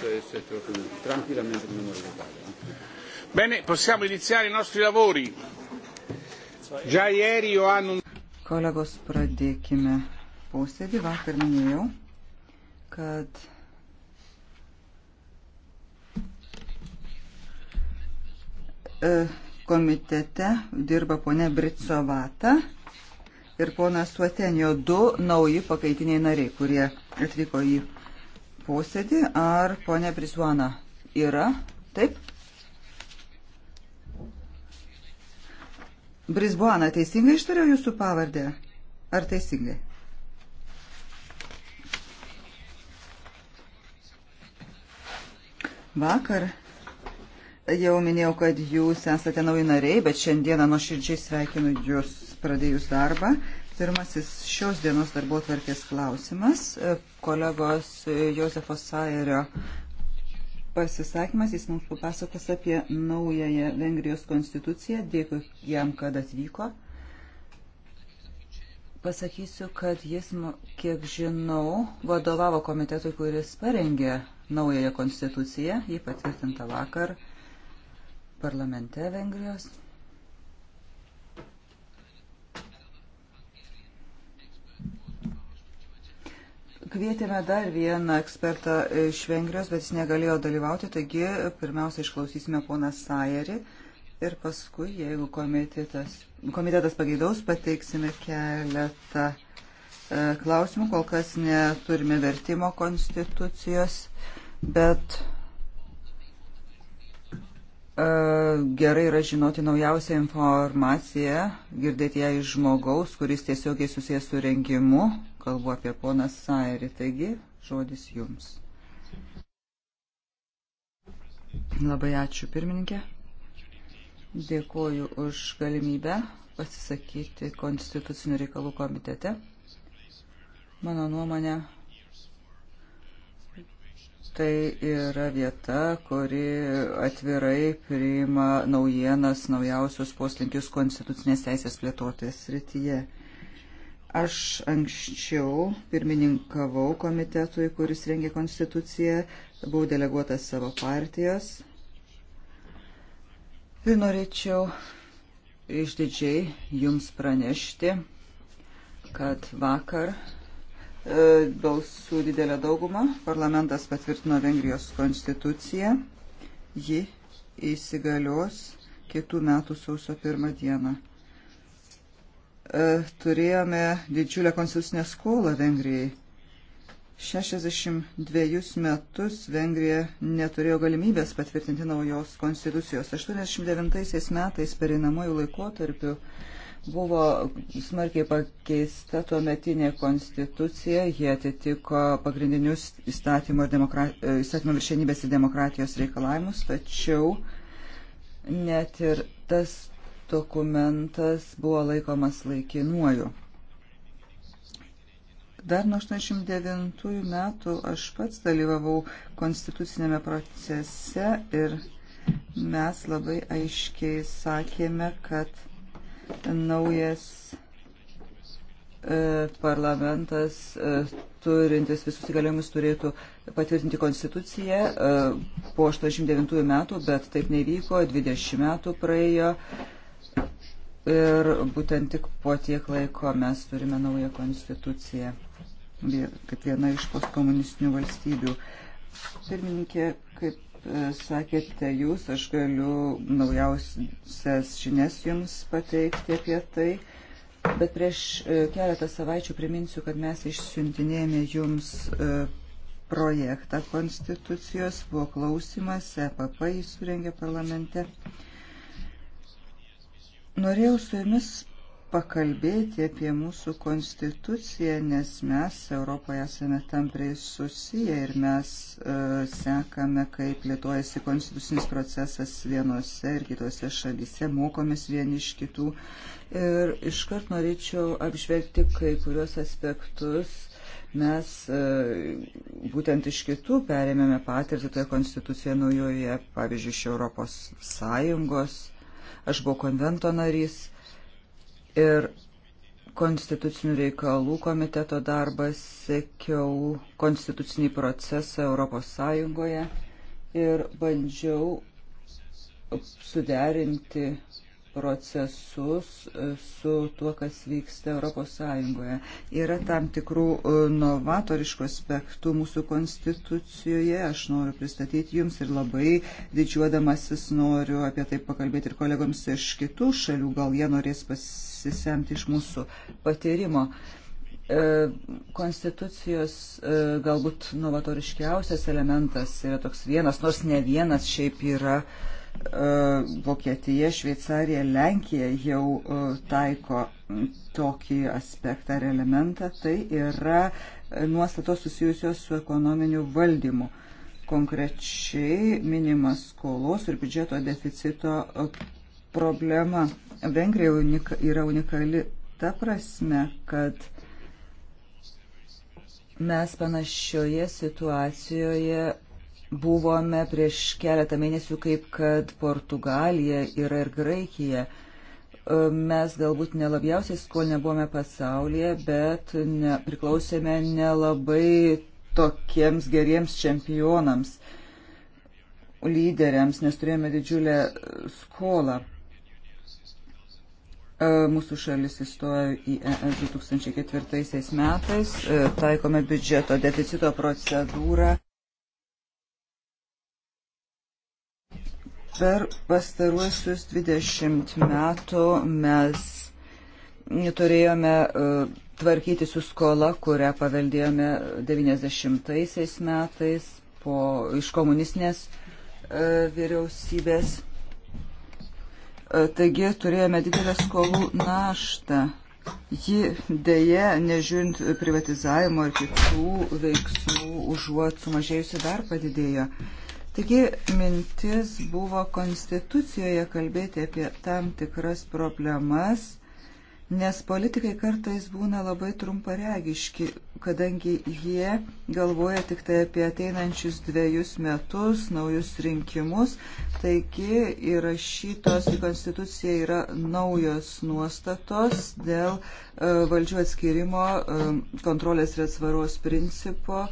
posto e essere tranquillamente commemorato in Italia. Bene, possiamo iniziare i nostri lavori. Già ieri io hanno... Kolegos, pradėkime posėdį. Vakar minėjau, kad e, komitete dirba ponia Britsovata ir ponas Suotenio du nauji pakaitiniai nariai, kurie atvyko į posėdį. Ar ponė Brizuana yra? Taip? Brisbuana, teisingai ištariau jūsų pavardę? Ar teisingai? Vakar jau minėjau, kad jūs esate nauji nariai, bet šiandieną nuoširdžiai sveikinu jūs pradėjus darbą. Pirmasis šios dienos darbo tvarkės klausimas. E, kolegos e, Josefo Sairio pasisakymas, jis mums papasakos apie naująją Vengrijos konstituciją. Dėkui jam, kad atvyko. Pasakysiu, kad jis, kiek žinau, vadovavo komitetui, kuris parengė naująją konstituciją. Ji patvirtinta vakar parlamente Vengrijos. Kvietėme dar vieną ekspertą iš Vengrijos, bet jis negalėjo dalyvauti, taigi pirmiausia išklausysime poną Sajerį ir paskui, jeigu komitetas, komitetas pageidaus, pateiksime keletą e, klausimų. Kol kas neturime vertimo konstitucijos, bet e, gerai yra žinoti naujausią informaciją, girdėti ją iš žmogaus, kuris tiesiogiai susijęs su rengimu kalbu apie poną Sairį. Taigi, žodis jums. Labai ačiū, pirmininkė. Dėkuoju už galimybę pasisakyti Konstitucinių reikalų komitete. Mano nuomonė, tai yra vieta, kuri atvirai priima naujienas, naujausius poslinkius konstitucinės teisės plėtotės srityje. Aš anksčiau pirmininkavau komitetui, kuris rengė konstituciją, buvau deleguotas savo partijos. Ir norėčiau išdidžiai jums pranešti, kad vakar e, balsų didelę daugumą parlamentas patvirtino Vengrijos konstituciją. Ji įsigalios kitų metų sausio pirmą dieną. E, turėjome didžiulę konstitucinę skolą Vengrijai. 62 metus Vengrija neturėjo galimybės patvirtinti naujos konstitucijos. 89 metais pereinamojų laikotarpių buvo smarkiai pakeista tuo metinė konstitucija, jie atitiko pagrindinius įstatymo, demokra... E, įstatymo viršenybės ir demokratijos reikalavimus, tačiau net ir tas dokumentas buvo laikomas laikinuoju. Dar nuo 89 metų aš pats dalyvavau konstitucinėme procese ir mes labai aiškiai sakėme, kad naujas e, parlamentas, e, turintis visus įgaliojimus, turėtų patvirtinti konstituciją e, po 89 metų, bet taip nevyko, 20 metų praėjo Ir būtent tik po tiek laiko mes turime naują konstituciją, kaip viena iš postkomunistinių valstybių. Pirmininkė, kaip e, sakėte jūs, aš galiu naujausias žinias jums pateikti apie tai. Bet prieš e, keletą savaičių priminsiu, kad mes išsiuntinėjome jums e, projektą konstitucijos, buvo klausimas, EPP jis surengė parlamente. Norėjau su jumis pakalbėti apie mūsų konstituciją, nes mes Europoje esame tampriai susiję ir mes uh, sekame, kaip plėtojasi konstitucinis procesas vienose ir kitose šalyse, mokomės vieni iš kitų. Ir iškart norėčiau apžvelgti kai kurios aspektus. Mes uh, būtent iš kitų perėmėme patirtį toje konstitucijoje naujoje, pavyzdžiui, iš Europos Sąjungos aš buvau konvento narys ir konstitucinių reikalų komiteto darbas, sekiau konstitucinį procesą Europos Sąjungoje ir bandžiau suderinti procesus e, su tuo, kas vyksta ES. Yra tam tikrų e, novatoriškų aspektų mūsų konstitucijoje, aš noriu pristatyti jums ir labai didžiuodamasis noriu apie tai pakalbėti ir kolegoms iš kitų šalių, gal jie norės pasisemti iš mūsų patyrimo e, konstitucijos galbūt novatoriškiausias elementas yra toks vienas, nors ne vienas šiaip yra uh, E, Vokietija, Šveicarija, Lenkija jau e, taiko tokį aspektą ar elementą, tai yra e, nuostatos susijusios su ekonominiu valdymu. Konkrečiai minimas skolos ir biudžeto deficito problema. Vengrija unika, yra unikali ta prasme, kad mes panašioje situacijoje buvome prieš keletą mėnesių, kaip kad Portugalija yra ir Graikija. E, mes galbūt nelabiausiai skolinę buvome pasaulyje, bet ne, priklausėme nelabai tokiems geriems čempionams, lyderiams, nes turėjome didžiulę skolą. E, mūsų šalis įstojo į ES 2004 metais, e, taikome biudžeto deficito procedūrą. Per pastaruosius 20 metų mes turėjome e, tvarkyti su skola, kurią paveldėjome 90-aisiais metais po, iš komunistinės e, vyriausybės. E, taigi turėjome didelę skolų naštą. Ji dėje, nežiūrint privatizavimo ir kitų veiksmų, užuot sumažėjusi dar padidėjo. Taigi mintis buvo konstitucijoje kalbėti apie tam tikras problemas nes politikai kartais būna labai trumparegiški, kadangi jie galvoja tik tai apie ateinančius dviejus metus, naujus rinkimus, taigi įrašytos į Konstituciją yra naujos nuostatos dėl e, valdžių atskirimo, e, kontrolės ir atsvaros principo,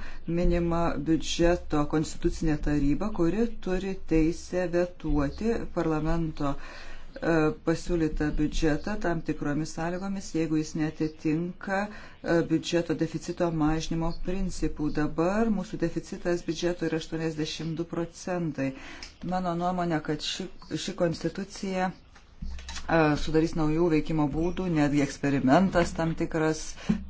minima biudžeto konstitucinė taryba, kuri turi teisę vetuoti parlamento uh, E, pasiūlytą biudžetą tam tikromis sąlygomis, jeigu jis netitinka e, biudžeto deficito mažnymo principų. Dabar mūsų deficitas biudžeto yra 82 procentai. Mano nuomonė, kad ši, ši konstitucija E, sudarys naujų veikimo būdų, netgi eksperimentas tam tikras,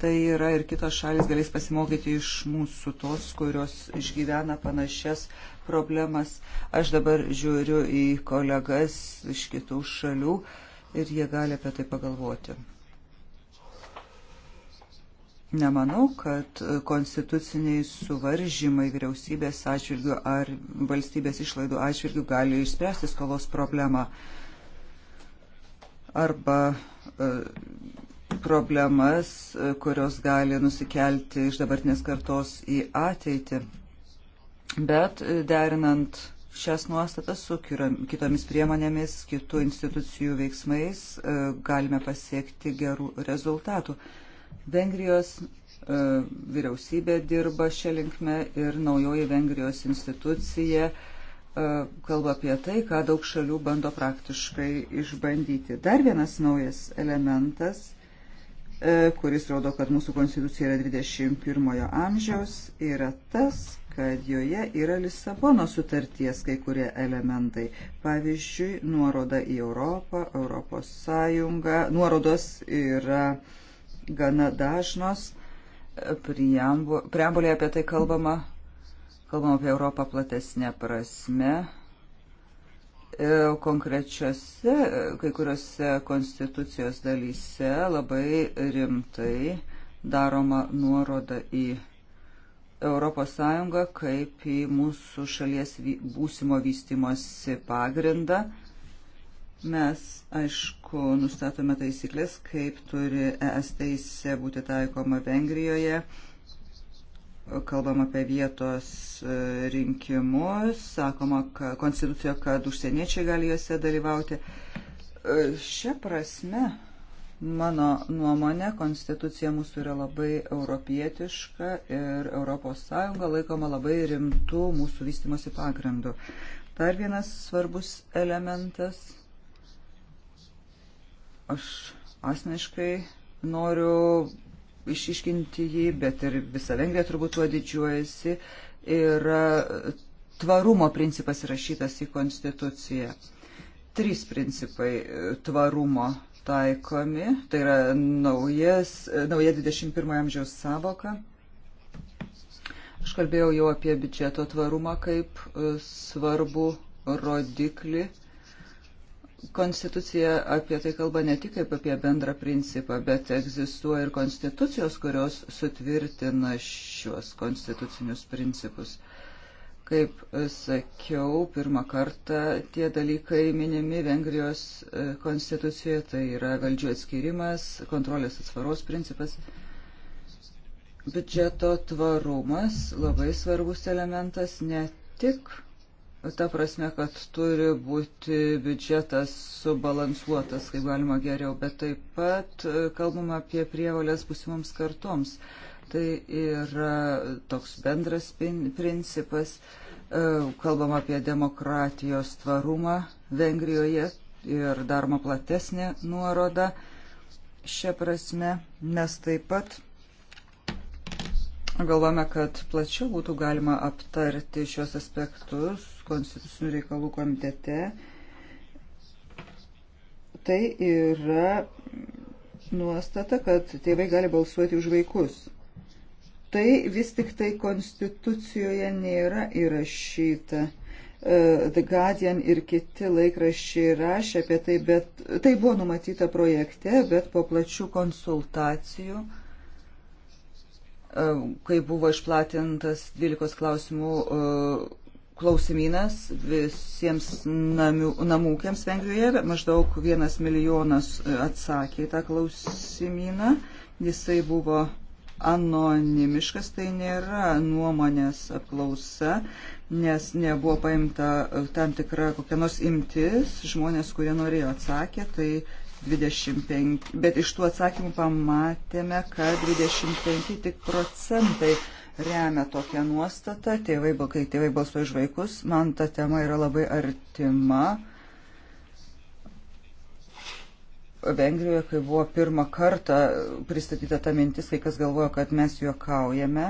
tai yra ir kitos šalis galės pasimokyti iš mūsų tos, kurios išgyvena panašias problemas. Aš dabar žiūriu į kolegas iš kitų šalių ir jie gali apie tai pagalvoti. Nemanau, kad konstituciniai suvaržymai vyriausybės atžvilgių ar valstybės išlaidų atžvilgių gali išspręsti skolos problemą. Uh, arba e, problemas, e, kurios gali nusikelti iš dabartinės kartos į ateitį. Bet e, derinant šias nuostatas su kitomis priemonėmis, kitų institucijų veiksmais galime pasiekti gerų rezultatų. Vengrijos vyriausybė dirba šią linkmę ir naujoji Vengrijos institucija uh, E, kalba apie tai, ką daug šalių bando praktiškai išbandyti. Dar vienas naujas elementas, e, kuris rodo, kad mūsų konstitucija yra 21 amžiaus, yra tas, kad joje yra Lisabono sutarties kai kurie elementai. Pavyzdžiui, nuoroda į Europą, Europos Sąjungą. Nuorodos yra gana dažnos. Preambulėje apie tai kalbama Kalbam apie Europą platesnę prasme. E, konkrečiose, e, kai kuriuose konstitucijos dalyse labai rimtai daroma nuoroda į ES kaip į mūsų šalies būsimo vystimosi pagrindą. Mes, aišku, nustatome taisyklės, kaip turi ES teisė būti taikoma Vengrijoje, kalbam apie vietos e, rinkimus, sakoma ka, konstitucijoje, kad užsieniečiai gali juose dalyvauti. E, šia prasme, mano nuomonė, konstitucija mūsų yra labai europietiška ir ES laikoma labai rimtų mūsų vystimosi pagrindų. Dar vienas svarbus elementas. Aš asmeniškai noriu išiškinti jį, bet ir visa Vengrija turbūt tuo didžiuojasi, yra e, tvarumo principas įrašytas į konstituciją. Trys principai e, tvarumo taikomi, tai yra naujas, e, nauja 21 amžiaus savoka. Aš kalbėjau jau apie biudžeto tvarumą kaip svarbų rodiklį Konstitucija apie tai kalba ne tik kaip apie bendrą principą, bet egzistuoja ir konstitucijos, kurios sutvirtina šiuos konstitucinius principus. Kaip sakiau, pirmą kartą tie dalykai minimi Vengrijos e, konstitucijoje, tai yra valdžių atskirimas, kontrolės atsvaros principas. Biudžeto tvarumas labai svarbus elementas ne tik ta prasme, kad turi būti biudžetas subalansuotas, kaip galima geriau, bet taip pat e, kalbam apie prievalės būsimoms kartoms. Tai yra toks bendras principas, e, kalbam apie demokratijos tvarumą Vengrijoje ir daroma platesnė nuoroda. Šia prasme mes taip pat galvome, kad plačiau būtų galima aptarti šios aspektus konstitucinių reikalų komitete. Tai yra nuostata, kad tėvai gali balsuoti už vaikus. Tai vis tik tai konstitucijoje nėra įrašyta. E, The Guardian ir kiti laikraščiai rašė apie tai, bet tai buvo numatyta projekte, bet po plačių konsultacijų, e, kai buvo išplatintas 12 klausimų e, klausimynas visiems namių, namūkiams Vengrijoje. Maždaug vienas milijonas e, atsakė į tą klausimyną. Jisai buvo anonimiškas, tai nėra nuomonės apklausa, nes nebuvo paimta e, tam tikra kokia nors imtis. Žmonės, kurie norėjo atsakė, tai 25, bet iš tų atsakymų pamatėme, kad 25 tik procentai remia tokią nuostatą, tėvai, kai tėvai balsuoja už vaikus, man ta tema yra labai artima. Vengrijoje, kai buvo pirmą kartą pristatyta ta mintis, kai kas galvoja, kad mes juokaujame,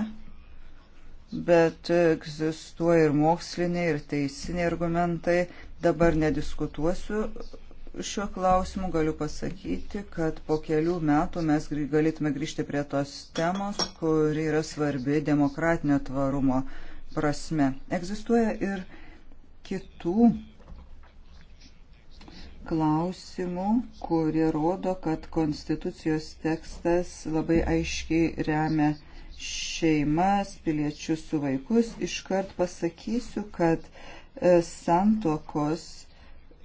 bet egzistuoja ir moksliniai, ir teisiniai argumentai. Dabar nediskutuosiu šiuo klausimu galiu pasakyti, kad po kelių metų mes galėtume grįžti prie tos temos, kuri yra svarbi demokratinio tvarumo prasme. Egzistuoja ir kitų klausimų, kurie rodo, kad konstitucijos tekstas labai aiškiai remia šeimas, piliečius su vaikus. Iškart pasakysiu, kad e, santokos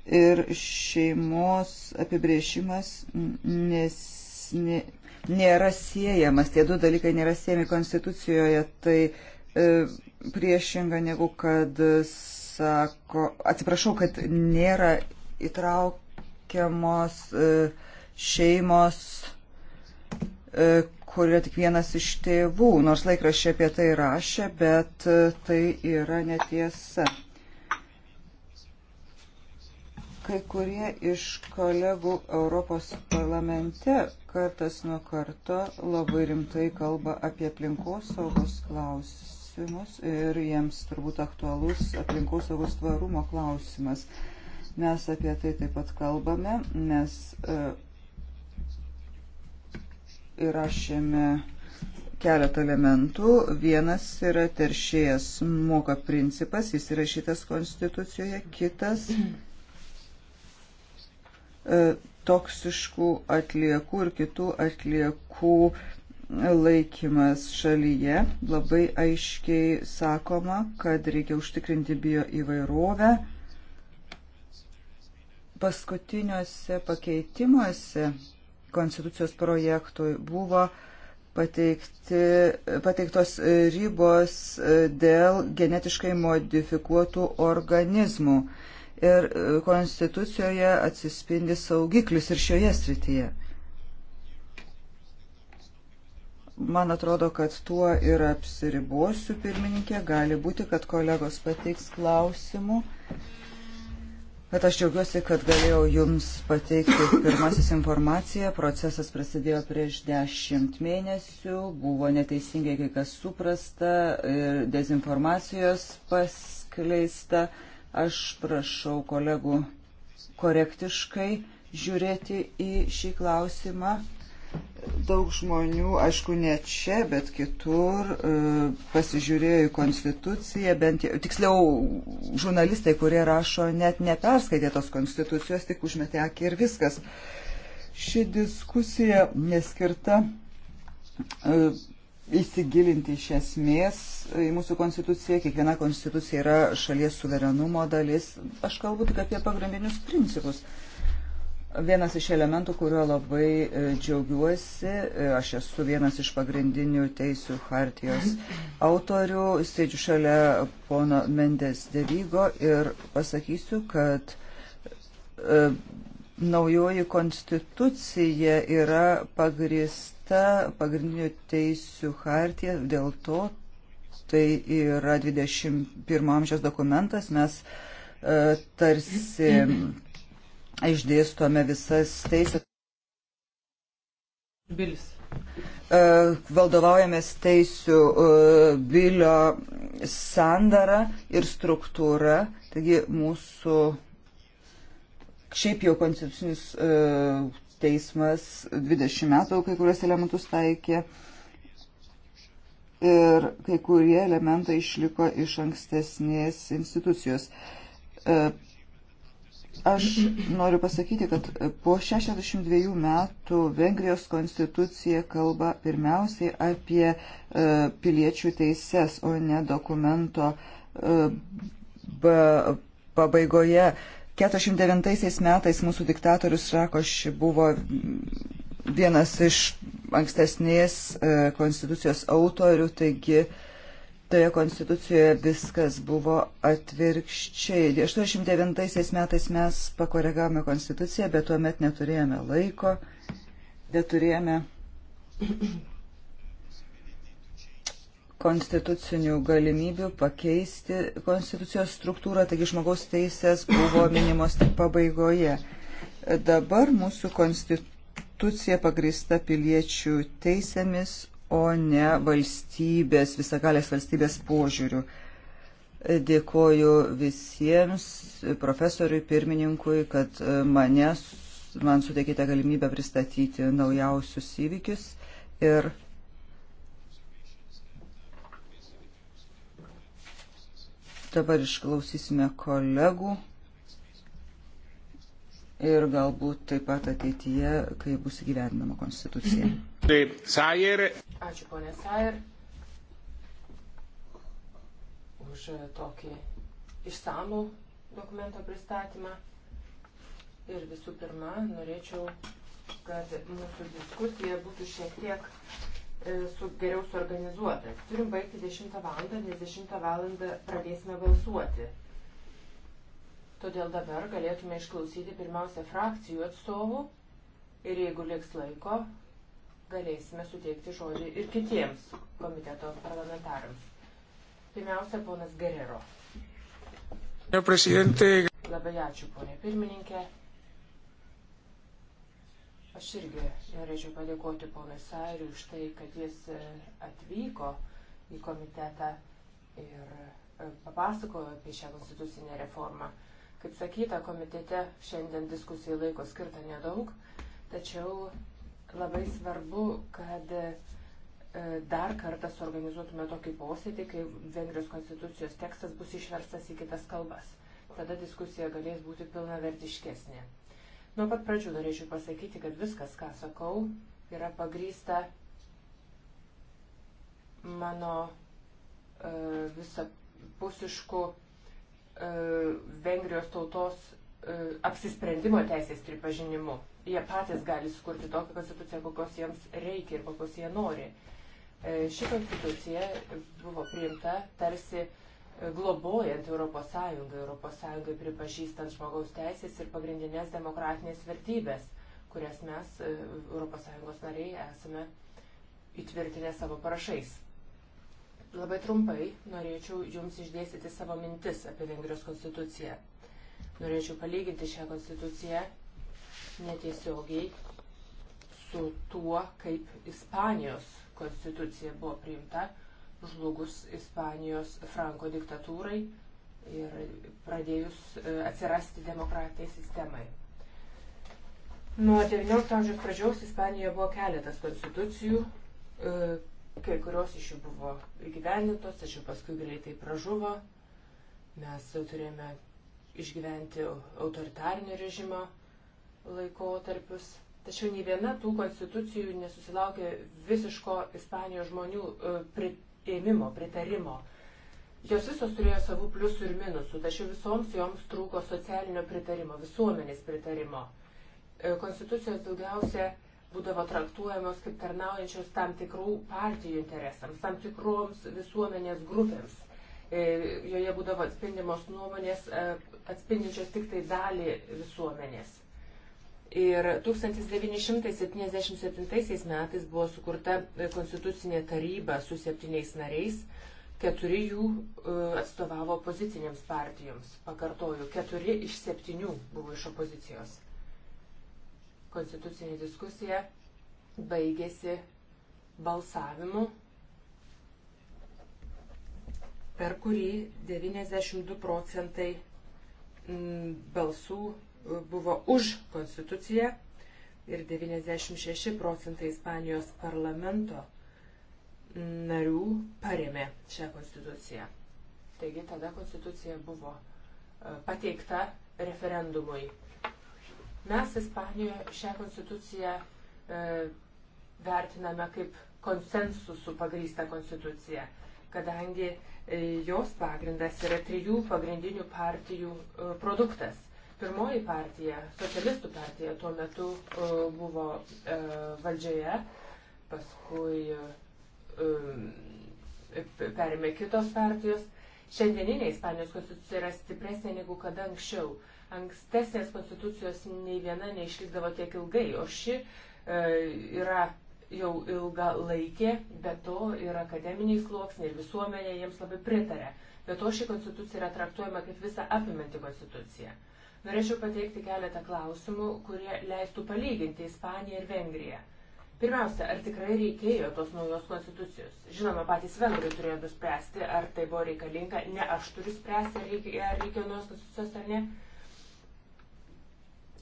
ir šeimos apibrėžimas nes, nė, nėra siejamas, tie du dalykai nėra siejami konstitucijoje, tai e, priešinga negu kad sako, atsiprašau, kad nėra įtraukiamos e, šeimos, e, kur yra tik vienas iš tėvų, nors laikraščiai apie tai rašė, bet e, tai yra netiesa. Kai kurie iš kolegų Europos parlamente kartas nuo karto labai rimtai kalba apie aplinkos saugos klausimus ir jiems turbūt aktualus aplinkos saugos tvarumo klausimas. Mes apie tai taip pat kalbame, mes e, įrašėme keletą elementų. Vienas yra teršėjas moka principas, jis įrašytas Konstitucijoje, kitas. Mm E, toksiškų atliekų ir kitų atliekų laikymas šalyje. Labai aiškiai sakoma, kad reikia užtikrinti bio įvairovę. Paskutiniuose pakeitimuose konstitucijos projektui buvo pateikti, pateiktos ribos dėl genetiškai modifikuotų organizmų ir e, konstitucijoje atsispindi saugiklis ir šioje srityje. Man atrodo, kad tuo ir apsiribosiu pirmininkė. Gali būti, kad kolegos pateiks klausimų. Bet aš džiaugiuosi, kad galėjau Jums pateikti pirmasis informaciją. Procesas prasidėjo prieš dešimt mėnesių, buvo neteisingai kai kas suprasta ir dezinformacijos paskleista. Aš prašau kolegų korektiškai žiūrėti į šį klausimą. Daug žmonių, aišku, ne čia, bet kitur e, pasižiūrėjo į konstituciją, bent tiksliau žurnalistai, kurie rašo, net neperskaitė tos konstitucijos, tik užmetė akį ir viskas. Ši diskusija neskirta e, įsigilinti iš esmės į mūsų konstituciją. Kiekviena konstitucija yra šalies suverenumo dalis. Aš kalbu tik apie pagrindinius principus. Vienas iš elementų, kuriuo labai e, džiaugiuosi, e, aš esu vienas iš pagrindinių teisų hartijos autorių, sėdžiu šalia pono Mendes Devygo ir pasakysiu, kad e, naujoji konstitucija yra pagrįsta pažeista pagrindinių teisių hartija, dėl to tai yra 21 amžiaus dokumentas, mes e, tarsi išdėstome visas teisės. Bilis. E, Valdovaujamės teisių e, bilio sandara ir struktūra, taigi mūsų šiaip jau konstitucinis e, teismas 20 metų kai kurios elementus taikė ir kai kurie elementai išliko iš ankstesnės institucijos. E, aš noriu pasakyti, kad po 62 metų Vengrijos konstitucija kalba pirmiausiai apie e, piliečių teises, o ne dokumento e, pabaigoje. Ba, 49 metais mūsų diktatorius Rakoš buvo vienas iš ankstesnės e, konstitucijos autorių, taigi toje konstitucijoje viskas buvo atvirkščiai. 89 metais mes pakoregavome konstituciją, bet tuomet neturėjome laiko, neturėjome konstitucinių galimybių pakeisti konstitucijos struktūrą, taigi žmogaus teisės buvo minimos tik pabaigoje. Dabar mūsų konstitucija pagrįsta piliečių teisėmis, o ne valstybės, visagalės valstybės požiūrių. Dėkoju visiems profesoriui pirmininkui, kad manęs, man suteikite galimybę pristatyti naujausius įvykius ir Dabar išklausysime kolegų ir galbūt taip pat ateityje, kai bus įgyvendinama konstitucija. Taip, Sajer. Ačiū, ponė Sajer, už tokį išsamų dokumento pristatymą. Ir visų pirma, norėčiau, kad mūsų diskusija būtų šiek tiek E, su, geriau suorganizuotas. Turim baigti 10 val. nes 10 val. pradėsime balsuoti. Todėl dabar galėtume išklausyti pirmiausia frakcijų atstovų ir jeigu liks laiko, galėsime suteikti žodį ir kitiems komiteto parlamentarams. Pirmiausia, ponas Gerero. Labai ačiū, ponė pirmininkė. Aš irgi norėčiau padėkoti ponui Sairiui už tai, kad jis e, atvyko į komitetą ir e, papasakojo apie šią konstitucinę reformą. Kaip sakyta, komitete šiandien diskusijai laiko skirta nedaug, tačiau labai svarbu, kad e, dar kartą suorganizuotume tokį posėdį, kai Vengrijos konstitucijos tekstas bus išverstas į kitas kalbas. Tada diskusija galės būti pilna vertiškesnė. Nuo pat pradžių norėčiau pasakyti, kad viskas, ką sakau, yra pagrysta mano e, visapusišku e, Vengrijos tautos e, apsisprendimo teisės pripažinimu. Jie patys gali sukurti tokią konstituciją, kokios jiems reikia ir kokios jie nori. E, ši konstitucija buvo priimta tarsi e, globojant Europos Sąjungą, Europos Sąjungai pripažįstant žmogaus teisės ir pagrindinės demokratinės vertybės, kurias mes, e, Europos Sąjungos nariai, esame įtvirtinę savo parašais. Labai trumpai norėčiau Jums išdėstyti savo mintis apie Vengrijos konstituciją. Norėčiau palyginti šią konstituciją netiesiogiai su tuo, kaip Ispanijos konstitucija buvo priimta žlugus Ispanijos Franko diktatūrai ir pradėjus e, atsirasti demokratijai sistemai. Nuo XIX amžiaus pradžios Ispanijoje buvo keletas konstitucijų, e, kai kurios iš jų buvo įgyvendintos, tačiau paskui greitai pražuvo. Mes turėjome išgyventi autoritarnio režimo laikotarpius. Tačiau nei viena tų konstitucijų nesusilaukė visiško Ispanijos žmonių e, pritaikymo ėmimo, pritarimo. Jos visos turėjo savų pliusų ir minusų, tačiau visoms joms trūko socialinio pritarimo, visuomenės pritarimo. E, konstitucijos daugiausia būdavo traktuojamos kaip tarnaujančios tam tikrų partijų interesams, tam tikroms visuomenės grupėms. E, joje būdavo atspindimos nuomonės, e, atspindinčios tik tai dalį visuomenės Ir 1977 metais buvo sukurta e, konstitucinė taryba su septyniais nariais, keturi jų e, atstovavo opozicinėms partijoms. Pakartoju, keturi iš septynių buvo iš opozicijos. Konstitucinė diskusija baigėsi balsavimu, per kurį 92 procentai balsų buvo už konstituciją ir 96 procentai Ispanijos parlamento narių paremė šią konstituciją. Taigi tada konstitucija buvo e, pateikta referendumui. Mes Ispanijoje šią konstituciją e, vertiname kaip konsensusų pagrįstą konstituciją, kadangi e, jos pagrindas yra trijų pagrindinių partijų e, produktas Pirmoji partija, socialistų partija, tuo metu e, buvo e, valdžioje, paskui e, perėmė kitos partijos. Šiandieninė Ispanijos konstitucija yra stipresnė negu kada anksčiau. Ankstesnės konstitucijos nei viena neišlikdavo tiek ilgai, o ši e, yra jau ilga laikė, bet to ir akademiniai sluoksniai ir visuomenė jiems labai pritarė. Bet to ši konstitucija yra traktuojama kaip visa apimanti konstitucija. E, Norėčiau pateikti keletą klausimų, kurie leistų palyginti Ispaniją ir Vengriją. Pirmiausia, ar tikrai reikėjo tos naujos konstitucijos? Žinoma, patys vengrai turėjo nuspręsti, ar tai buvo reikalinga, ne aš turiu spręsti, ar reikėjo, ar reikėjo naujos konstitucijos ar ne.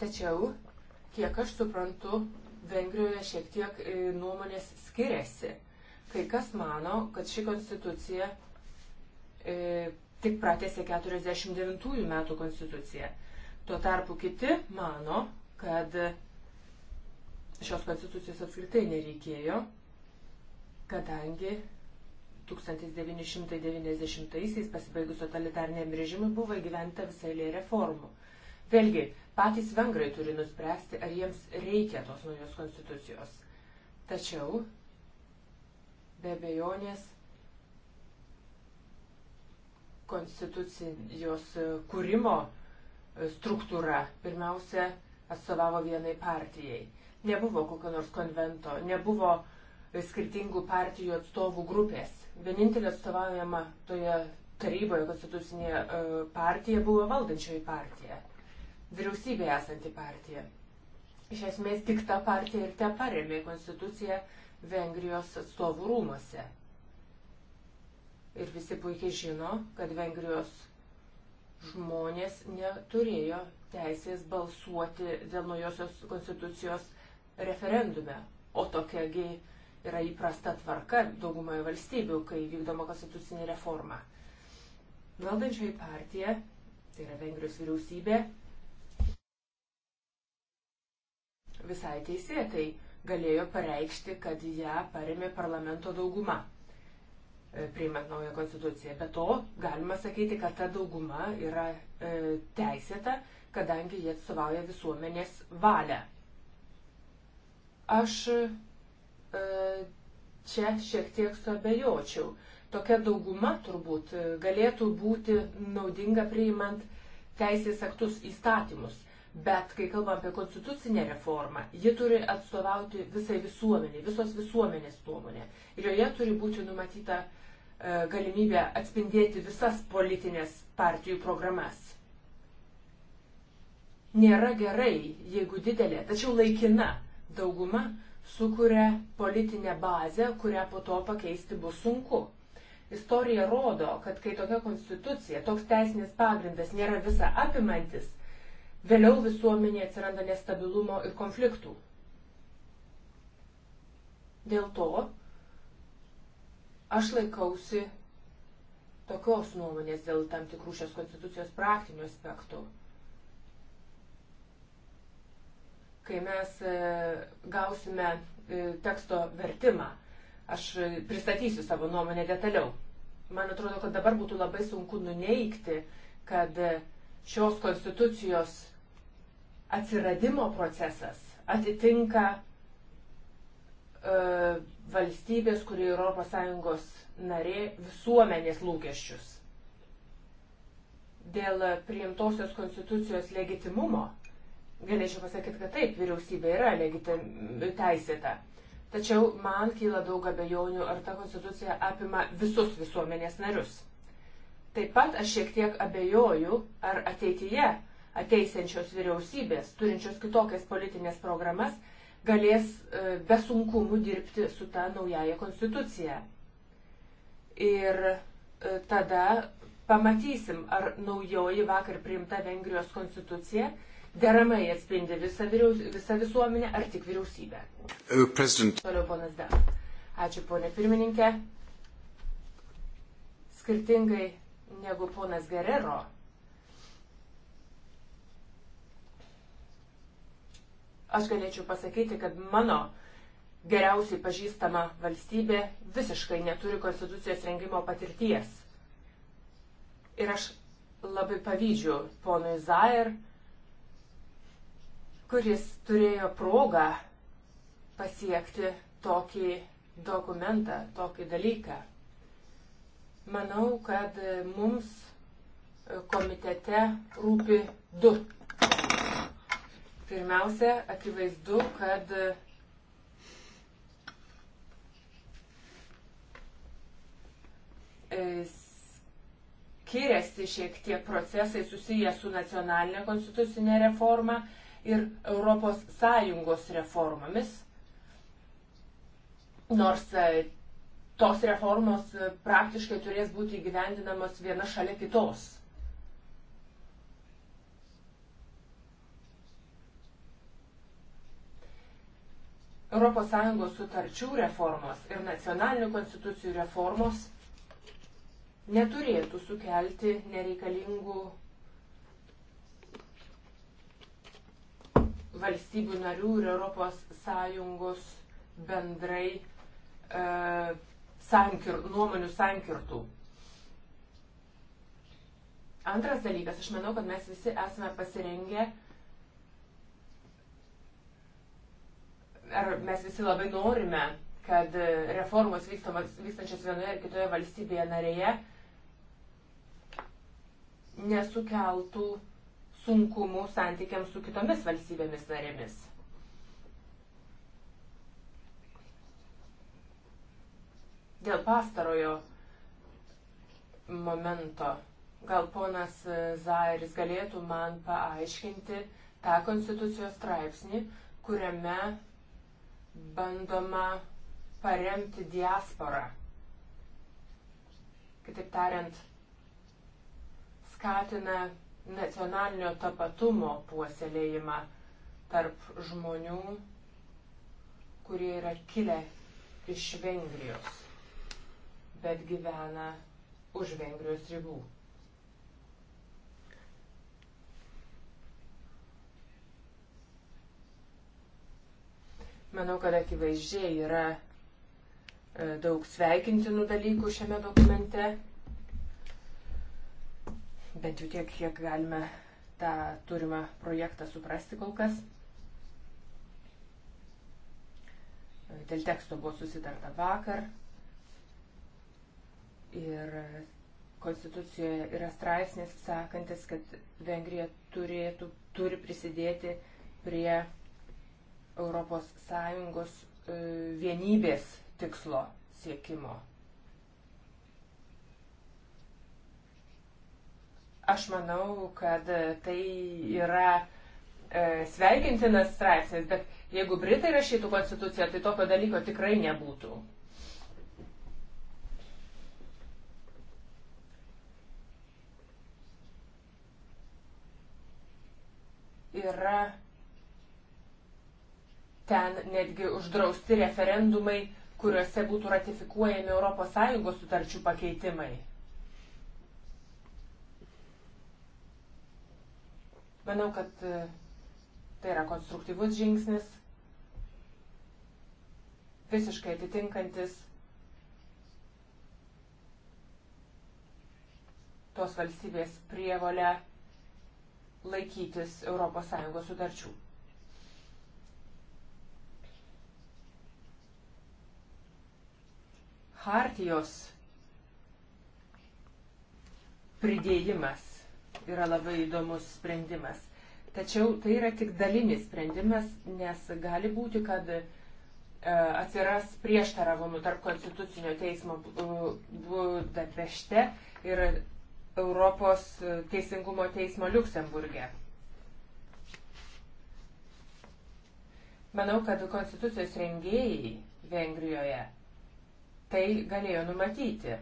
Tačiau, kiek aš suprantu, Vengrijoje šiek tiek e, nuomonės skiriasi. Kai kas mano, kad ši konstitucija e, tik pratėsi 49 metų konstituciją. Tuo tarpu kiti mano, kad šios konstitucijos apskritai nereikėjo, kadangi 1990-aisiais pasibaigus totalitarniam režimui buvo įgyventa visai lė reformų. Vėlgi, patys vengrai turi nuspręsti, ar jiems reikia tos naujos konstitucijos. Tačiau, be bejonės, konstitucijos kūrimo struktūra pirmiausia atstovavo vienai partijai. Nebuvo kokio nors konvento, nebuvo skirtingų partijų atstovų grupės. Vienintelė atstovaujama toje taryboje konstitucinėje e, partija buvo valdančioji partija, vyriausybė esanti partija. Iš esmės tik ta partija ir te paremė konstituciją Vengrijos atstovų rūmose. Ir visi puikiai žino, kad Vengrijos žmonės neturėjo teisės balsuoti dėl naujosios konstitucijos referendume, o tokiagi yra įprasta tvarka daugumoje valstybių, kai vykdoma konstitucinė reforma. Valdančioji partija, tai yra Vengrijos vyriausybė, visai teisėtai galėjo pareikšti, kad ją paremė parlamento dauguma. E, priimant naują konstituciją. Be to, galima sakyti, kad ta dauguma yra e, teisėta, kadangi jie atstovauja visuomenės valią. Aš e, čia šiek tiek suabejočiau. Tokia dauguma turbūt e, galėtų būti naudinga priimant teisės aktus įstatymus. Bet kai kalbam apie konstitucinę reformą, ji turi atstovauti visai visuomeniai, visos visuomenės nuomonė. Ir joje turi būti numatyta uh, E, galimybę atspindėti visas politinės partijų programas. Nėra gerai, jeigu didelė, tačiau laikina dauguma sukuria politinę bazę, kurią po to pakeisti bus sunku. Istorija rodo, kad kai tokia konstitucija, toks teisinis pagrindas nėra visa apimantis, vėliau visuomenėje atsiranda nestabilumo ir konfliktų. Dėl to Aš laikausi tokios nuomonės dėl tam tikrų šios konstitucijos praktinių aspektų. Kai mes e, gausime e, teksto vertimą, aš pristatysiu savo nuomonę detaliau. Man atrodo, kad dabar būtų labai sunku nuneikti, kad e, šios konstitucijos atsiradimo procesas atitinka uh, e, valstybės, kuri ES narė, visuomenės lūkesčius. Dėl priimtosios konstitucijos legitimumo galėčiau pasakyti, kad taip, vyriausybė yra legitim, teisėta. Tačiau man kyla daug abejonių, ar ta konstitucija apima visus visuomenės narius. Taip pat aš šiek tiek abejoju, ar ateityje ateisiančios vyriausybės, turinčios kitokias politinės programas, galės e, be sunkumų dirbti su ta naujaja konstitucija. Ir e, tada pamatysim, ar naujoji vakar priimta Vengrijos konstitucija deramai atspindi visą, vyriaus, visą visuomenę ar tik vyriausybę. Uh, President. Toliau ponas Dev. Ačiū ponė pirmininkė. Skirtingai negu ponas Gerero, Aš galėčiau pasakyti, kad mano geriausiai pažįstama valstybė visiškai neturi konstitucijos rengimo patirties. Ir aš labai pavyzdžių ponui Zair, kuris turėjo progą pasiekti tokį dokumentą, tokį dalyką. Manau, kad mums komitete rūpi du Pirmiausia, akivaizdu, kad e, skiriasi šiek tiek procesai susiję su nacionalinė konstitucinė reforma ir ES reformomis. Nors e, tos reformos praktiškai turės būti įgyvendinamos viena šalia kitos. ES sutarčių reformos ir nacionalinių konstitucijų reformos neturėtų sukelti nereikalingų valstybių narių ir ES bendrai e, sankir, nuomonių sankirtų. Antras dalykas, aš manau, kad mes visi esame pasirengę ar mes visi labai norime, kad e, reformos vykstamas, vykstančias vienoje ar kitoje valstybėje narėje nesukeltų sunkumų santykiams su kitomis valstybėmis narėmis. Dėl pastarojo momento gal ponas e, Zairis galėtų man paaiškinti tą konstitucijos straipsnį, kuriame bandoma paremti diasporą. Kitaip tariant, skatina nacionalinio tapatumo puoselėjimą tarp žmonių, kurie yra kilę iš Vengrijos, bet gyvena už Vengrijos ribų. Manau, kad akivaizdžiai yra e, daug sveikintinų dalykų šiame dokumente. Bent jau tiek, kiek galime tą turimą projektą suprasti kol kas. E, dėl teksto buvo susitarta vakar. Ir Konstitucijoje yra straipsnis sakantis, kad Vengrija turėtų, turi prisidėti prie ES e, vienybės tikslo siekimo. Aš manau, kad tai yra e, sveikintinas straipsnis, bet jeigu Britai rašytų konstituciją, tai tokio dalyko tikrai nebūtų. Yra ten netgi uždrausti referendumai, kuriuose būtų ratifikuojami ES sutarčių pakeitimai. Manau, kad e, tai yra konstruktyvus žingsnis, visiškai atitinkantis tos valstybės prievolę laikytis ES sutarčių. hartijos pridėjimas yra labai įdomus sprendimas. Tačiau tai yra tik dalinis sprendimas, nes gali būti, kad e, atsiras prieštaravimų tarp Konstitucinio teismo Budapešte ir Europos e, teisingumo teismo Luksemburgė. Manau, kad Konstitucijos rengėjai Vengrijoje tai galėjo numatyti.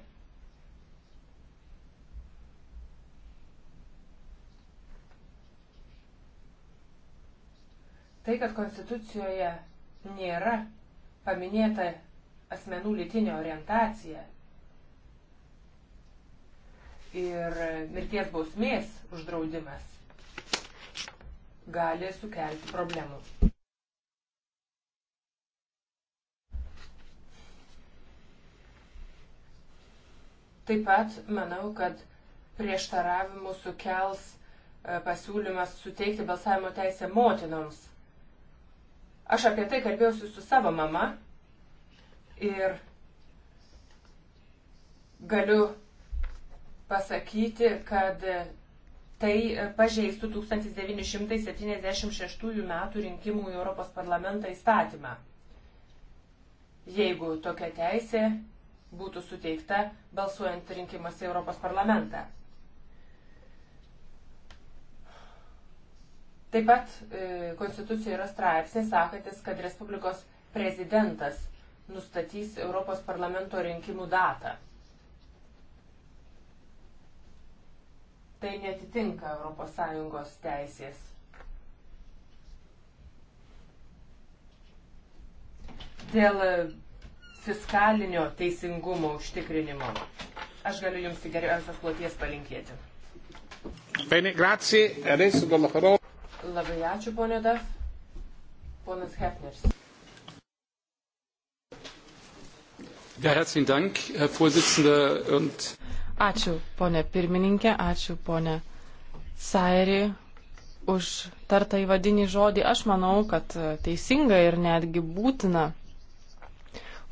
Tai, kad Konstitucijoje nėra paminėta asmenų lytinė orientacija ir mirties bausmės uždraudimas, gali sukelti problemų. Taip pat manau, kad prieštaravimų sukels e, pasiūlymas suteikti balsavimo teisę motinoms. Aš apie tai kalbėjausi su savo mama ir galiu pasakyti, kad tai pažeistų 1976 metų rinkimų į Europos parlamentą įstatymą. Jeigu tokia teisė būtų suteikta balsuojant rinkimuose į Europos parlamentą. Taip pat e, Konstitucijoje yra straipsnis sakantis, kad Respublikos prezidentas nustatys Europos parlamento rinkimų datą. Tai netitinka ES teisės. Dėl fiskalinio teisingumo užtikrinimo. Aš galiu Jums tik geriausios ploties palinkėti. Bene, grazie. Adesso do la parola. Labai ačiū, ponė Daf. Ponas Hefners. Ja, herzlichen Dank, Herr Vorsitzender. Und ačiū, ponė pirmininkė, ačiū, ponė Sairi, už tartą įvadinį žodį. Aš manau, kad teisinga ir netgi būtina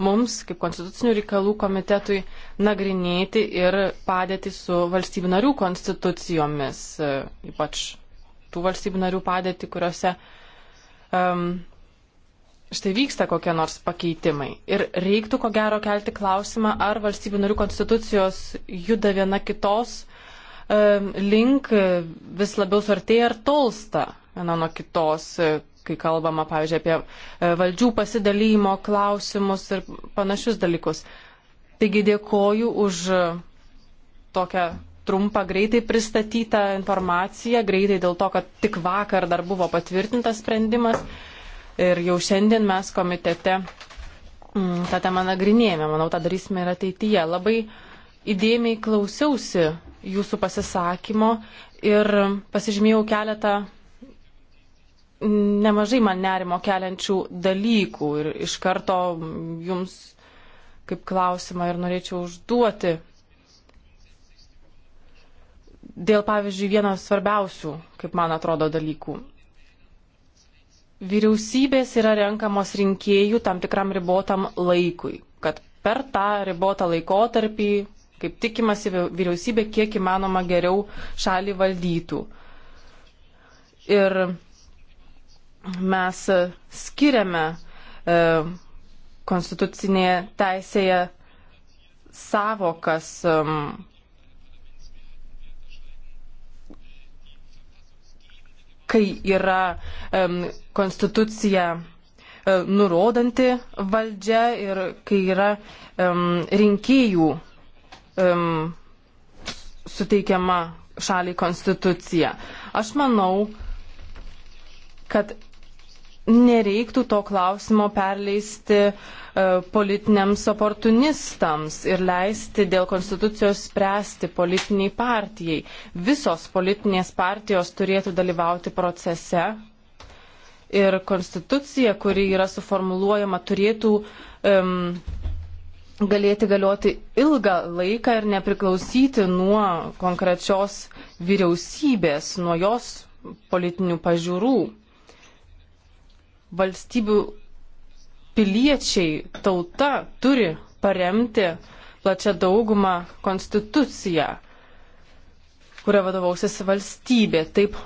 mums, kaip konstitucinių reikalų komitetui, nagrinėti ir padėti su valstybių narių konstitucijomis, e, ypač tų valstybių narių padėti, kuriuose um, štai vyksta kokie nors pakeitimai. Ir reiktų ko gero kelti klausimą, ar valstybių narių konstitucijos juda viena kitos um, link, vis labiau suartėja ar tolsta viena nuo kitos, kai kalbama, pavyzdžiui, apie e, valdžių pasidalymo klausimus ir panašius dalykus. Taigi dėkoju už e, tokią trumpą, greitai pristatytą informaciją, greitai dėl to, kad tik vakar dar buvo patvirtintas sprendimas ir jau šiandien mes komitete mm, tą temą nagrinėjame, manau, tą darysime ir ateityje. Labai įdėmiai klausiausi jūsų pasisakymo ir pasižymėjau keletą nemažai man nerimo keliančių dalykų ir iš karto jums kaip klausimą ir norėčiau užduoti. Dėl, pavyzdžiui, vieno svarbiausių, kaip man atrodo, dalykų. Vyriausybės yra renkamos rinkėjų tam tikram ribotam laikui, kad per tą ribotą laikotarpį, kaip tikimasi, vyriausybė kiek įmanoma geriau šalį valdytų. Ir mes e, skiriame e, konstitucinėje teisėje savokas e, kai yra um, e, konstitucija e, nurodanti valdžia ir kai yra um, e, rinkėjų um, suteikiama šaliai konstitucija. Aš manau, kad nereiktų to klausimo perleisti e, politiniams oportunistams ir leisti dėl konstitucijos spręsti politiniai partijai. Visos politinės partijos turėtų dalyvauti procese ir konstitucija, kuri yra suformuluojama, turėtų um, e, galėti galioti ilgą laiką ir nepriklausyti nuo konkrečios vyriausybės, nuo jos politinių pažiūrų valstybių piliečiai, tauta turi paremti plačią daugumą konstituciją, kuria vadovausis valstybė. Taip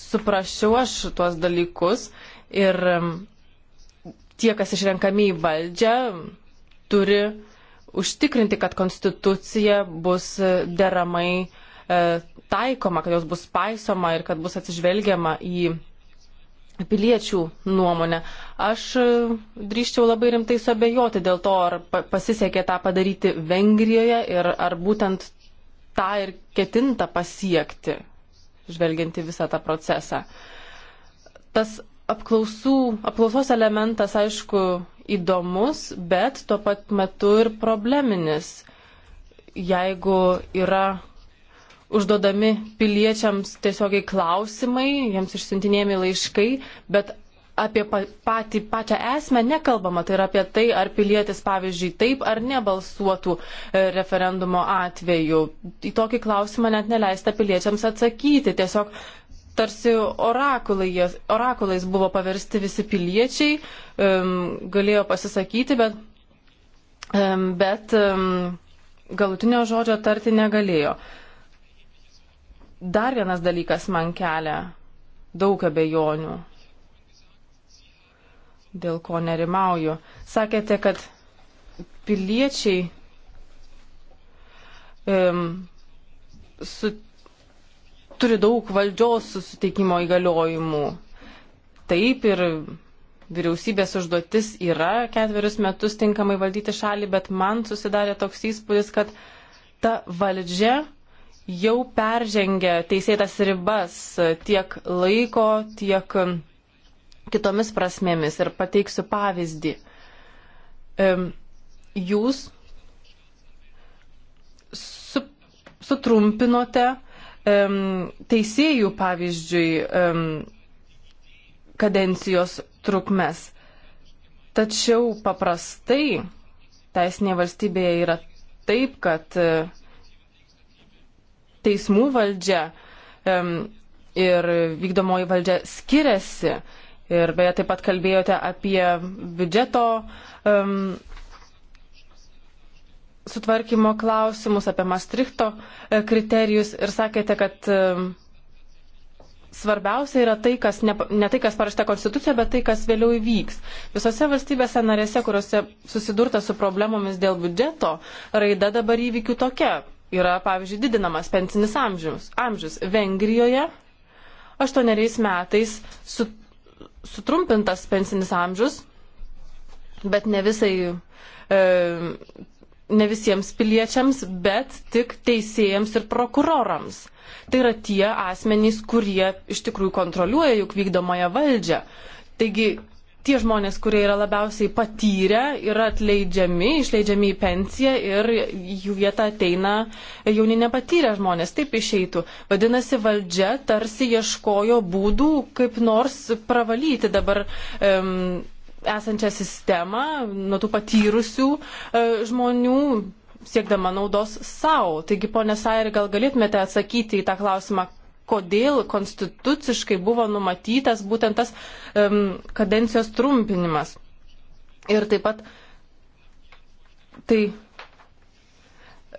suprasčiau aš tuos dalykus ir um, tie, kas išrenkami į valdžią, turi užtikrinti, kad konstitucija bus e, deramai e, taikoma, kad jos bus paisoma ir kad bus atsižvelgiama į piliečių nuomonę. Aš e, drįščiau labai rimtai sabėjoti dėl to, ar pasisekė tą padaryti Vengrijoje ir ar būtent tą ir ketinta pasiekti, žvelgianti visą tą procesą. Tas apklausų, apklausos elementas, aišku, įdomus, bet tuo pat metu ir probleminis. Jeigu yra užduodami piliečiams tiesiogiai klausimai, jiems išsintinėjami laiškai, bet apie patį, pačią esmę nekalbama. Tai yra apie tai, ar pilietis, pavyzdžiui, taip ar nebalsuotų e, referendumo atveju. Į tokį klausimą net neleista piliečiams atsakyti. Tiesiog tarsi orakulai, orakulais buvo paversti visi piliečiai, um, galėjo pasisakyti, bet, um, bet um, galutinio žodžio tarti negalėjo. Uh, Dar vienas dalykas man kelia daug abejonių, dėl ko nerimauju. Sakėte, kad piliečiai um, su, turi daug valdžios suteikimo įgaliojimų. Taip ir vyriausybės užduotis yra ketverius metus tinkamai valdyti šalį, bet man susidarė toks įspūdis, kad ta valdžia jau peržengia teisėtas ribas tiek laiko, tiek kitomis prasmėmis. Ir pateiksiu pavyzdį. Jūs sutrumpinote teisėjų, pavyzdžiui, kadencijos trukmes. Tačiau paprastai teisinėje valstybėje yra taip, kad teismų valdžia ir vykdomoji valdžia skiriasi. Ir beje, taip pat kalbėjote apie biudžeto um, sutvarkymo klausimus, apie Maastrichto e, kriterijus ir sakėte, kad um, svarbiausia yra tai, kas ne, ne tai, kas parašta konstitucija, bet tai, kas vėliau įvyks. Visose valstybėse narėse, kuriuose susidurta su problemomis dėl biudžeto, raida dabar įvykių tokia yra, pavyzdžiui, didinamas pensinis amžius. amžius. Vengrijoje aštuoneriais metais su, sutrumpintas pensinis amžius, bet ne visai. E, ne visiems piliečiams, bet tik teisėjams ir prokurorams. Tai yra tie asmenys, kurie iš tikrųjų kontroliuoja juk vykdomąją valdžią. Taigi tie žmonės, kurie yra labiausiai patyrę, yra atleidžiami, išleidžiami į pensiją ir jų vietą ateina jauni nepatyrę žmonės. Taip išeitų. Vadinasi, valdžia tarsi ieškojo būdų, kaip nors pravalyti dabar. Um, esančią sistemą nuo tų patyrusių e, uh, žmonių, siekdama naudos savo. Taigi, ponė Sair, gal galėtumėte atsakyti į tą klausimą, kodėl konstituciškai buvo numatytas būtent tas um, kadencijos trumpinimas. Ir taip pat tai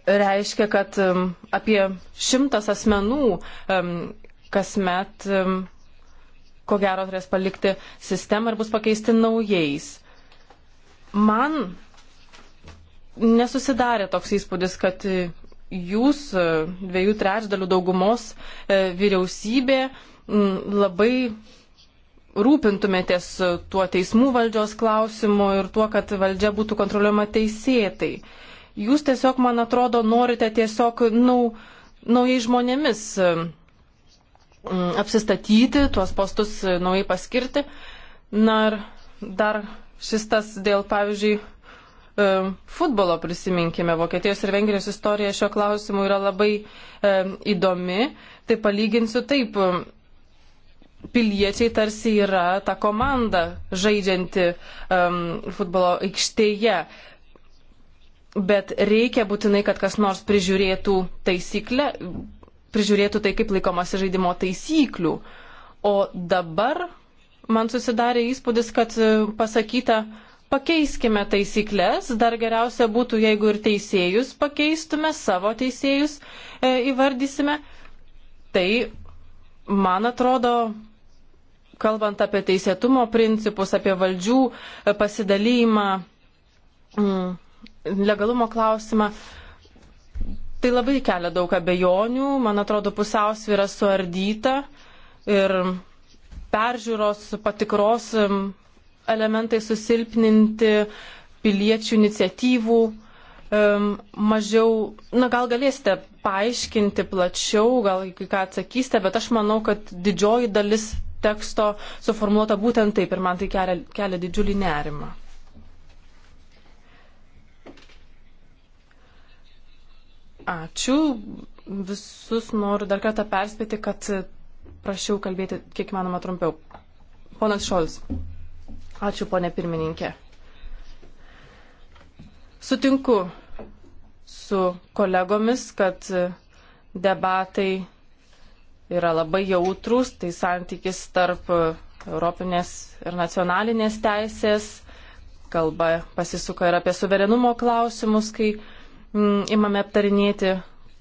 reiškia, kad um, apie šimtas asmenų um, kasmet, um, ko gero, turės palikti sistemą ir bus pakeisti naujais. Man nesusidarė toks įspūdis, kad jūs, e, dviejų trečdalių daugumos e, vyriausybė, labai rūpintumėtės tuo teismų valdžios klausimu ir tuo, kad valdžia būtų kontroliuojama teisėtai. Jūs tiesiog, man atrodo, norite tiesiog nau, naujai žmonėmis e, apsistatyti, tuos postus naujai paskirti. Na ir dar šis tas dėl, pavyzdžiui, E, futbolo prisiminkime. Vokietijos ir Vengrijos istorija šio klausimu yra labai e, įdomi. Tai palyginsiu taip. Piliečiai tarsi yra ta komanda žaidžianti um, futbolo aikštėje, bet reikia būtinai, kad kas nors prižiūrėtų taisyklę, prižiūrėtų tai, kaip laikomasi žaidimo taisyklių. O dabar man susidarė įspūdis, kad e, pasakyta, uh, Pakeiskime taisyklės, dar geriausia būtų, jeigu ir teisėjus pakeistume, savo teisėjus e, įvardysime. Tai, man atrodo, kalbant apie teisėtumo principus, apie valdžių e, pasidalymą, mm, legalumo klausimą, tai labai kelia daug abejonių, man atrodo, pusiausvyrą suardyta ir peržiūros patikros elementai susilpninti, piliečių iniciatyvų mažiau, na gal galėsite paaiškinti plačiau, gal kai ką atsakysite, bet aš manau, kad didžioji dalis teksto suformuota būtent taip ir man tai kelia, kelia didžiulį nerimą. Ačiū. Visus noriu dar kartą perspėti, kad prašiau kalbėti kiek manoma trumpiau. Ponas Šolis. Ačiū, ponė pirmininkė. Sutinku su kolegomis, kad debatai yra labai jautrus, tai santykis tarp europinės ir nacionalinės teisės, kalba pasisuka ir apie suverenumo klausimus, kai mm, imame aptarinėti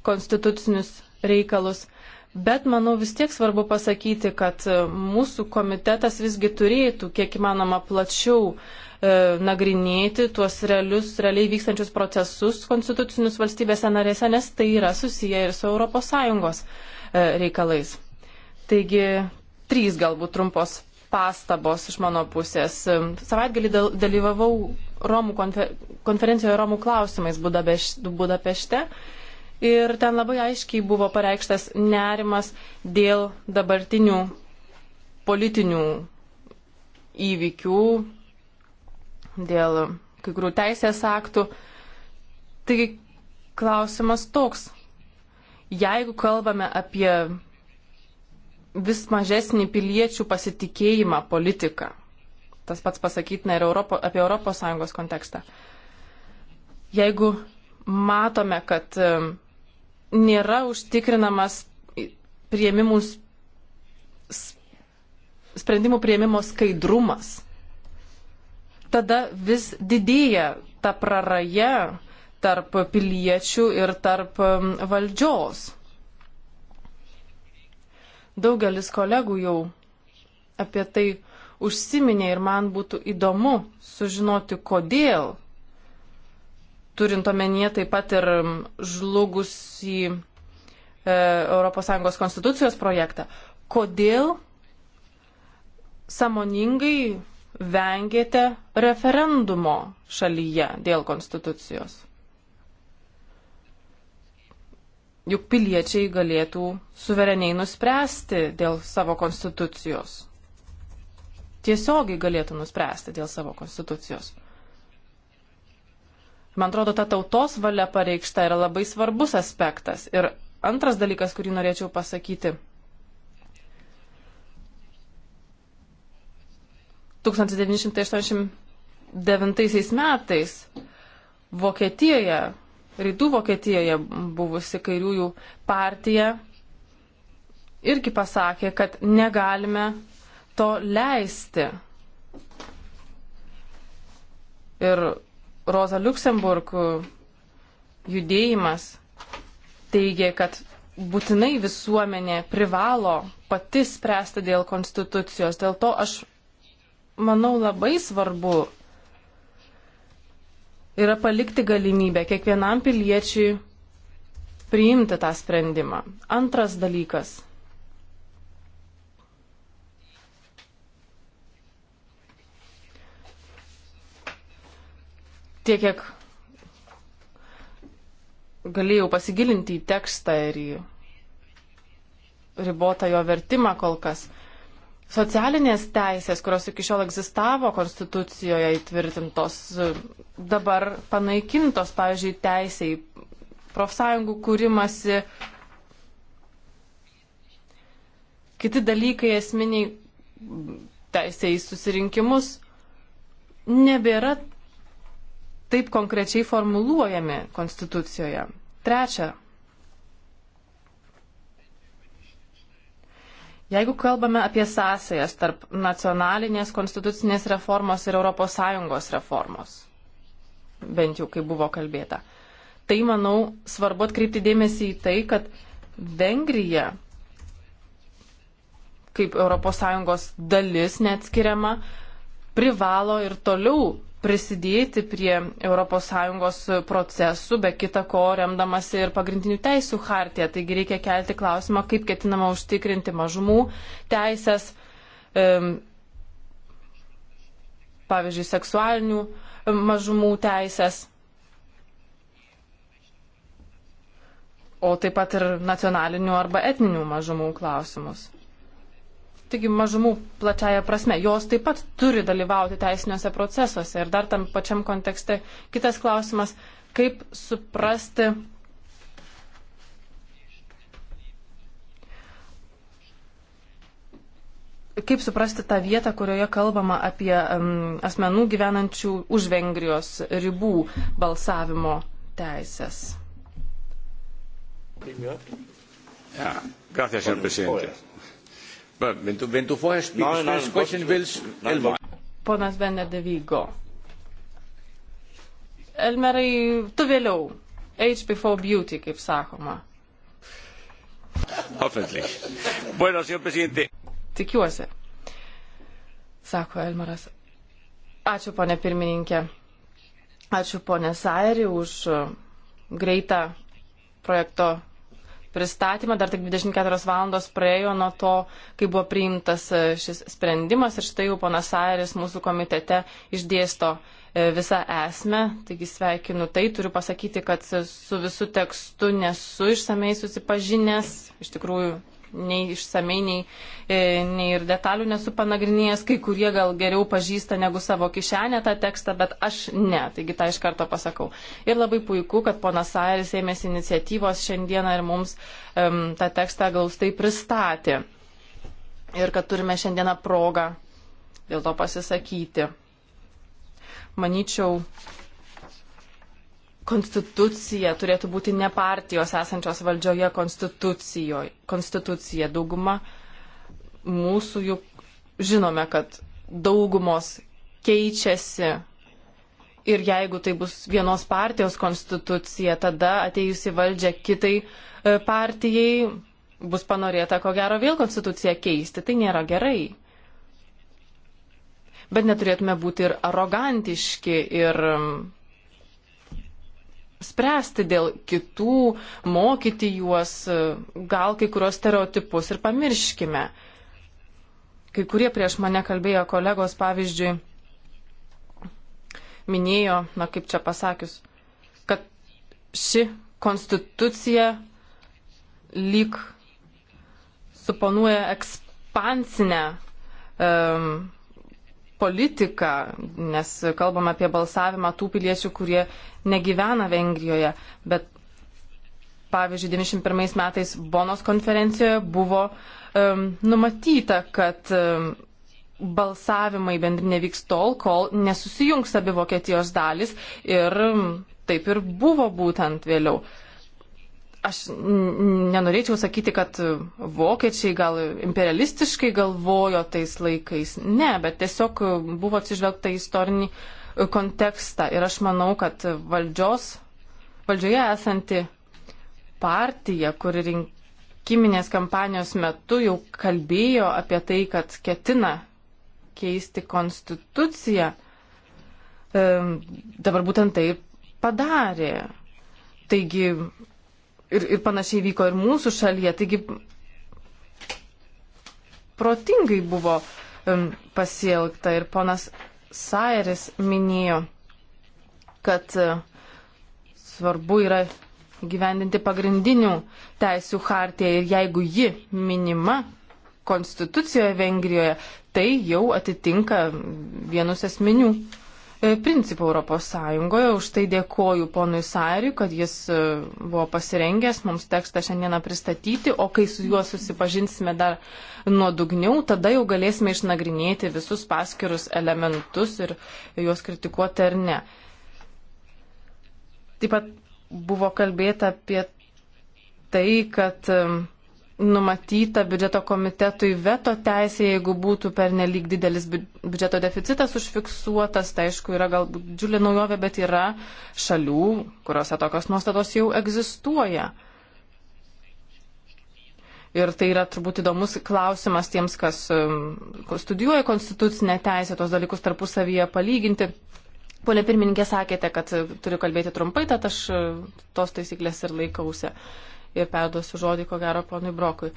konstitucinius reikalus. Bet manau vis tiek svarbu pasakyti, kad e, mūsų komitetas visgi turėtų kiek įmanoma plačiau e, nagrinėti tuos realius, realiai vykstančius procesus konstitucinius valstybėse narėse, nes tai yra susiję ir su ES e, reikalais. Taigi trys galbūt trumpos pastabos iš mano pusės. E, savaitgalį dalyvavau Romų konfer konferencijoje Romų klausimais Budapeš Budapešte. Budapešte ir ten labai aiškiai buvo pareikštas nerimas dėl dabartinių politinių įvykių, dėl kai kurių teisės aktų. Taigi klausimas toks. Jeigu kalbame apie vis mažesnį piliečių pasitikėjimą politiką, tas pats pasakytina ir Europo, apie ES kontekstą, jeigu matome, kad nėra užtikrinamas prieimimus, sprendimų prieimimo skaidrumas. Tada vis didėja ta praraja tarp piliečių ir tarp um, valdžios. Daugelis kolegų jau apie tai užsiminė ir man būtų įdomu sužinoti, kodėl turint omenyje taip pat ir žlugusį e, ES konstitucijos projektą, kodėl samoningai vengėte referendumo šalyje dėl konstitucijos? Juk piliečiai galėtų suvereniai nuspręsti dėl savo konstitucijos. Tiesiogiai galėtų nuspręsti dėl savo konstitucijos. Man atrodo, ta tautos valia pareikšta yra labai svarbus aspektas. Ir antras dalykas, kurį norėčiau pasakyti. 1989 metais Vokietijoje, rytų Vokietijoje buvusi kairiųjų partija irgi pasakė, kad negalime to leisti. Ir Roza Luxemburg judėjimas teigia, kad būtinai visuomenė privalo pati spręsti dėl konstitucijos. Dėl to aš manau labai svarbu yra palikti galimybę kiekvienam piliečiui priimti tą sprendimą. Antras dalykas tiek, kiek galėjau pasigilinti į tekstą ir į ribotą jo vertimą kol kas. Socialinės teisės, kurios iki šiol egzistavo konstitucijoje įtvirtintos, dabar panaikintos, pavyzdžiui, teisiai profsąjungų kūrimasi, kiti dalykai esminiai teisė į susirinkimus nebėra taip konkrečiai formuluojami Konstitucijoje. Trečia. Jeigu kalbame apie sąsajas tarp nacionalinės konstitucinės reformos ir ES reformos, bent jau kaip buvo kalbėta, tai manau svarbu atkreipti dėmesį į tai, kad Vengrija kaip ES dalis neatskiriama privalo ir toliau prisidėti prie ES procesų, be kita ko remdamasi ir pagrindinių teisų hartiją. Taigi reikia kelti klausimą, kaip ketinama užtikrinti mažumų teisės, pavyzdžiui, seksualinių mažumų teisės. O taip pat ir nacionalinių arba etninių mažumų klausimus taigi mažumų plačiaja prasme, jos taip pat turi dalyvauti teisiniuose procesuose. Ir dar tam pačiam kontekste kitas klausimas, kaip suprasti. Kaip suprasti tą vietą, kurioje kalbama apie um, asmenų gyvenančių už Vengrijos ribų balsavimo teisės? Ja, gracias, señor presidente. Wenn du, wenn du vorher sp nein, nein, sprechen willst, Elmar. Ponas Benedevygo. Elmerai, tu vėliau. Age before beauty, kaip sakoma. Hoffentlich. Bueno, señor presidente. Tikiuosi, sako Elmaras. Ačiū, ponė pirmininkė. Ačiū, ponė Sairi, už greitą projekto pristatymą. Dar tik 24 valandos praėjo nuo to, kai buvo priimtas e, šis sprendimas ir štai jau ponas Airis mūsų komitete išdėsto e, visą esmę. Taigi sveikinu tai, turiu pasakyti, kad su visu tekstu nesu išsamei susipažinęs. Iš tikrųjų, nei išsamei, nei, e, nei ir detalių nesu panagrinėjęs, kai kurie gal geriau pažįsta negu savo kišenę tą tekstą, bet aš ne, taigi tą iš karto pasakau. Ir labai puiku, kad ponas Sairis ėmėsi iniciatyvos šiandieną ir mums um, tą tekstą glaustai pristatė. Ir kad turime šiandieną progą dėl to pasisakyti. Manyčiau, konstitucija turėtų būti ne partijos esančios valdžioje konstitucija. Dauguma mūsų juk žinome, kad daugumos keičiasi ir jeigu tai bus vienos partijos konstitucija, tada atėjusi valdžia kitai e, partijai bus panorėta, ko gero, vėl konstituciją keisti. Tai nėra gerai. Bet neturėtume būti ir arogantiški ir. Um, spręsti dėl kitų, mokyti juos, gal kai kurios stereotipus ir pamirškime. Kai kurie prieš mane kalbėjo kolegos, pavyzdžiui, minėjo, na kaip čia pasakius, kad ši konstitucija lyg suponuoja ekspansinę um, politiką, nes kalbam apie balsavimą tų piliečių, kurie negyvena Vengrijoje. Bet, pavyzdžiui, 91 metais Bonos konferencijoje buvo um, numatyta, kad um, balsavimai bendrinė vyks tol, kol nesusijungs abi Vokietijos dalis ir um, taip ir buvo būtent vėliau. Uh, aš nenorėčiau sakyti, kad vokiečiai gal imperialistiškai galvojo tais laikais. Ne, bet tiesiog buvo atsižvelgta į istorinį kontekstą. Ir aš manau, kad valdžios, valdžioje esanti partija, kuri rinkiminės kampanijos metu jau kalbėjo apie tai, kad ketina keisti konstituciją, dabar būtent tai padarė. Taigi ir, ir panašiai vyko ir mūsų šalyje. Taigi protingai buvo um, pasielgta ir ponas Sairis minėjo, kad uh, svarbu yra gyvendinti pagrindinių teisių hartiją ir jeigu ji minima konstitucijoje Vengrijoje, tai jau atitinka vienus esminių E, principų Europos Sąjungoje. Už tai dėkoju ponui Sairiui, kad jis e, buvo pasirengęs mums tekstą šiandieną pristatyti, o kai su juo susipažinsime dar nuodugniau, tada jau galėsime išnagrinėti visus paskirus elementus ir juos kritikuoti ar ne. Taip pat buvo kalbėta apie tai, kad e, numatyta biudžeto komitetui veto teisė, jeigu būtų per nelik didelis biudžeto deficitas užfiksuotas, tai aišku yra galbūt džiulė naujovė, bet yra šalių, kuriuose tokios nuostatos jau egzistuoja. Ir tai yra turbūt įdomus klausimas tiems, kas um, studijuoja konstitucinę teisę, tos dalykus tarpusavyje palyginti. Pone pirmininkė, sakėte, kad turiu kalbėti trumpai, tad aš uh, tos taisyklės ir laikausi ir perduosiu žodį, ko gero, ponui Brokui.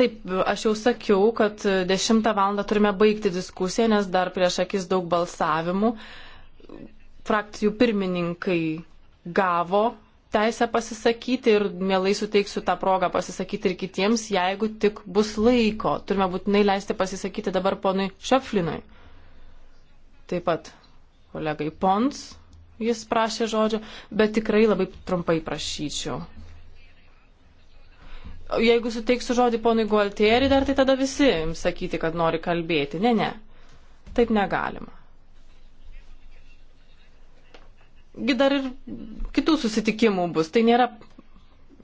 Taip, aš jau sakiau, kad 10 val. turime baigti diskusiją, nes dar prieš akis daug balsavimų. Frakcijų pirmininkai gavo teisę pasisakyti ir mielai suteiksiu tą progą pasisakyti ir kitiems, jeigu tik bus laiko. Turime būtinai leisti pasisakyti dabar ponui Šeflinui. Taip pat kolegai Pons jis prašė žodžio, bet tikrai labai trumpai prašyčiau. Jeigu suteiksiu žodį ponui Gualtieri, dar tai tada visi jums sakyti, kad nori kalbėti. Ne, ne. Taip negalima. Gi dar ir kitų susitikimų bus. Tai nėra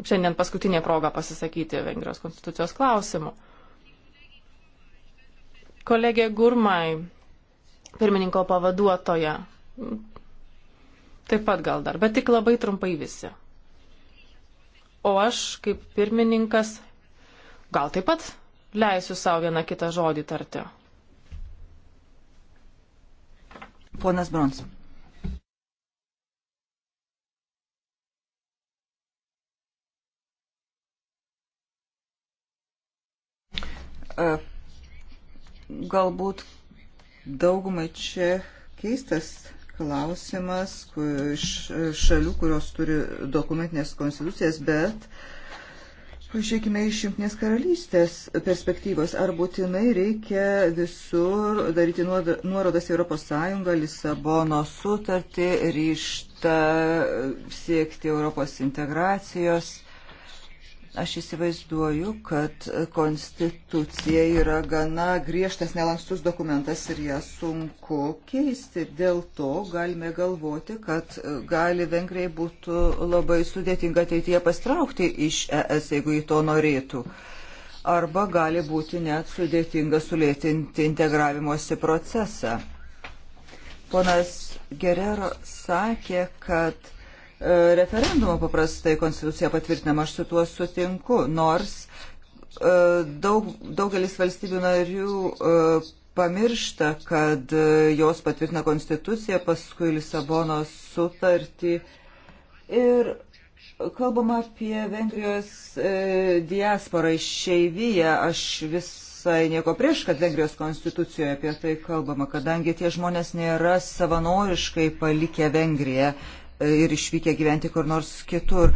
šiandien paskutinė proga pasisakyti Vengrijos konstitucijos klausimu. Kolegė Gurmai, pirmininko pavaduotoja, Taip pat gal dar, bet tik labai trumpai visi. O aš, kaip pirmininkas, gal taip pat leisiu savo vieną kitą žodį tarti. Ponas Brons. E, galbūt daugumai čia keistas klausimas iš šalių, kurios turi dokumentinės konstitucijas, bet Pažiūrėkime iš Junktinės karalystės perspektyvos, ar būtinai reikia visur daryti nuorodas į ES, Lisabono sutartį, ryštą siekti Europos integracijos. Aš įsivaizduoju, kad konstitucija yra gana griežtas, nelankstus dokumentas ir ją sunku keisti. Dėl to galime galvoti, kad gali Vengrijai būtų labai sudėtinga ateityje pastraukti iš ES, jeigu jį to norėtų. Arba gali būti net sudėtinga sulėtinti integravimosi procesą. Ponas Gerero sakė, kad E, referendumo paprastai konstitucija patvirtinama, aš su tuo sutinku, nors e, daug, daugelis valstybių narių e, pamiršta, kad jos patvirtina konstituciją, paskui Lisabonos sutartį. Ir kalbama apie Vengrijos diasporą išeivyje, aš vis visai nieko prieš, kad Vengrijos konstitucijoje apie tai kalbama, kadangi tie žmonės nėra savanoriškai palikę Vengriją ir išvykę gyventi kur nors kitur.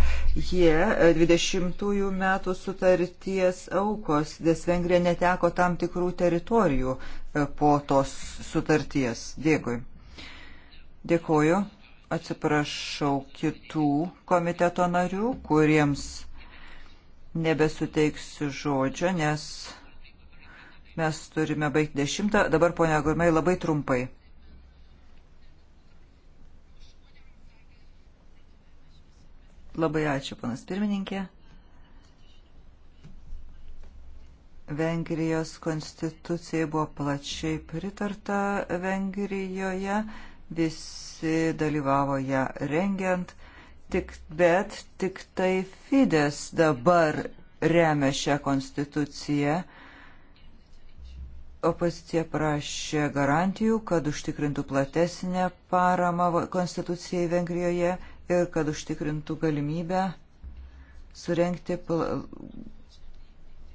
Jie 20 e, metų sutarties aukos, nes Vengrija neteko tam tikrų teritorijų e, po tos sutarties. Dėkui. Dėkoju. Atsiprašau kitų komiteto narių, kuriems nebesuteiksiu žodžio, nes mes turime baigti dešimtą. Dabar, ponia Gurmai, labai trumpai. Labai ačiū, panas pirmininkė. Vengrijos konstitucijai buvo plačiai pritarta Vengrijoje, visi dalyvavo ją rengiant, tik, bet tik tai Fides dabar remia šią konstituciją. Opozicija prašė garantijų, kad užtikrintų platesnę paramą konstitucijai Vengrijoje ir kad užtikrintų galimybę surenkti pla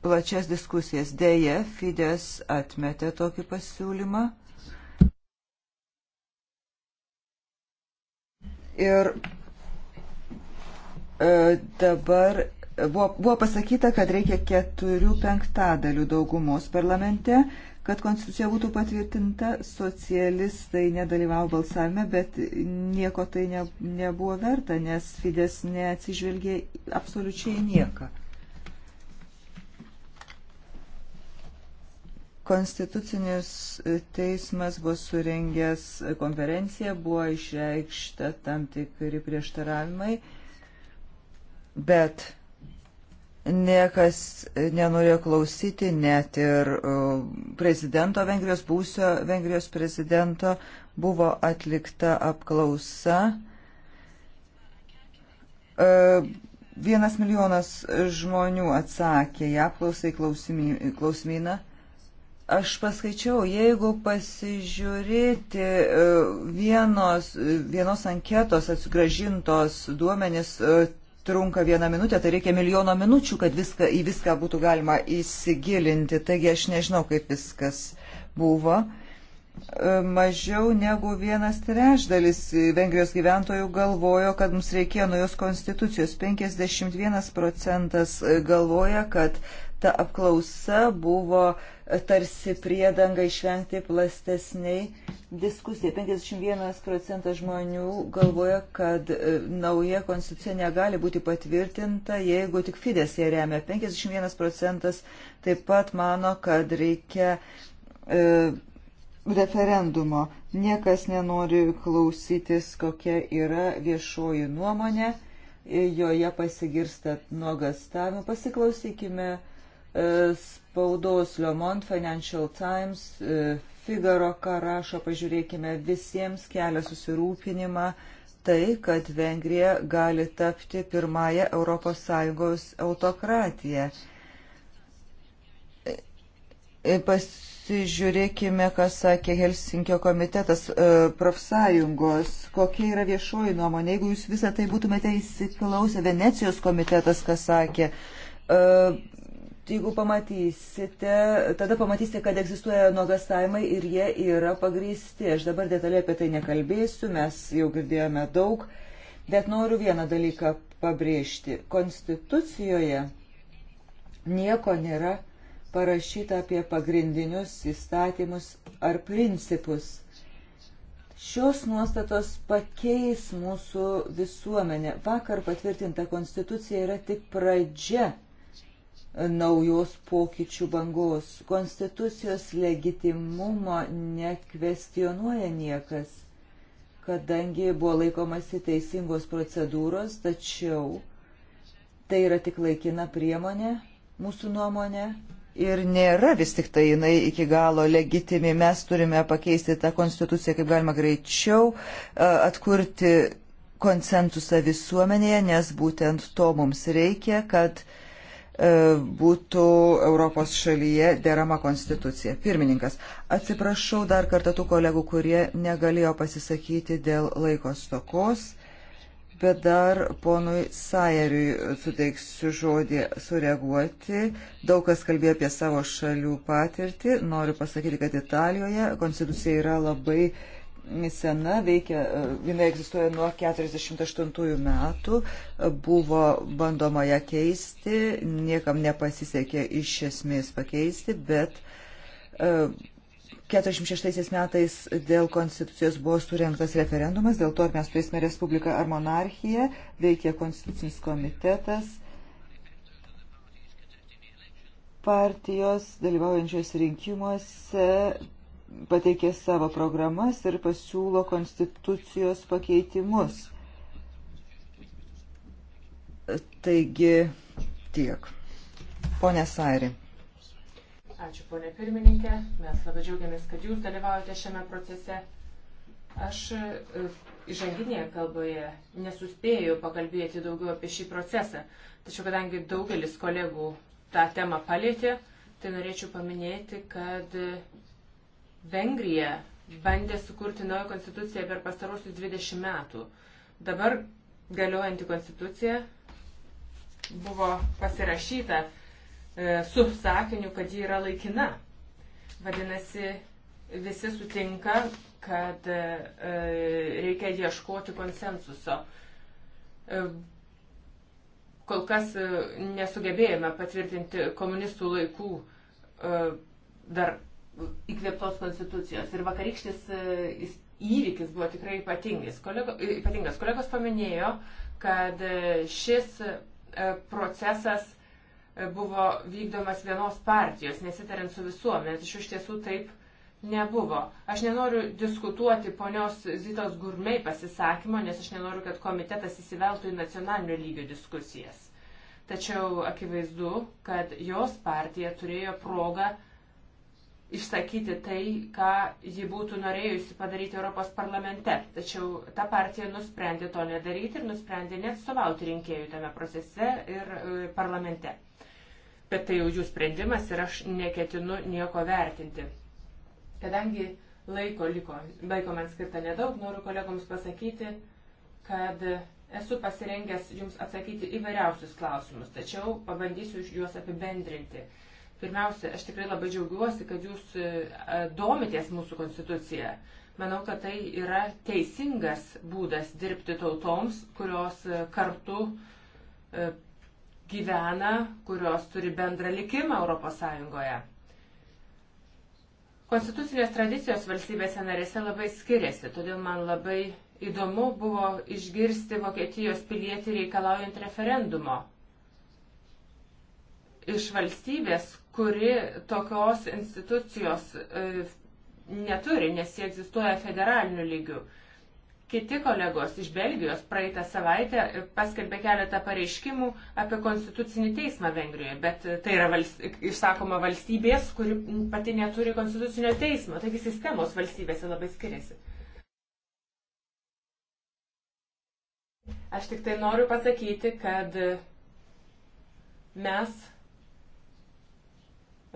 plačias diskusijas. Deja, Fides atmetė tokį pasiūlymą. Ir e, dabar buvo, buvo pasakyta, kad reikia keturių penktadalių daugumos parlamente, Kad konstitucija būtų patvirtinta, socialistai nedalyvavo balsavime, bet nieko tai ne, nebuvo verta, nes Fides neatsižvelgė absoliučiai nieką. Konstitucinis teismas buvo surengęs konferenciją, buvo išreikšta tam tikri prieštaravimai, bet Niekas nenorėjo klausyti, net ir e, prezidento Vengrijos, būsio Vengrijos prezidento buvo atlikta apklausa. E, vienas milijonas žmonių atsakė į apklausą į klausimyną. Aš paskaičiau, jeigu pasižiūrėti e, vienos, vienos anketos atsigražintos duomenis trunka vieną minutę, tai reikia milijono minučių, kad viską, į viską būtų galima įsigilinti. Taigi aš nežinau, kaip viskas buvo. E, mažiau negu vienas trešdalis Vengrijos gyventojų galvojo, kad mums reikėjo naujos konstitucijos. 51 procentas galvoja, kad ta apklausa buvo tarsi priedanga išvengti plastesniai diskusija. 51 procentas žmonių galvoja, kad e, nauja konstitucija negali būti patvirtinta, jeigu tik Fides ją remia. 51 procentas taip pat mano, kad reikia e, referendumo. Niekas nenori klausytis, kokia yra viešoji nuomonė. E, joje pasigirsta nuogastavimų. Pasiklausykime e, spaudos Le Monde Financial Times. E, Figaro, ką rašo, pažiūrėkime, visiems kelia susirūpinimą tai, kad Vengrija gali tapti pirmąją ES autokratiją. E, pasižiūrėkime, ką sakė Helsinkio komitetas e, profsąjungos, kokia yra viešoji nuomonė. Jeigu jūs visą tai būtumėte įsiklausę, Venecijos komitetas, ką sakė, e, jeigu pamatysite, tada pamatysite, kad egzistuoja nuogastavimai ir jie yra pagrysti. Aš dabar detaliai apie tai nekalbėsiu, mes jau girdėjome daug, bet noriu vieną dalyką pabrėžti. Konstitucijoje nieko nėra parašyta apie pagrindinius įstatymus ar principus. Šios nuostatos pakeis mūsų visuomenę. Vakar patvirtinta konstitucija yra tik pradžia naujos pokyčių bangos. Konstitucijos legitimumo nekvestionuoja niekas, kadangi buvo laikomasi teisingos procedūros, tačiau tai yra tik laikina priemonė, mūsų nuomonė. Ir nėra vis tik tai jinai iki galo legitimi. Mes turime pakeisti tą konstituciją kaip galima greičiau, e, atkurti konsensusą visuomenėje, nes būtent to mums reikia, kad uh, E, būtų Europos šalyje derama konstitucija. Pirmininkas, atsiprašau dar kartą tų kolegų, kurie negalėjo pasisakyti dėl laikos stokos, bet dar ponui Sajeriui suteiksiu žodį sureaguoti. Daug kas kalbėjo apie savo šalių patirtį. Noriu pasakyti, kad Italijoje konstitucija yra labai uh, sena, veikia, e, jinai egzistuoja nuo 48 metų, buvo bandoma ją keisti, niekam nepasisekė iš esmės pakeisti, bet 46 e, metais dėl konstitucijos buvo surinktas referendumas, dėl to ar mes turėsime respubliką ar monarchiją, veikia konstitucinis komitetas. Partijos dalyvaujančios rinkimuose pateikė savo programas ir pasiūlo konstitucijos pakeitimus. Taigi tiek. Pone Sairi. Ačiū, ponė pirmininkė. Mes labai džiaugiamės, kad jūs dalyvaujate šiame procese. Aš e, įžanginėje kalboje nesuspėjau pakalbėti daugiau apie šį procesą, tačiau kadangi daugelis kolegų tą temą palėtė, tai norėčiau paminėti, kad Vengrija bandė sukurti naują konstituciją per pastarosius 20 metų. Dabar galiojanti konstitucija buvo pasirašyta e, su sakiniu, kad ji yra laikina. Vadinasi, visi sutinka, kad e, e reikia ieškoti konsensuso. E, kol kas e, nesugebėjome patvirtinti komunistų laikų e, dar įkvėptos konstitucijos. Ir vakarykštis e, įvykis buvo tikrai ypatingas. Kolego, e, ypatingas. Kolegos paminėjo, kad e, šis procesas buvo vykdomas vienos partijos, nesitariant su visuomenė. Tačiau iš tiesų taip nebuvo. Aš nenoriu diskutuoti ponios Zitos gurmei pasisakymo, nes aš nenoriu, kad komitetas įsiveltų į nacionalinio lygio diskusijas. Tačiau akivaizdu, kad jos partija turėjo progą išsakyti tai, ką ji būtų norėjusi padaryti Europos parlamente. Tačiau ta partija nusprendė to nedaryti ir nusprendė neatstovauti rinkėjų tame procese ir e, parlamente. Bet tai jau jų sprendimas ir aš neketinu nieko vertinti. Kadangi laiko liko, laiko man skirta nedaug, noriu kolegoms pasakyti, kad esu pasirengęs jums atsakyti įvairiausius klausimus, tačiau pabandysiu juos apibendrinti Pirmiausia, aš tikrai labai džiaugiuosi, kad jūs e, domitės mūsų konstituciją. Manau, kad tai yra teisingas būdas dirbti tautoms, kurios e, kartu e, gyvena, kurios turi bendrą likimą ES. Konstitucinės tradicijos valstybėse narėse labai skiriasi, todėl man labai įdomu buvo išgirsti Vokietijos pilietį reikalaujant referendumo iš valstybės, kuri tokios institucijos e, neturi, nes jie egzistuoja federaliniu lygiu. Kiti kolegos iš Belgijos praeitą savaitę paskelbė keletą pareiškimų apie konstitucinį teismą Vengrijoje, bet tai yra valst, išsakoma valstybės, kuri pati neturi konstitucinio teismo, taigi sistemos valstybėse labai skiriasi. Aš tik tai noriu pasakyti, kad mes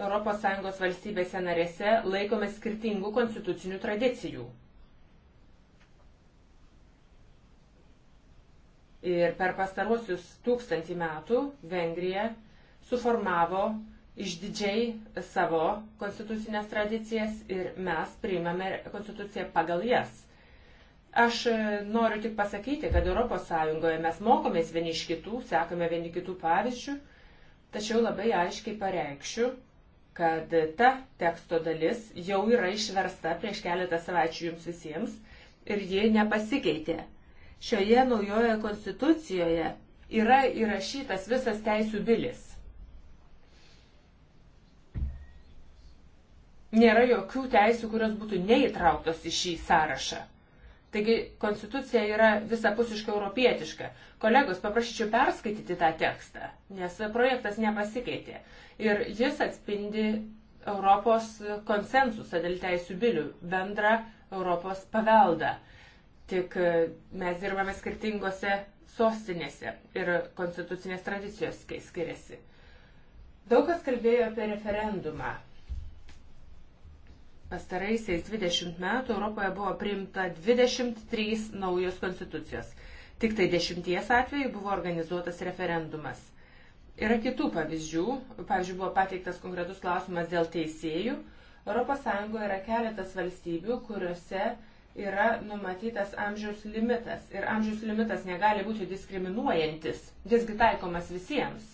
ES valstybėse narėse laikome skirtingų konstitucinių tradicijų. Ir per pastaruosius tūkstantį metų Vengrija suformavo išdidžiai savo konstitucinės tradicijas ir mes priimame konstituciją pagal jas. Aš noriu tik pasakyti, kad ES mes mokomės vieni iš kitų, sekame vieni kitų pavyzdžių, tačiau labai aiškiai pareikščiu, kad ta teksto dalis jau yra išversta prieš keletą savaičių jums visiems ir ji nepasikeitė. Šioje naujoje konstitucijoje yra įrašytas visas teisų bilis. Nėra jokių teisų, kurios būtų neįtrauktos į šį sąrašą. Taigi konstitucija yra visapusiškai europietiška. Kolegos, paprašyčiau perskaityti tą tekstą, nes projektas nepasikeitė. Ir jis atspindi Europos konsensusą dėl teisų bilių, bendrą Europos paveldą. Tik e, mes dirbame skirtingose sostinėse ir konstitucinės tradicijos skiriasi. Daug kas kalbėjo apie referendumą. Pastaraisiais 20 metų Europoje buvo priimta 23 naujos konstitucijos. Tik tai dešimties atvejų buvo organizuotas referendumas. Yra kitų pavyzdžių. Pavyzdžiui, buvo pateiktas konkretus klausimas dėl teisėjų. ES yra keletas valstybių, kuriuose yra numatytas amžiaus limitas. Ir amžiaus limitas negali būti diskriminuojantis. Visgi taikomas visiems.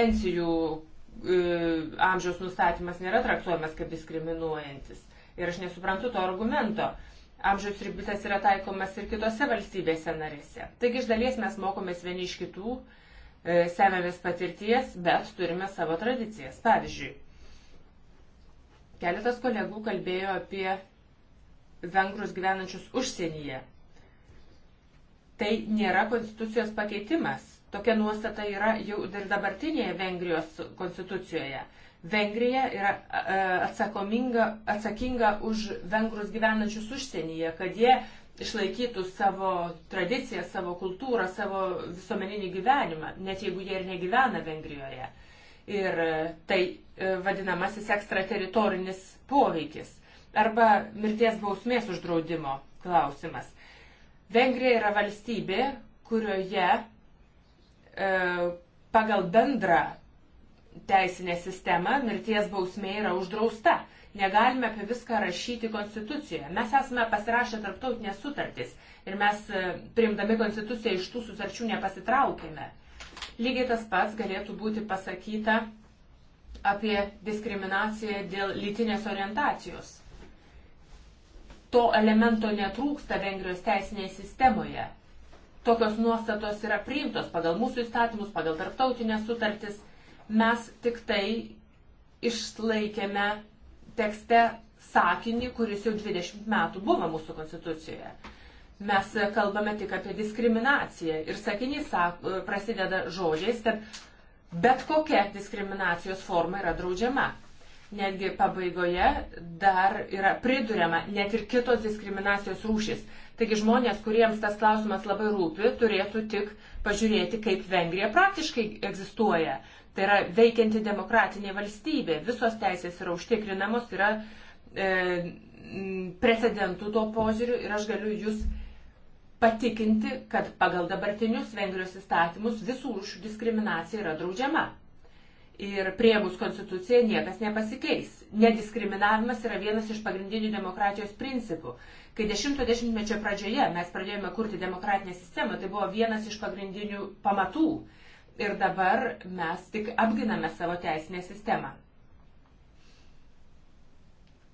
Pensijų E, amžiaus nustatymas nėra traktuojamas kaip diskriminuojantis. Ir aš nesuprantu to argumento. Amžiaus ribitas yra taikomas ir kitose valstybėse narėse. Taigi iš dalies mes mokomės vieni iš kitų, e, semėmės patirties, bet turime savo tradicijas. Pavyzdžiui, keletas kolegų kalbėjo apie vengrus gyvenančius užsienyje. Tai nėra konstitucijos pakeitimas Tokia nuostata yra jau ir dabartinėje Vengrijos konstitucijoje. Vengrija yra e, atsakinga už vengrus gyvenančius užsienyje, kad jie išlaikytų savo tradiciją, savo kultūrą, savo visuomeninį gyvenimą, net jeigu jie ir negyvena Vengrijoje. Ir e, tai e, vadinamasis ekstrateritorinis poveikis arba mirties bausmės uždraudimo klausimas. Vengrija yra valstybė, kurioje E, pagal bendrą teisinę sistemą mirties bausmė yra uždrausta. Negalime apie viską rašyti konstitucijoje. Mes esame pasirašę tarptautinės sutartys ir mes e, priimdami konstituciją iš tų sutarčių nepasitraukėme. Lygiai tas pats galėtų būti pasakyta apie diskriminaciją dėl lytinės orientacijos. To elemento netrūksta Vengrijos teisinėje sistemoje tokios nuostatos yra priimtos pagal mūsų įstatymus, pagal tarptautinės sutartis. Mes tik tai išlaikėme tekste sakinį, kuris jau 20 metų buvo mūsų konstitucijoje. Mes kalbame tik apie diskriminaciją ir sakinys sak, prasideda žodžiais, kad bet kokia diskriminacijos forma yra draudžiama. Netgi pabaigoje dar yra priduriama net ir kitos diskriminacijos rūšis. Taigi žmonės, kuriems tas klausimas labai rūpi, turėtų tik pažiūrėti, kaip Vengrija praktiškai egzistuoja. Tai yra veikianti demokratinė valstybė, visos teisės yra užtikrinamos, yra e, precedentų to požiūriu ir aš galiu jūs patikinti, kad pagal dabartinius Vengrijos įstatymus visų rūšių diskriminacija yra draudžiama ir priemus konstituciją niekas nepasikeis. Nediskriminavimas yra vienas iš pagrindinių demokratijos principų. Kai dešimto dešimtmečio pradžioje mes pradėjome kurti demokratinę sistemą, tai buvo vienas iš pagrindinių pamatų. Ir dabar mes tik apginame savo teisinę sistemą.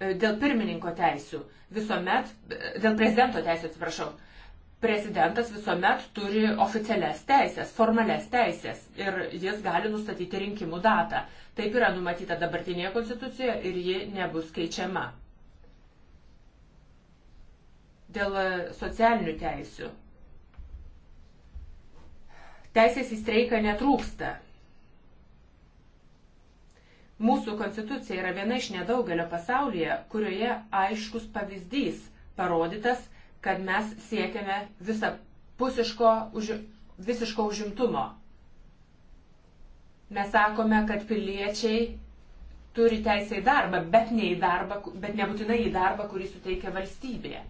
Dėl pirmininko teisų visuomet, dėl prezidento teisų atsiprašau, prezidentas visuomet turi oficialias teisės, formales teisės ir jis gali nustatyti rinkimų datą. Taip yra numatyta dabartinėje konstitucijoje ir ji nebus keičiama. Dėl socialinių teisių. Teisės į streiką netrūksta. Mūsų konstitucija yra viena iš nedaugelio pasaulyje, kurioje aiškus pavyzdys parodytas – kad mes siekiame visapusiško, už, visiško užimtumo. Mes sakome, kad piliečiai turi teisę į darbą, bet, ne į darbą, bet nebūtinai į darbą, kurį suteikia valstybė.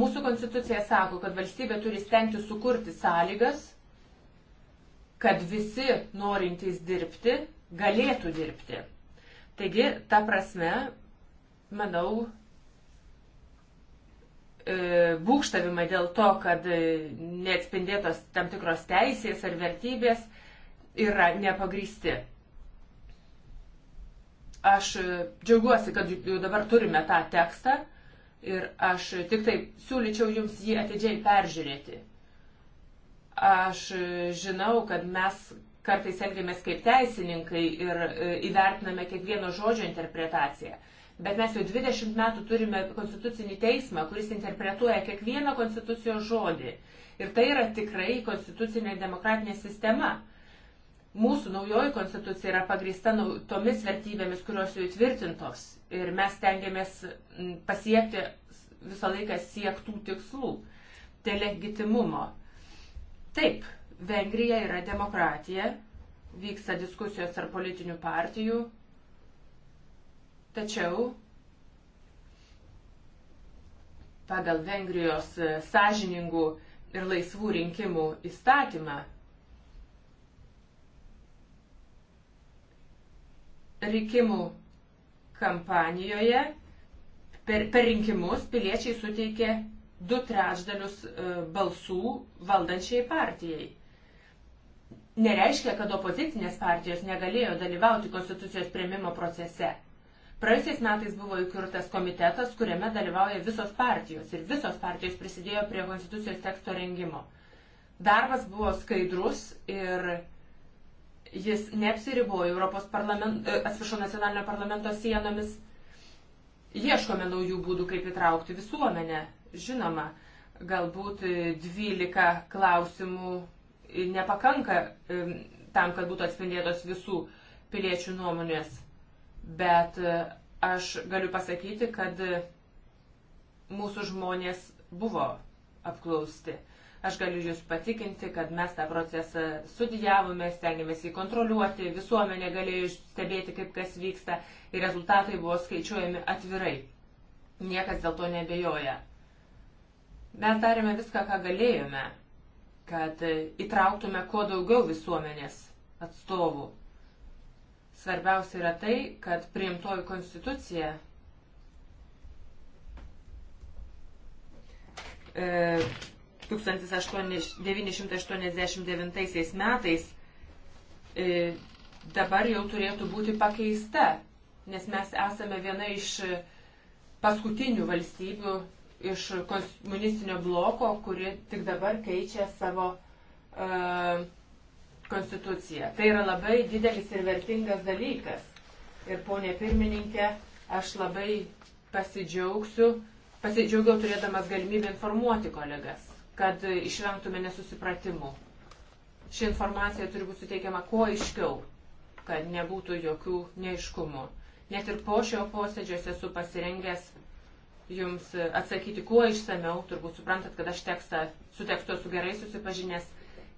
Mūsų konstitucija sako, kad valstybė turi stengti sukurti sąlygas, kad visi norintys dirbti galėtų dirbti. Taigi, ta prasme, manau, E, būkštavimai dėl to, kad e, neatspindėtos tam tikros teisės ar vertybės yra nepagrysti. Aš e, džiaugiuosi, kad jau dabar turime tą tekstą ir aš tik tai siūlyčiau jums jį atidžiai peržiūrėti. Aš žinau, kad mes kartais elgiamės kaip teisininkai ir įvertiname kiekvieno žodžio interpretaciją bet mes jau 20 metų turime konstitucinį teismą, kuris interpretuoja kiekvieną konstitucijos žodį. Ir tai yra tikrai konstitucinė demokratinė sistema. Mūsų naujoji konstitucija yra pagrįsta tomis vertybėmis, kurios jau įtvirtintos. Ir mes tengiamės pasiekti visą laiką siektų tikslų, delegitimumo. Taip, Vengrija yra demokratija, vyksta diskusijos tarp politinių partijų, Tačiau pagal Vengrijos sąžiningų ir laisvų rinkimų įstatymą rinkimų kampanijoje per, per rinkimus piliečiai suteikė du trečdalius e, balsų valdančiai partijai. Nereiškia, kad opozicinės partijos negalėjo dalyvauti konstitucijos prieimimo procese Praėjusiais metais buvo įkurtas komitetas, kuriame dalyvauja visos partijos ir visos partijos prisidėjo prie konstitucijos teksto rengimo. Darbas buvo skaidrus ir jis neapsiribojo Europos parlamento, e, atsiprašau, nacionalinio parlamento sienomis. Ieškome naujų būdų, kaip įtraukti visuomenę. Žinoma, galbūt 12 klausimų nepakanka e, tam, kad būtų atspindėtos visų piliečių nuomonės bet e, aš galiu pasakyti, kad e, mūsų žmonės buvo apklausti. Aš galiu Jūs patikinti, kad mes tą procesą studijavome, stengiamės jį kontroliuoti, visuomenė galėjo stebėti, kaip kas vyksta ir rezultatai buvo skaičiuojami atvirai. Niekas dėl to nebejoja. Mes darėme viską, ką galėjome, kad e, įtrauktume kuo daugiau visuomenės atstovų. Svarbiausia yra tai, kad priimtoji konstitucija e, 1989 metais e, dabar jau turėtų būti pakeista, nes mes esame viena iš paskutinių valstybių iš komunistinio bloko, kuri tik dabar keičia savo uh, e, konstituciją. Tai yra labai didelis ir vertingas dalykas. Ir ponė pirmininkė, aš labai pasidžiaugsiu, pasidžiaugiau turėdamas galimybę informuoti kolegas, kad išvengtume nesusipratimų. Ši informacija turi būti suteikiama kuo aiškiau, kad nebūtų jokių neiškumų. Net ir po šio posėdžio esu pasirengęs jums atsakyti kuo išsameu, turbūt suprantat, kad aš tekstą, su tekstu esu gerai susipažinęs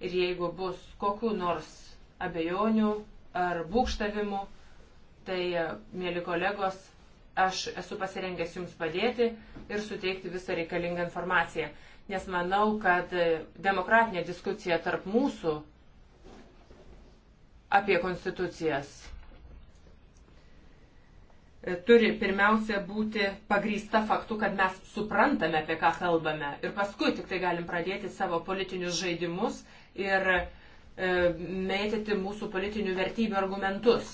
ir jeigu bus kokių nors abejonių ar būkštavimų, tai, e, mėly kolegos, aš esu pasirengęs Jums padėti ir suteikti visą reikalingą informaciją. Nes manau, kad e, demokratinė diskusija tarp mūsų apie konstitucijas e, turi pirmiausia būti pagrįsta faktu, kad mes suprantame, apie ką kalbame. Ir paskui tik tai galim pradėti savo politinius žaidimus ir e, mėtyti mūsų politinių vertybių argumentus.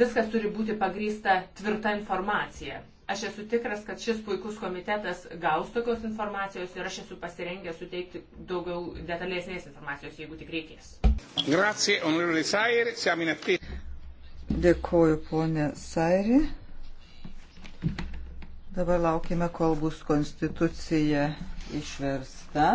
Viskas turi būti pagrysta tvirta informacija. Aš esu tikras, kad šis puikus komitetas gaus tokios informacijos ir aš esu pasirengęs suteikti daugiau detalesnės informacijos, jeigu tik reikės. Grazie, onorevole Sairi, siamo in attesa. Dėkoju, ponė Sairi. Dabar laukime, kol bus konstitucija išversta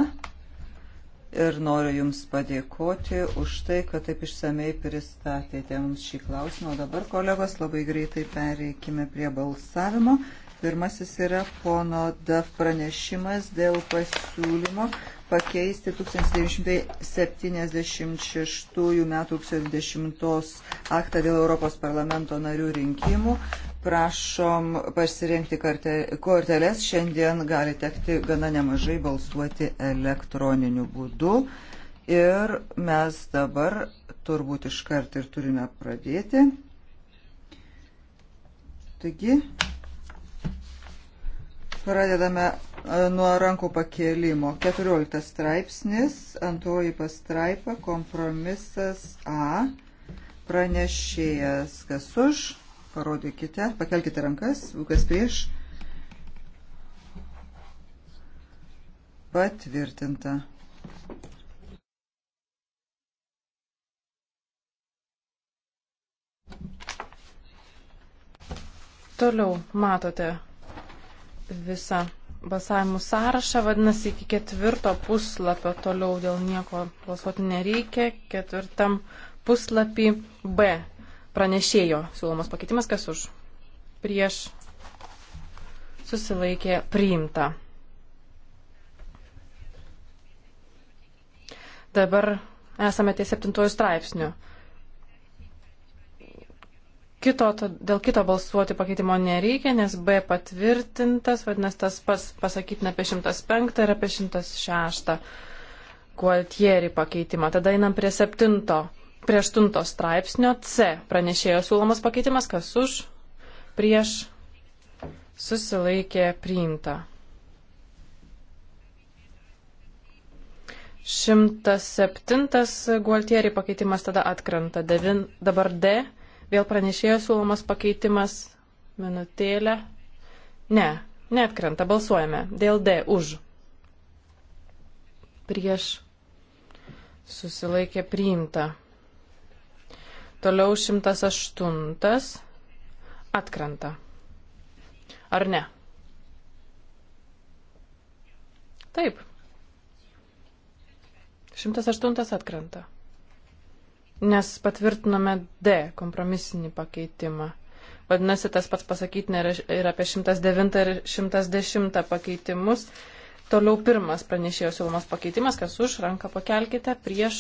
ir noriu Jums padėkoti už tai, kad taip išsamei pristatėte mums šį klausimą. O dabar, kolegos, labai greitai pereikime prie balsavimo. Pirmasis yra pono DAF pranešimas dėl pasiūlymo pakeisti 1976 m. rugsėjo 20 aktą dėl Europos parlamento narių rinkimų. Prašom pasirinkti korteles. Šiandien gali tekti gana nemažai balsuoti elektroniniu būdu. Ir mes dabar turbūt iškart ir turime pradėti. Taigi, Pradedame e, nuo rankų pakėlimo. 14 straipsnis, antroji pastraipa, kompromisas A. Pranešėjas, kas už, parodykite, pakelkite rankas, kas prieš. Patvirtinta. Toliau matote visą balsavimų sąrašą, vadinasi, iki ketvirto puslapio toliau dėl nieko balsuoti nereikia. Ketvirtam puslapį B pranešėjo siūlomas pakeitimas, kas už prieš susilaikė priimta. Dabar esame ties septintojų straipsnių kito, dėl kito balsuoti pakeitimo nereikia, nes B patvirtintas, vadinasi, tas pas, pasakytina apie 105 ir apie 106 kualtierį pakeitimą. Tada einam prie 7, prie 8 straipsnio C. Pranešėjo siūlomas pakeitimas, kas už, prieš, susilaikė, priimta. 107 gualtierį pakeitimas tada atkrenta. Devin, dabar D Vėl pranešėjo siūlomas pakeitimas. Minutėlę. Ne, neatkrenta. Balsuojame. Dėl D už. Prieš. Susilaikė priimta. Toliau 108 atkrenta. Ar ne? Taip. 108 atkrenta nes patvirtinome D kompromisinį pakeitimą. Vadinasi, tas pats pasakyti ir apie 109 ir 110 pakeitimus. Toliau pirmas pranešėjo siūlomas pakeitimas, kas už, ranką pakelkite, prieš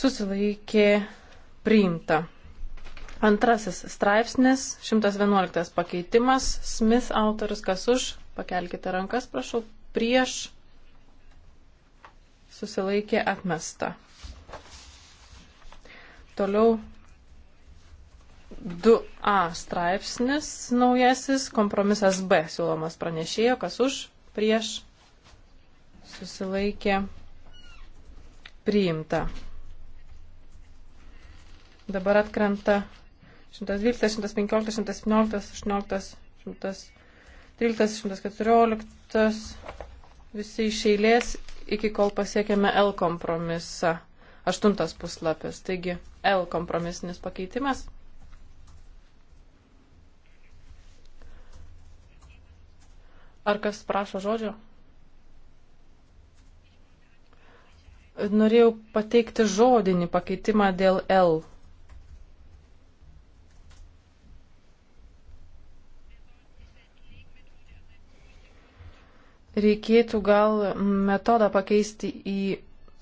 susilaikė priimta. Antrasis straipsnis, 111 pakeitimas, Smith autorius, kas už, pakelkite rankas, prašau, prieš susilaikė atmesta. Toliau 2a straipsnis naujasis, kompromisas B siūlomas pranešėjo, kas už, prieš, susilaikė, priimta. Dabar atkrenta 112, 115, 117, 18, 113, 114, visi iš eilės, iki kol pasiekėme L kompromisą. Aštuntas puslapis. Taigi L kompromisinis pakeitimas. Ar kas prašo žodžio? Norėjau pateikti žodinį pakeitimą dėl L. Reikėtų gal metodą pakeisti į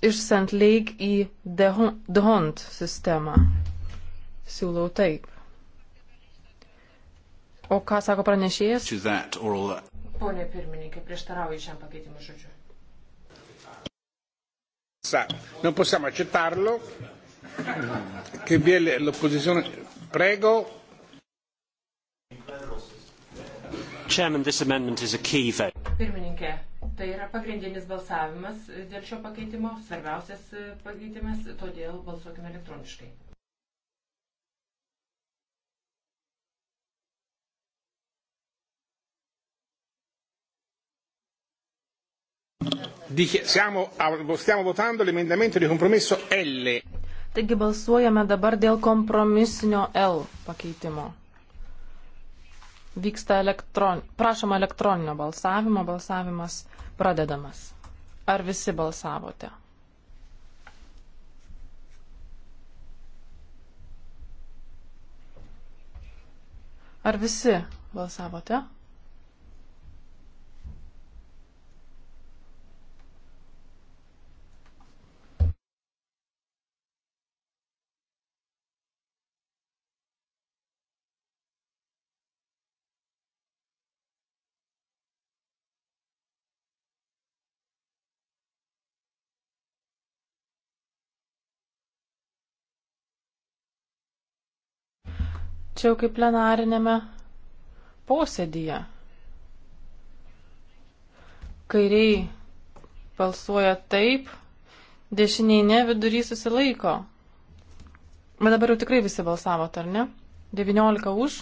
iš St. Lake į Dhont sistemą. Siūlau taip. O ką sako pranešėjas? Pone pirmininkė, prieštarauju šiam pakeitimui žodžiu. Non possiamo accettarlo, che vi è l'opposizione. Prego. Chairman, this amendment is a key vote. Pirmininkė, Tai yra pagrindinis balsavimas dėl šio pakeitimo, svarbiausias pakeitimas, todėl balsuokime elektroniškai. Siamo, stiamo votando l'emendamento di compromesso L. Taigi balsuojame dabar dėl kompromisinio L pakeitimo vyksta elektron... prašoma elektroninio balsavimo, balsavimas pradedamas. Ar visi balsavote? Ar visi balsavote? čia jau kaip plenarinėme posėdyje. Kairiai balsuoja taip, dešiniai ne, vidury susilaiko. Bet dabar jau tikrai visi balsavot, ar ne? 19 už,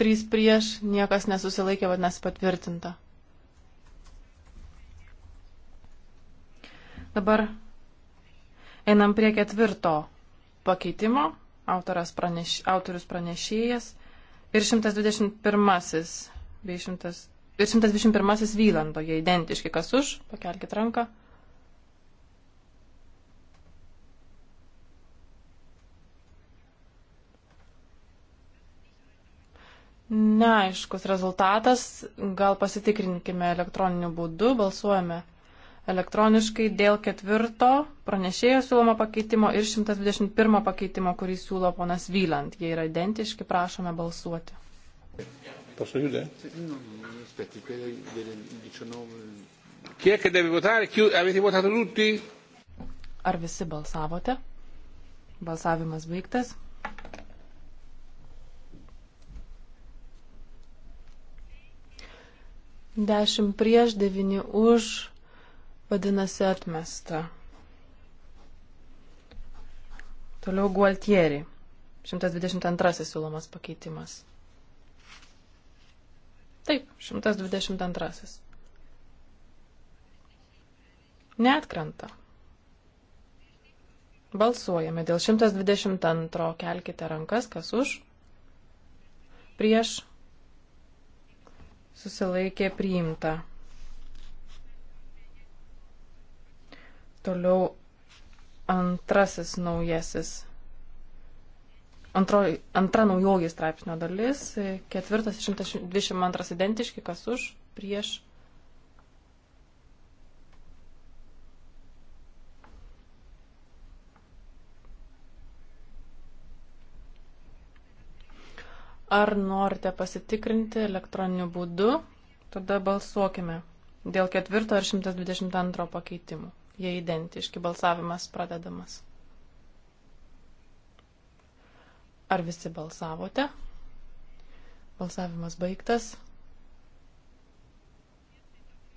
3 prieš, niekas nesusilaikė, vadinasi patvirtinta. Dabar einam prie ketvirto pakeitimo praneš, autorius pranešėjas ir 121 bei 100, ir 121 Vylando, jie identiški, kas už, pakelkit ranką. Neaiškus rezultatas, gal pasitikrinkime elektroniniu būdu, balsuojame elektroniškai dėl ketvirto pranešėjo siūlomo pakeitimo ir 121 pakeitimo, kurį siūlo ponas Vyland. Jie yra identiški, prašome balsuoti. Ar visi balsavote? Balsavimas baigtas. Dešimt prieš, devini už, vadinasi atmesta. Toliau Gualtieri. 122 siūlomas pakeitimas. Taip, 122. Neatkrenta. Balsuojame dėl 122. Kelkite rankas, kas už. Prieš. Susilaikė priimta. Toliau antrasis naujasis. Antro, antra naujoji straipsnio dalis. Ketvirtas 122 identiški, kas už, prieš. Ar norite pasitikrinti elektroniniu būdu? Tada balsuokime dėl ketvirto ir 122 pakeitimų jie identiški, balsavimas pradedamas. Ar visi balsavote? Balsavimas baigtas.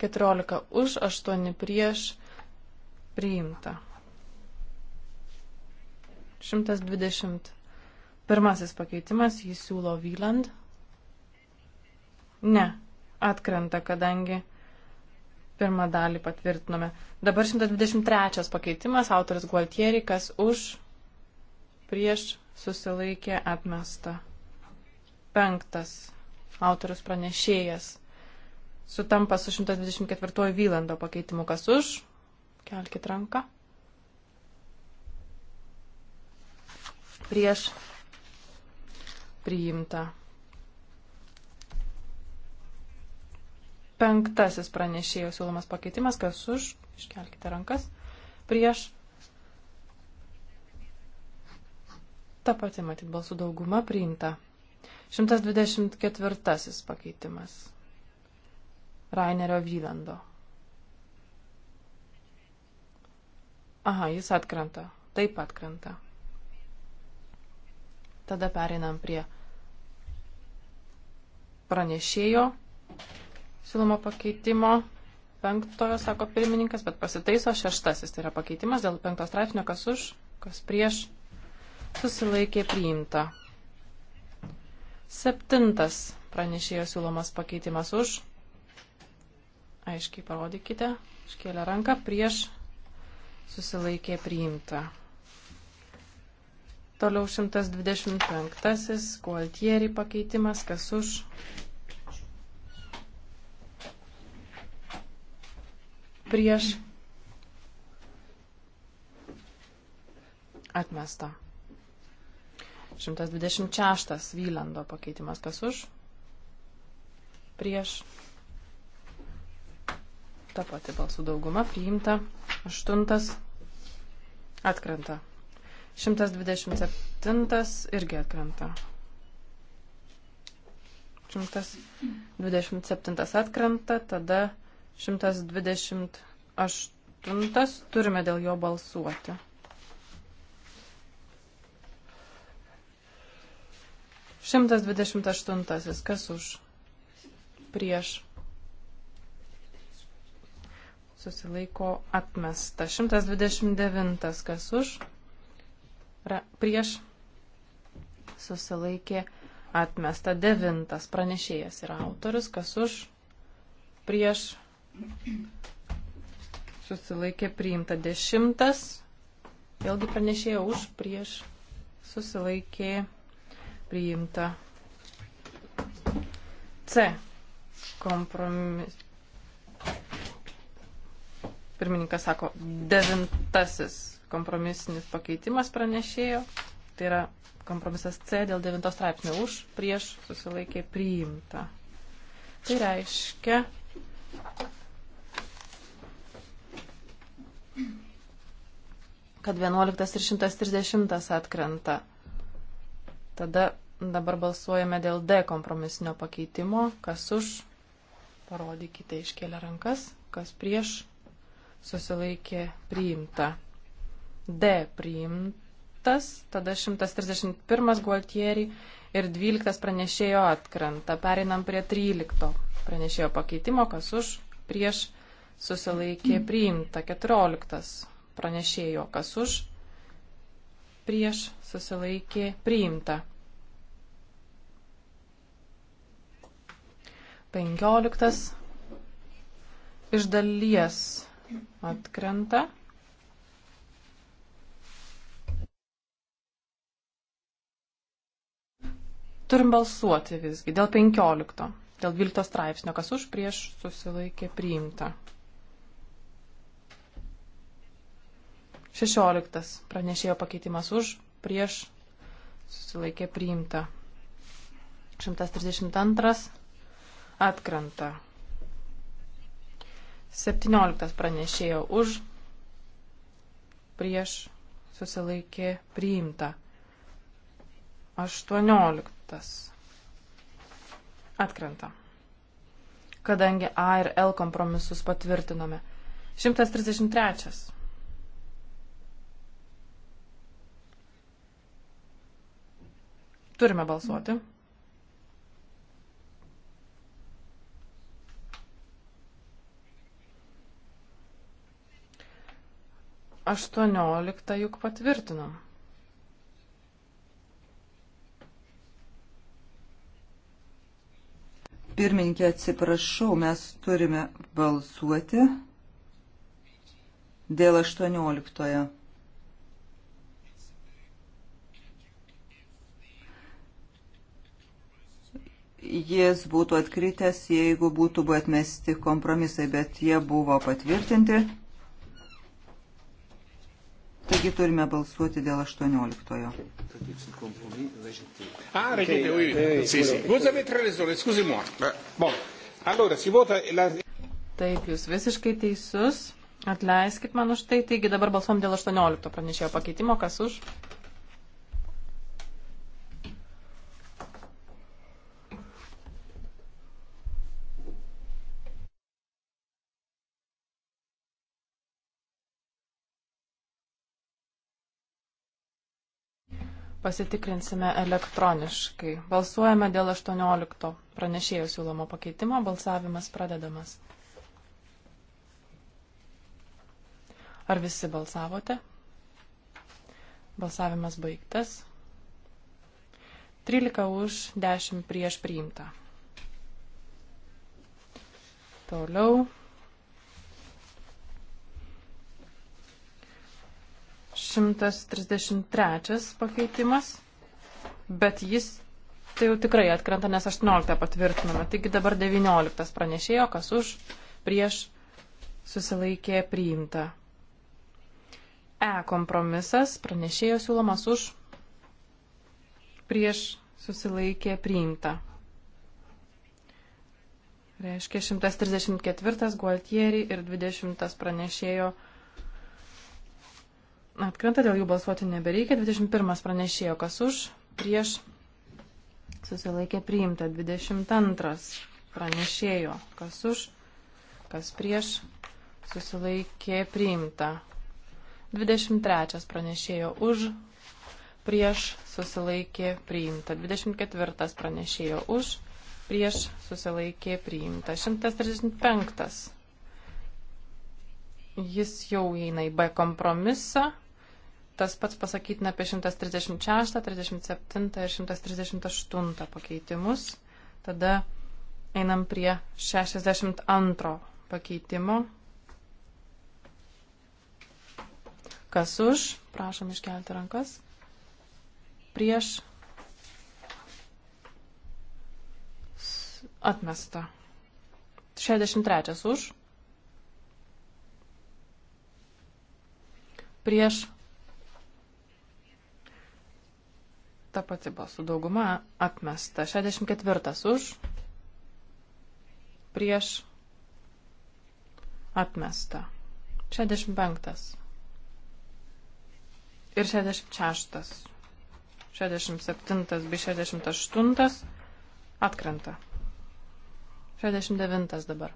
14 už, 8 prieš, priimta. 121 pakeitimas, jis siūlo Vyland. Ne, atkrenta, kadangi pirmą dalį patvirtinome. Dabar 123 pakeitimas, autoris Gualtieri, kas už, prieš, susilaikė, atmesta. Penktas, autorius pranešėjas, sutampa su 124 Vylando pakeitimu, kas už, kelkit ranką. Prieš priimta. Penktasis pranešėjo siūlomas pakeitimas, kas už, iškelkite rankas, prieš. Ta pati, matyt, balsų dauguma priimta. 124 pakeitimas. Rainerio Vylando. Aha, jis atkrenta. Taip atkrenta. Tada pereinam prie pranešėjo siūloma pakeitimo. Penktojo, sako pirmininkas, bet pasitaiso šeštasis. Tai yra pakeitimas dėl penktos straipsnio, kas už, kas prieš, susilaikė priimta. Septintas pranešėjo siūlomas pakeitimas už. Aiškiai parodykite, iškėlė ranką, prieš, susilaikė priimta. Toliau 125. Gualtieri pakeitimas, kas už, prieš atmesta. 126 Vylando pakeitimas kas už prieš ta pati balsų dauguma priimta. 8 atkrenta. 127 irgi atkrenta. 127 atkrenta, tada 128 turime dėl jo balsuoti. Šimtas dvidešimt aštuntasis, kas už? Prieš. Susilaiko atmesta. Šimtas dvidešimt devintas, kas už? Ra prieš. Susilaikė atmesta. Devintas pranešėjas yra autorius, kas už? Prieš Susilaikė priimta dešimtas. Vėlgi pranešėjo už, prieš. Susilaikė priimta. C. Kompromis. Pirmininkas sako, devintasis kompromisinis pakeitimas pranešėjo. Tai yra kompromisas C dėl devintos straipsnio už, prieš susilaikė priimta. Tai reiškia, kad 11 ir 130 atkrenta. Tada dabar balsuojame dėl D kompromisinio pakeitimo. Kas už? Parodykite iškėlę rankas. Kas prieš? Susilaikė priimta. D priimtas. Tada 131 Gualtieri ir 12 pranešėjo atkrenta. Pereinam prie 13 pranešėjo pakeitimo. Kas už? Prieš? Susilaikė priimta. 14 pranešėjo, kas už, prieš susilaikė priimta. 15 iš dalies atkrenta. Turim balsuoti visgi dėl 15, dėl 12 straipsnio, kas už prieš susilaikė priimta. 16. Pranešėjo pakeitimas už, prieš, susilaikė priimta. 132. Atkranta. 17. Pranešėjo už, prieš, susilaikė priimta. 18. Atkrenta. Kadangi A ir L kompromisus patvirtinome. 133. Turime balsuoti. Aštuonioliktą juk patvirtinom. Pirmininkė, atsiprašau, mes turime balsuoti dėl 18. -ojo. jis būtų atkritęs, jeigu būtų buvę atmesti kompromisai, bet jie buvo patvirtinti. Taigi turime balsuoti dėl 18-ojo. Taip, jūs visiškai teisus. Atleiskit man už tai. Taigi dabar balsuom dėl 18 pranešėjo pakeitimo. Kas už? Pasitikrinsime elektroniškai. Balsuojame dėl 18 pranešėjo siūlomo pakeitimo. Balsavimas pradedamas. Ar visi balsavote? Balsavimas baigtas. 13 už, 10 prieš priimta. Toliau 133 pakeitimas, bet jis tai jau tikrai atkrenta, nes 18 patvirtiname. Taigi dabar 19 pranešėjo, kas už, prieš, susilaikė priimta. E kompromisas pranešėjo siūlomas už, prieš, susilaikė priimta. Reiškia 134 Gualtieri ir 20 pranešėjo priimta atkrenta, dėl jų balsuoti nebereikia. 21 pranešėjo, kas už, prieš susilaikė priimta. 22 pranešėjo, kas už, kas prieš susilaikė priimta. 23 pranešėjo už, prieš susilaikė priimta. 24 pranešėjo už, prieš susilaikė priimta. 135 jis jau įeina į B kompromisą Tas pats pasakytina apie 136, 37 ir 138 pakeitimus. Tada einam prie 62 pakeitimo. Kas už? Prašom iškelti rankas. Prieš. Atmesta. 63 už. Prieš Ta pati balsų dauguma atmesta. 64 už, prieš, atmesta. 65. Ir 66. 67 bei 68 atkrenta. 69 dabar.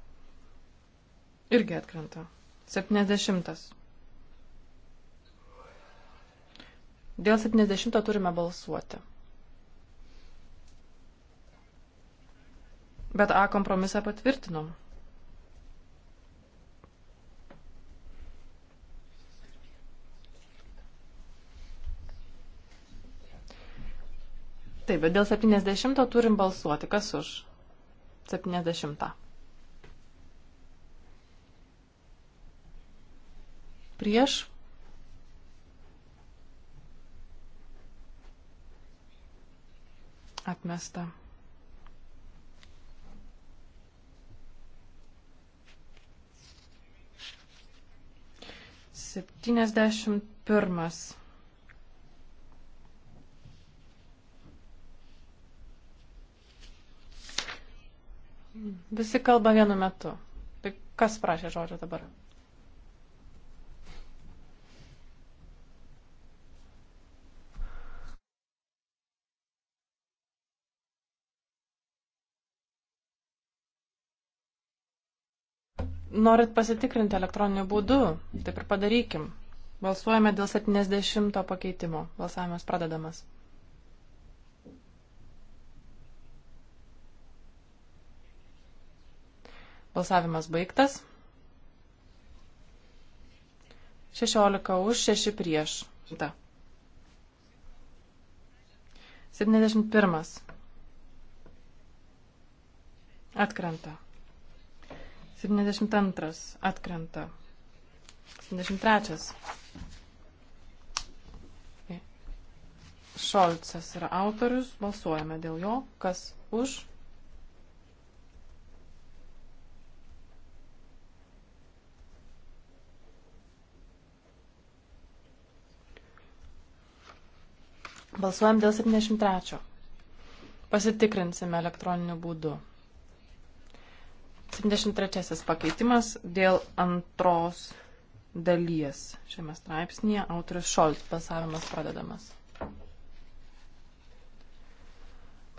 Irgi atkrenta. 70 Dėl 70 turime balsuoti. Bet A kompromisą patvirtinom. Taip, bet dėl 70 turim balsuoti. Kas už 70? Prieš atmesta. Septyniasdešimt pirmas. Visi kalba vienu metu. Tai kas prašė žodžio dabar? Norit pasitikrinti elektroniniu būdu, taip ir padarykim. Balsuojame dėl 70 pakeitimo. Balsavimas pradedamas. Balsavimas baigtas. 16 už, 6 prieš. Ta. 71. Atkrenta. 72 atkrenta. 73. Šolcas yra autorius, balsuojame dėl jo, kas už. Balsuojam dėl 73. Pasitikrinsime elektroniniu būdu. 73 pakeitimas dėl antros dalies šiame straipsnėje. Autoris Šolts balsavimas pradedamas.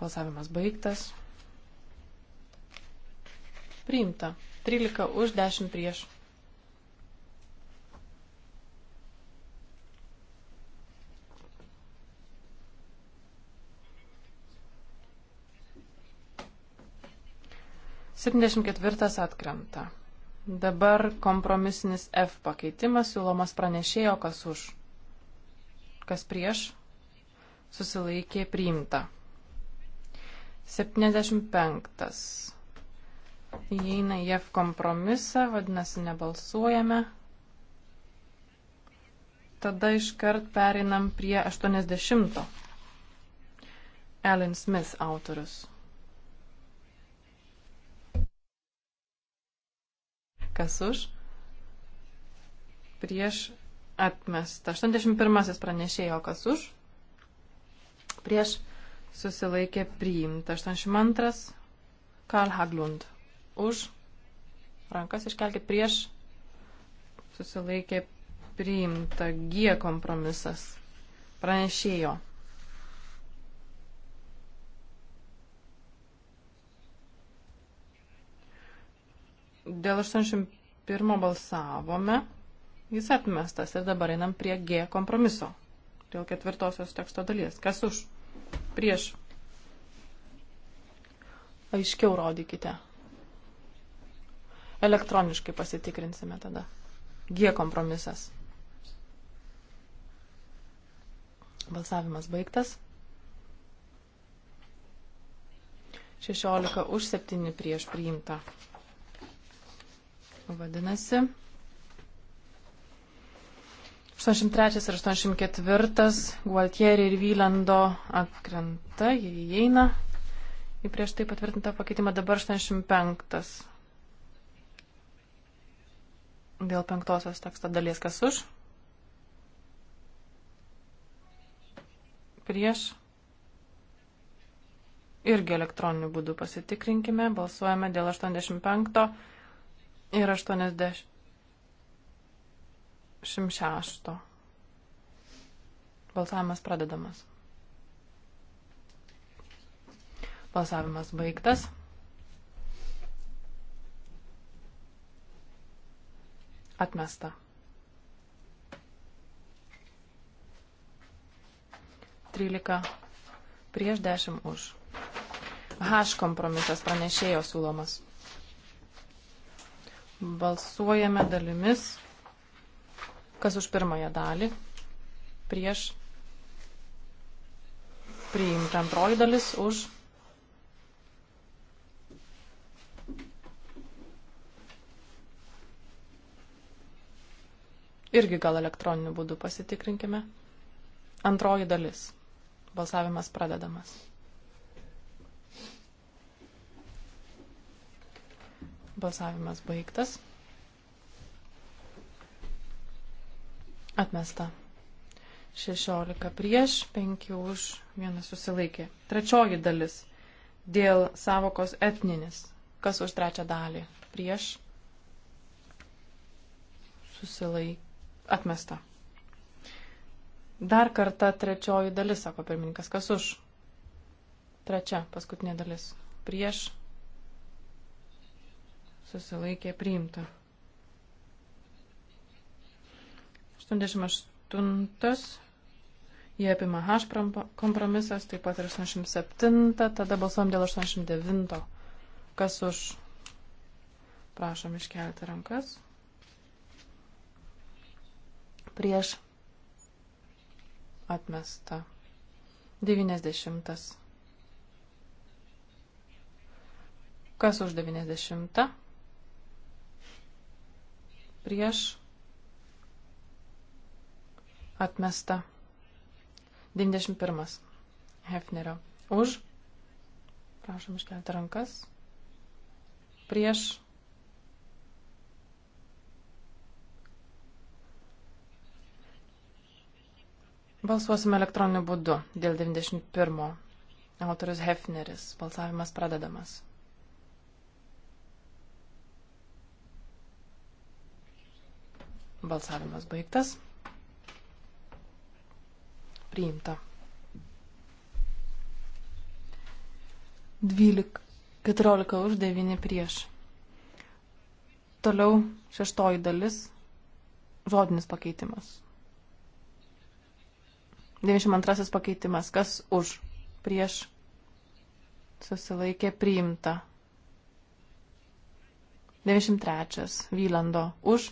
Balsavimas baigtas. Priimta. 13 už 10 prieš. 74 atkrenta. Dabar kompromisinis F pakeitimas siūlomas pranešėjo, kas už. Kas prieš? Susilaikė priimta. 75. Įeina į F kompromisą, vadinasi, nebalsuojame. Tada iškart pereinam prie 80. Alan Smith autorius. Kas už? Prieš atmesta. 81 pranešėjo. Kas už? Prieš susilaikė priimta. 82 Karl Haglund. Už. Rankas iškelkit prieš susilaikė priimta G kompromisas. Pranešėjo. Dėl 81 balsavome. Jis atmestas ir dabar einam prie G kompromiso. Dėl ketvirtosios teksto dalies. Kas už? Prieš. Aiškiau rodykite. Elektroniškai pasitikrinsime tada. G kompromisas. Balsavimas baigtas. 16 už 7 prieš priimta. Vadinasi, 83 ir 84 Gualtieri ir Vylando atkrenta, jie įeina į prieš tai patvirtintą pakeitimą, dabar 85. Dėl penktosios teksto dalies kas už? Prieš. Irgi elektroniniu būdu pasitikrinkime, balsuojame dėl 85 ir 86. Balsavimas pradedamas. Balsavimas baigtas. Atmesta. 13 prieš 10 už. H kompromisas pranešėjo siūlomas. Balsuojame dalimis. Kas už pirmąją dalį? Prieš. Priimta antroji dalis už. Irgi gal elektroniniu būdu pasitikrinkime. Antroji dalis. Balsavimas pradedamas. Balsavimas baigtas. Atmesta. 16 prieš, 5 už, 1 susilaikė. Trečioji dalis. Dėl savokos etninis. Kas už trečią dalį? Prieš. Susilaikė. Atmesta. Dar kartą trečioji dalis, sako pirmininkas. Kas už? Trečia, paskutinė dalis. Prieš susilaikė priimta. 88. Jie apima H kompromisas, taip pat ir 87. Tada balsuom dėl 89. Kas už? Prašom iškelti rankas. Prieš atmesta. 90. Kas už 90? prieš atmesta. 91. Hefnerio. Už. Prašom iškelti rankas. Prieš. Balsuosime elektroniniu būdu dėl 91. Autorius Hefneris. Balsavimas pradedamas. Balsavimas baigtas. Priimta. 12, 14 už 9 prieš. Toliau šeštoji dalis - žodinis pakeitimas. 92 pakeitimas. Kas už? Prieš. Susilaikė priimta. 93. Vylando. Už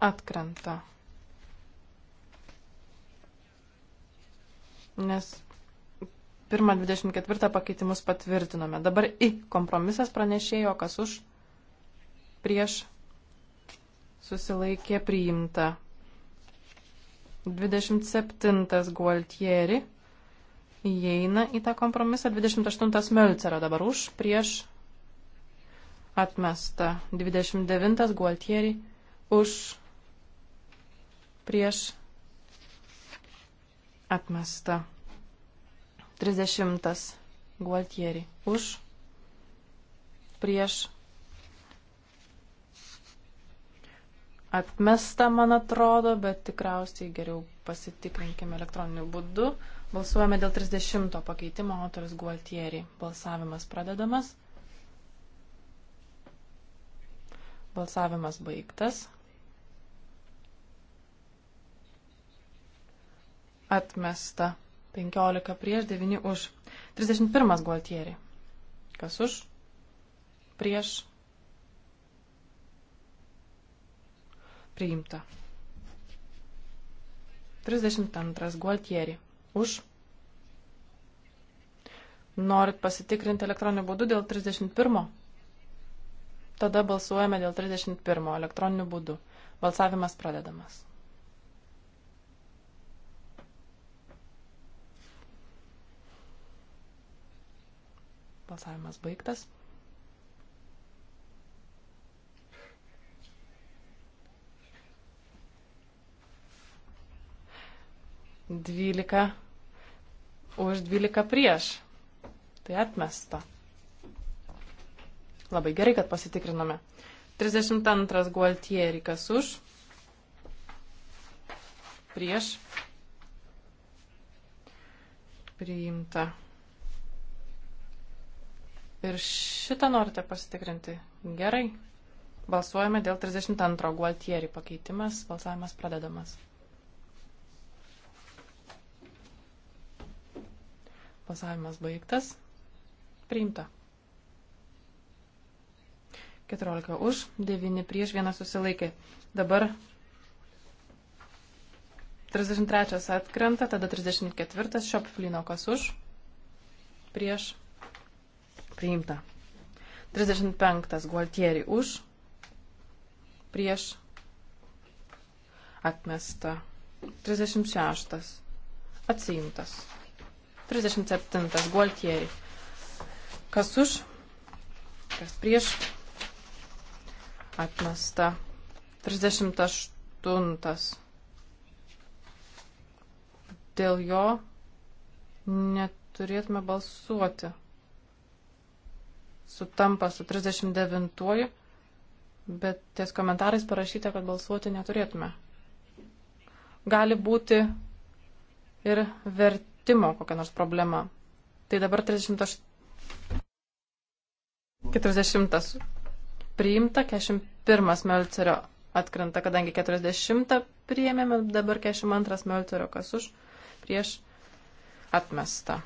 atkrenta. Nes pirmą 24 pakeitimus patvirtinome. Dabar į kompromisas pranešėjo, kas už prieš susilaikė priimta. 27 Gualtieri įeina į tą kompromisą, 28 Mölcero dabar už, prieš atmesta, 29 Gualtieri už prieš atmesta. 30. Gualtieri už prieš atmesta, man atrodo, bet tikriausiai geriau pasitikrinkime elektroniniu būdu. Balsuojame dėl 30 pakeitimo autorius Gualtieri. Balsavimas pradedamas. Balsavimas baigtas. atmesta. 15 prieš, 9 už. 31 Gualtieri. Kas už? Prieš. Priimta. 32 Gualtieri. Už. Norit pasitikrinti elektroniniu būdu dėl 31? Tada balsuojame dėl 31 elektroniniu būdu. Balsavimas pradedamas. Balsavimas baigtas. Dvylika už dvylika prieš. Tai atmesta. Labai gerai, kad pasitikrinome. 32 Gualtieri, kas už? Prieš. Priimta. Ir šitą norite pasitikrinti. Gerai. Balsuojame dėl 32 Gualtieri pakeitimas. Balsavimas pradedamas. Balsavimas baigtas. Priimta. 14 už, 9 prieš, 1 susilaikė. Dabar 33 atkrenta, tada 34 šiopflino kas už, prieš Priimta. 35. Gualtieri už. Prieš. Atmesta. 36. Atsiimtas. 37. Gualtieri. Kas už? Kas prieš? Atmesta. 38. Dėl jo neturėtume balsuoti sutampa su 39-uoju, bet ties komentarais parašyta, kad balsuoti neturėtume. Gali būti ir vertimo kokia nors problema. Tai dabar 38. 40. Priimta, 41 Melcerio atkrenta, kadangi 40 priėmėme, dabar 42 Melcerio kas už, prieš atmesta.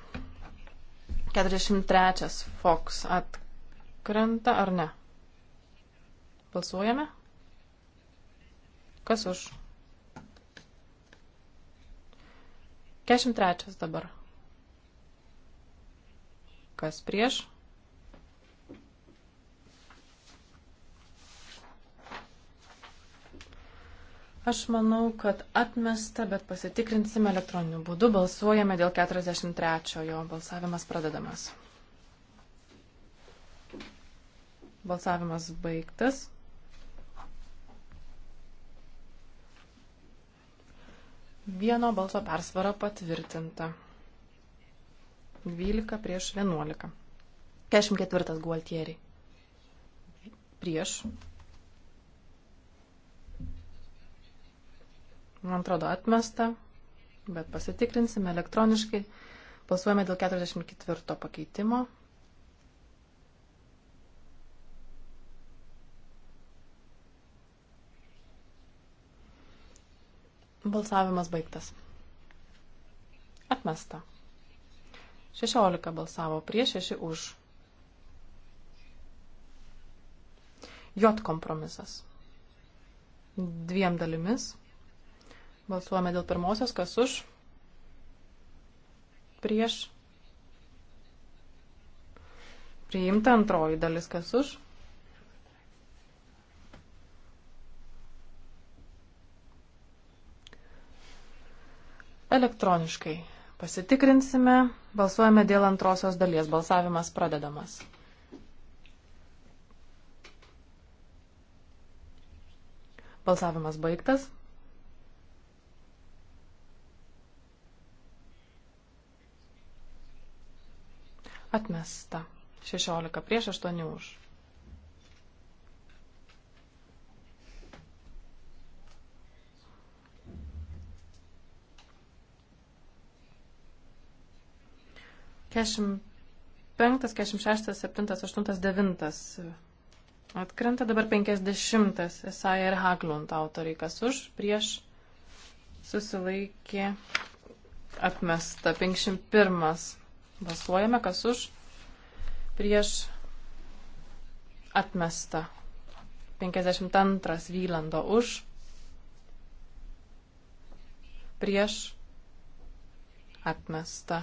43 Fox at, krenta ar ne? Balsuojame. Kas už? 43 dabar. Kas prieš? Aš manau, kad atmesta, bet pasitikrinsime elektroniniu būdu. Balsuojame dėl 43-ojo. Balsavimas pradedamas. Balsavimas baigtas. Vieno balso persvara patvirtinta. 12 prieš 11. 44 Gualtieri. Prieš. Man atrodo atmesta, bet pasitikrinsime elektroniškai. Balsuojame dėl 44 pakeitimo. Balsavimas baigtas. Atmesta. 16 balsavo prieš, 6 už. J kompromisas. Dviem dalimis. Balsuojame dėl pirmosios, kas už, prieš. Priimta antroji dalis, kas už, Elektroniškai pasitikrinsime. Balsuojame dėl antrosios dalies. Balsavimas pradedamas. Balsavimas baigtas. Atmesta. 16 prieš 8 už. 45, 46, 7, 8, 9. Atkrenta dabar 50. Esai ir Haglund autoriai, kas už, prieš susilaikė atmesta. 51. Balsuojame, kas už, prieš atmesta. 52. Vylando už, prieš atmesta.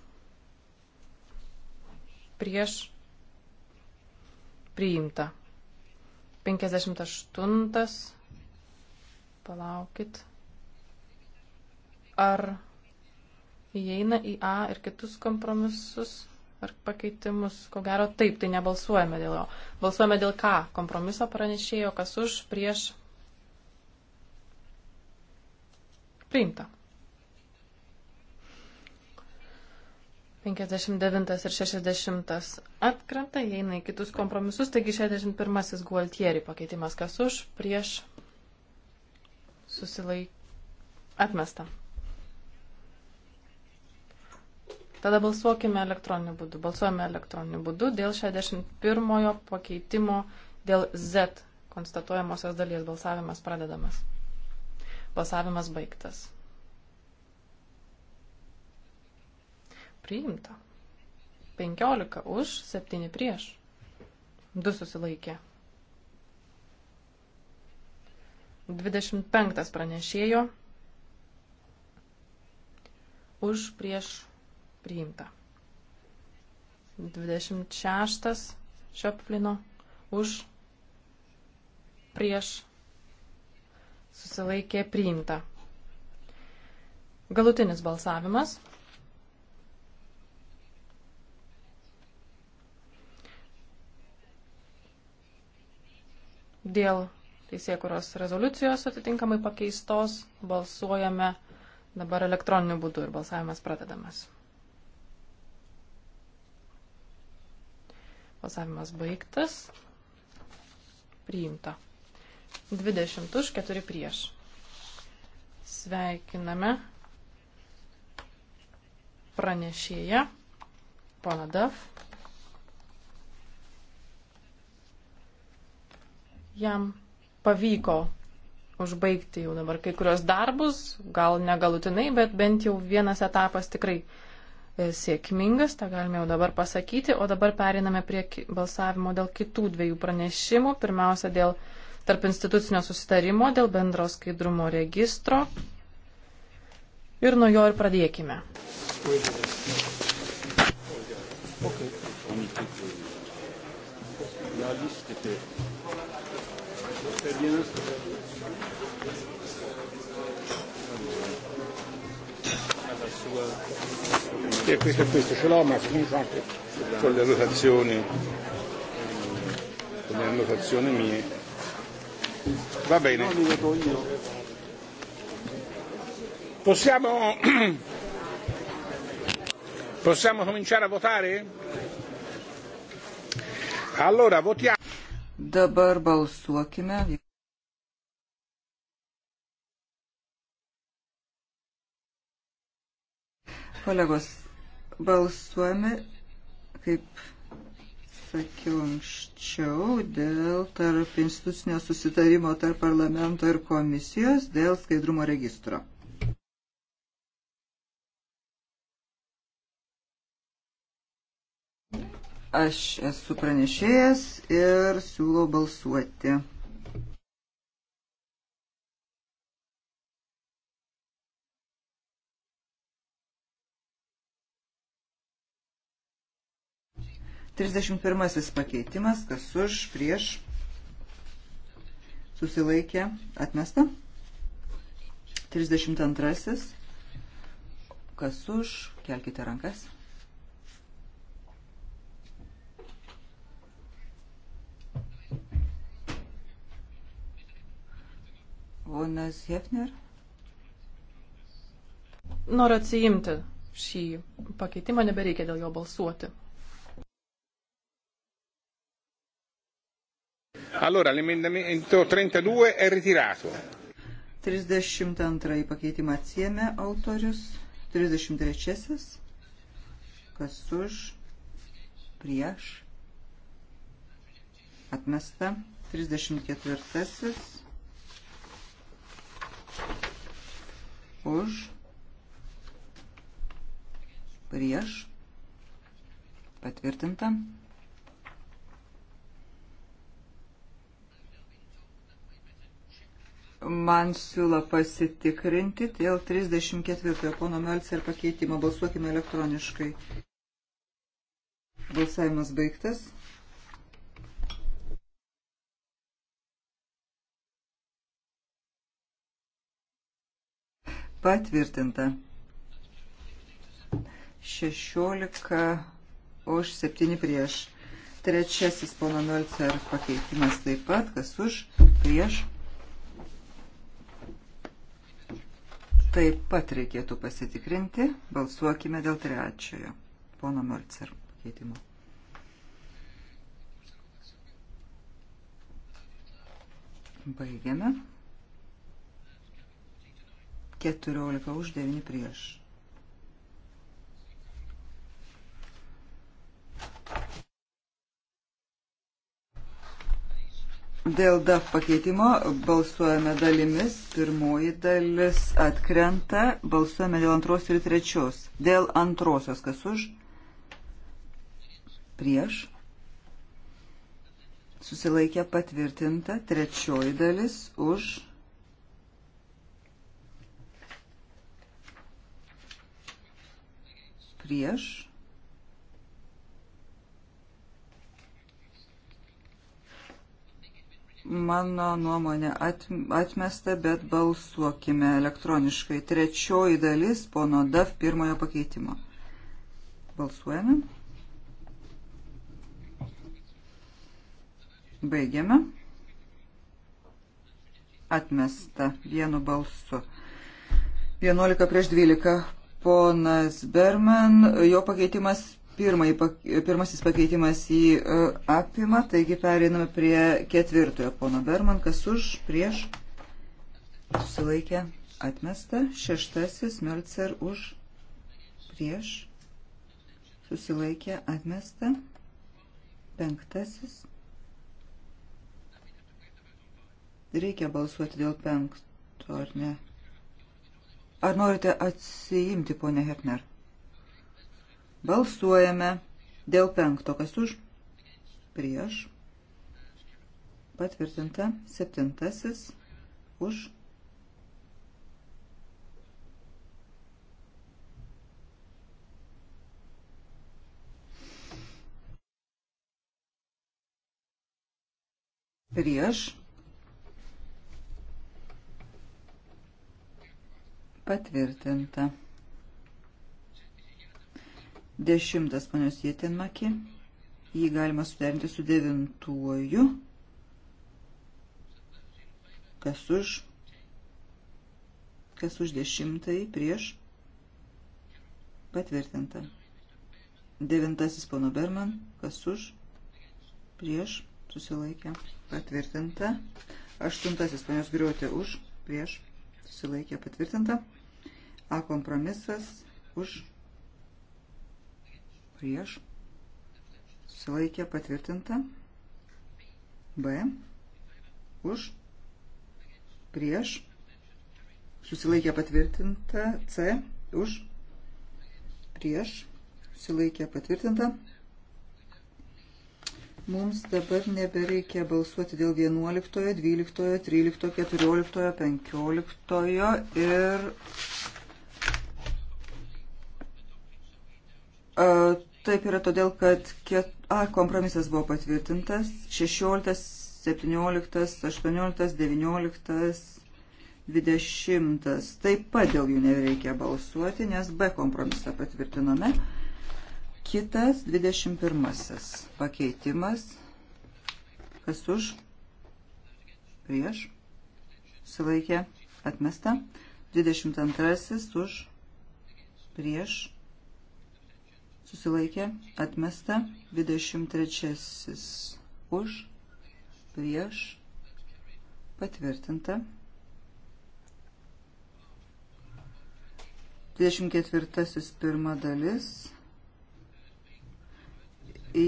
prieš priimta. 58. Palaukit. Ar įeina į A ir kitus kompromisus ar pakeitimus? Ko gero taip, tai nebalsuojame dėl jo. Balsuojame dėl K. Kompromiso pranešėjo, kas už, prieš. Priimta. 59 ir 60 atkrenta, įeina į kitus kompromisus, taigi 61 gualtieri pakeitimas, kas už, prieš, susilaik, atmesta. Tada balsuokime elektroniniu būdu. Balsuojame elektroniniu būdu dėl 61 pakeitimo dėl Z konstatuojamosios dalies. Balsavimas pradedamas. Balsavimas baigtas. Priimta. 15 už, 7 prieš. 2 susilaikė. 25 pranešėjo. Už prieš priimta. 26 Šioplino. Už prieš susilaikė priimta. Galutinis balsavimas. dėl teisėkuros rezoliucijos atitinkamai pakeistos balsuojame dabar elektroniniu būdu ir balsavimas pradedamas. Balsavimas baigtas. Priimta. 20 už 4 prieš. Sveikiname pranešėją, poną Daf. jam pavyko užbaigti jau dabar kai kurios darbus, gal negalutinai, bet bent jau vienas etapas tikrai e, sėkmingas, tą galime jau dabar pasakyti, o dabar periname prie balsavimo dėl kitų dviejų pranešimų. Pirmiausia, dėl tarp institucinio susitarimo, dėl bendro skaidrumo registro. Ir nuo jo ir pradėkime. Okay. Sì, questo e questo ce l'ho, ma comunque anche con le annotazioni, con le annotazioni mie. Va bene. Possiamo, possiamo cominciare a votare? Allora votiamo. Dabar balsuokime. Kolegos, balsuojame, kaip sakiau anksčiau, dėl tarp institucinio susitarimo tarp parlamento ir komisijos dėl skaidrumo registro. Aš esu pranešėjas ir siūlau balsuoti. Trisdešimt pirmasis pakeitimas, kas už, prieš, susilaikė, atmesta. Trisdešimt antrasis, kas už, kelkite rankas. Ponas Hefner. Noriu atsiimti šį pakeitimą, nebereikia dėl jo balsuoti. Allora, l'emendamento 32 è ritirato. 32 pakeitimą atsiemė autorius. 33. Kas už? Prieš. Atmesta. 34. už, prieš, patvirtinta. Man siūla pasitikrinti dėl 34 pono Melcer pakeitimo. Balsuokime elektroniškai. Balsavimas baigtas. Patvirtinta. 16 už 7 prieš. Trečiasis pono Nolcer pakeitimas taip pat, kas už, prieš. Taip pat reikėtų pasitikrinti. Balsuokime dėl trečiojo pono Nolcer pakeitimo. Baigiame. 14 už 9 prieš. Dėl DAF pakeitimo balsuojame dalimis. Pirmoji dalis atkrenta. Balsuojame dėl antros ir trečios. Dėl antrosios kas už? Prieš. Susilaikė patvirtinta. Trečioji dalis už prieš. Mano nuomonė atmesta, bet balsuokime elektroniškai. Trečioji dalis pono DAF pirmojo pakeitimo. Balsuojame. Baigiame. Atmesta vienu balsu. 11 prieš 12 ponas Berman, jo pakeitimas, pirmai, pirmasis pakeitimas jį e, apima, taigi pereiname prie ketvirtojo pono Berman, kas už, prieš, susilaikė, atmesta, šeštasis, Melcer už, prieš, susilaikė, atmesta, penktasis. Reikia balsuoti dėl penkto, ar ne? Ar norite atsiimti, ponė Hefner? Balsuojame dėl penkto. Kas už? Prieš. Patvirtinta. Septintasis. Už. Prieš. Patvirtinta. Dešimtas ponios Jėtinmaki. Jį galima suderinti su devintuoju. Kas už? Kas už dešimtai prieš? Patvirtinta. Devintasis pono Berman. Kas už? Prieš. Susilaikė. Patvirtinta. Aštuntasis ponios Griuotė už. Prieš. Susilaikė. Patvirtinta. A kompromisas už prieš susilaikė patvirtinta. B už prieš susilaikė patvirtinta. C už prieš susilaikė patvirtinta. Mums dabar nebereikia balsuoti dėl 11, 12, 13, 14, 15 ir Taip yra todėl, kad ket... A kompromisas buvo patvirtintas. 16, 17, 18, 19, 20. Taip pat dėl jų nereikia balsuoti, nes B kompromisą patvirtinome. Kitas 21. Pakeitimas. Kas už? Prieš. Sulaikė. Atmesta. 22. Už. Prieš susilaikė, atmesta, 23 už, prieš, patvirtinta. 24 pirma dalis. Į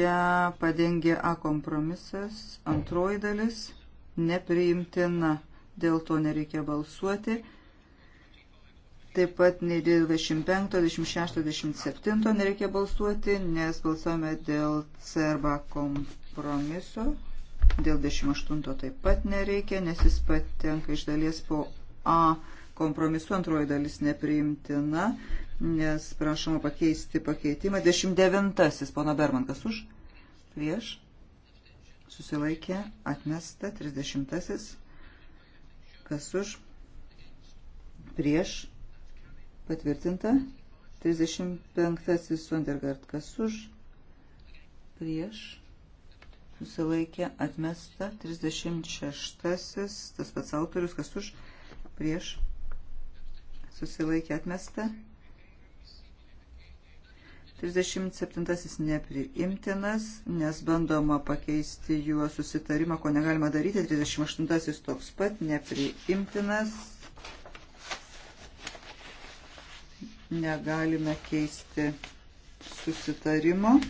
ją padengė A kompromisas, antroji dalis, nepriimtina, dėl to nereikia balsuoti. Taip pat nei dėl 25, 26, 27 nereikia balsuoti, nes balsuojame dėl C arba kompromiso. Dėl 28 taip pat nereikia, nes jis patenka iš dalies po A kompromisu, antroji dalis nepriimtina, nes prašoma pakeisti pakeitimą. 29, pono Bermankas už, prieš, susilaikė, atmesta, 30, kas už, prieš, patvirtinta. 35 Sondergaard kas už, prieš, susilaikė, atmesta. 36 tas pats autorius kas už, prieš, susilaikė, atmesta. 37 nepriimtinas, nes bandoma pakeisti juo susitarimą, ko negalima daryti. 38 toks pat nepriimtinas. negalime keisti susitarimo.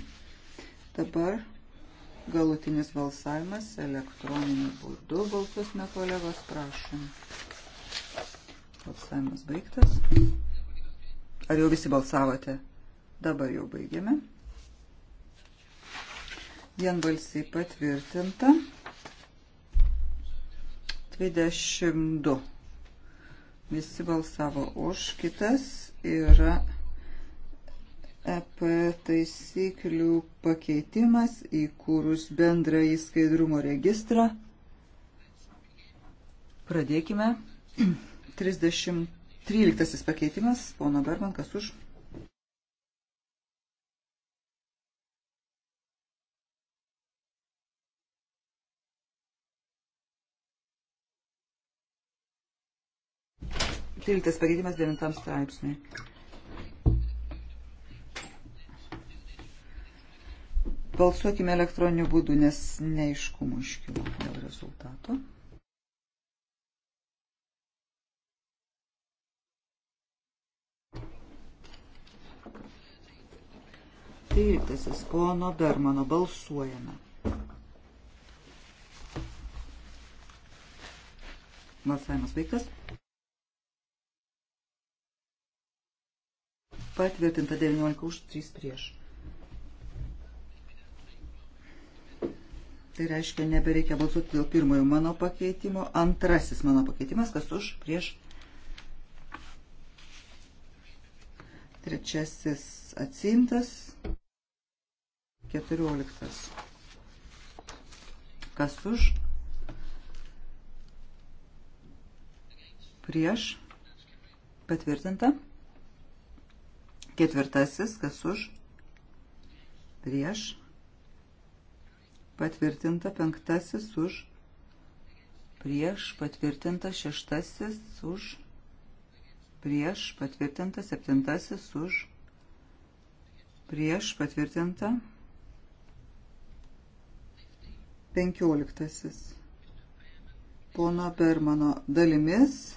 Dabar galutinis balsavimas elektroniniu būdu. Balsuosime kolegos, prašom. Balsavimas baigtas. Ar jau visi balsavote? Dabar jau baigėme. Vienbalsiai patvirtinta. 22. Visi balsavo už kitas yra EP taisyklių pakeitimas įkūrus bendrąjį skaidrumo registrą. Pradėkime. 30, 13 pakeitimas, pono Berman, kas už? 13 pakeitimas 9 straipsniui. Balsuokime elektroniniu būdu, nes neiškumų iškilo dėl rezultato. Tryliktasis pono Bermano balsuojame. Balsavimas baigtas. patvirtinta 19 už 3 prieš. Tai reiškia, nebereikia balsuoti dėl pirmojo mano pakeitimo. Antrasis mano pakeitimas, kas už prieš. Trečiasis atsimtas. Keturioliktas. Kas už? Prieš. Patvirtinta. Ketvirtasis, kas už, prieš, patvirtinta. Penktasis už, prieš, patvirtinta. Šeštasis už, prieš, patvirtinta. Septintasis už, prieš, patvirtinta. Penkioliktasis. Pono Bermano dalimis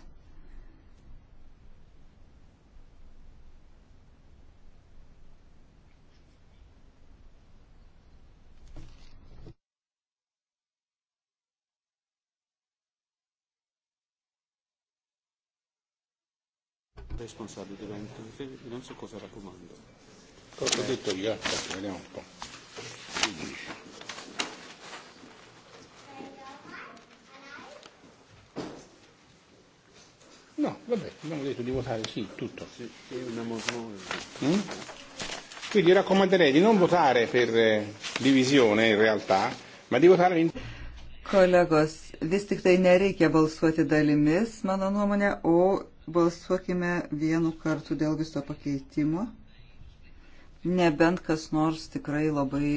responsabili diventano, non so cosa raccomando. Cosa ho detto io? Aspetta, vediamo un po'. 15. No, vabbè, abbiamo detto di votare sì, tutto. Sì, è una mm? Quindi raccomanderei di non votare per eh, divisione in realtà, ma di votare in... Kolegos, vis tik tai nereikia balsuoti dalimis, mano nuomonė, o Balsuokime vienu kartu dėl viso pakeitimo, nebent kas nors tikrai labai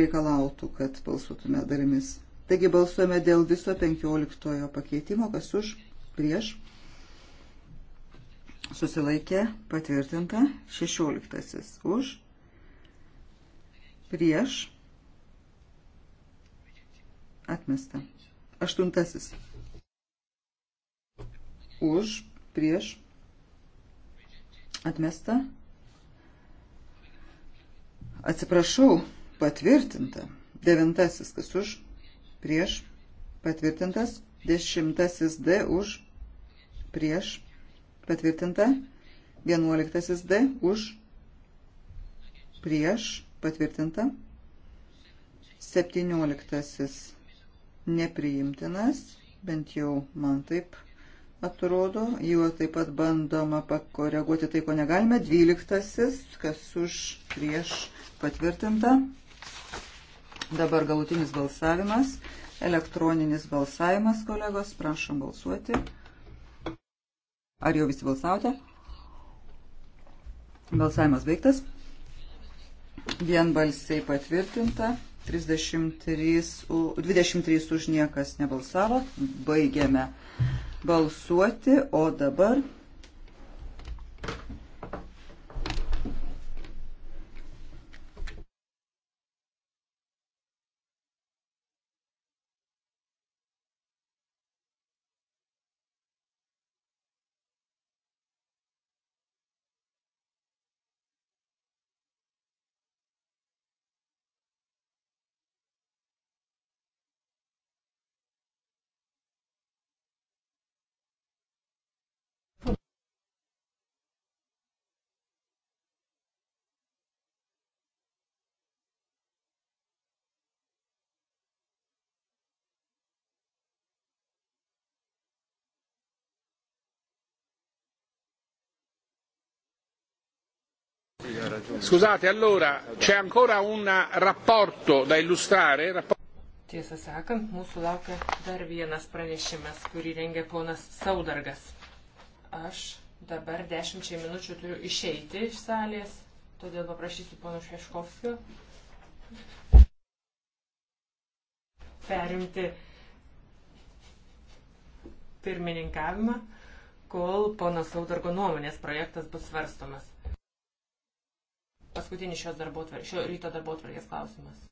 reikalautų, kad balsuotume darimis. Taigi balsuojame dėl viso 15 pakeitimo, kas už, prieš, susilaikė, patvirtinta, 16 už, prieš, atmesta. Aštuntasis. Už, prieš, atmesta, atsiprašau, patvirtinta, devintasis kas už, prieš, patvirtintas, dešimtasis D už, prieš, patvirtinta, vienuoliktasis D už, prieš, patvirtinta, septynioliktasis nepriimtinas, bent jau man taip atsiprašau, atrodo, juo taip pat bandoma pakoreguoti tai, ko negalime. Dvyliktasis, kas už prieš patvirtinta. Dabar galutinis balsavimas, elektroninis balsavimas, kolegos, prašom balsuoti. Ar jau visi balsavote? Balsavimas baigtas. Vienbalsiai patvirtinta. 33, 23 už niekas nebalsavo. Baigėme balsuoti, o dabar Scusate, allora c'è ancora un rapporto da illustrare. Rapport... Tiesą sakant, mūsų laukia dar vienas pranešimas, kurį rengia ponas Saudargas. Aš dabar dešimčiai minučių turiu išeiti iš salės, todėl paprašysiu pono Šeškovskio perimti pirmininkavimą, kol pono Saudargo nuomonės projektas bus svarstomas paskutinis šios darbo tvar, šio ryto darbo tvarkės klausimas.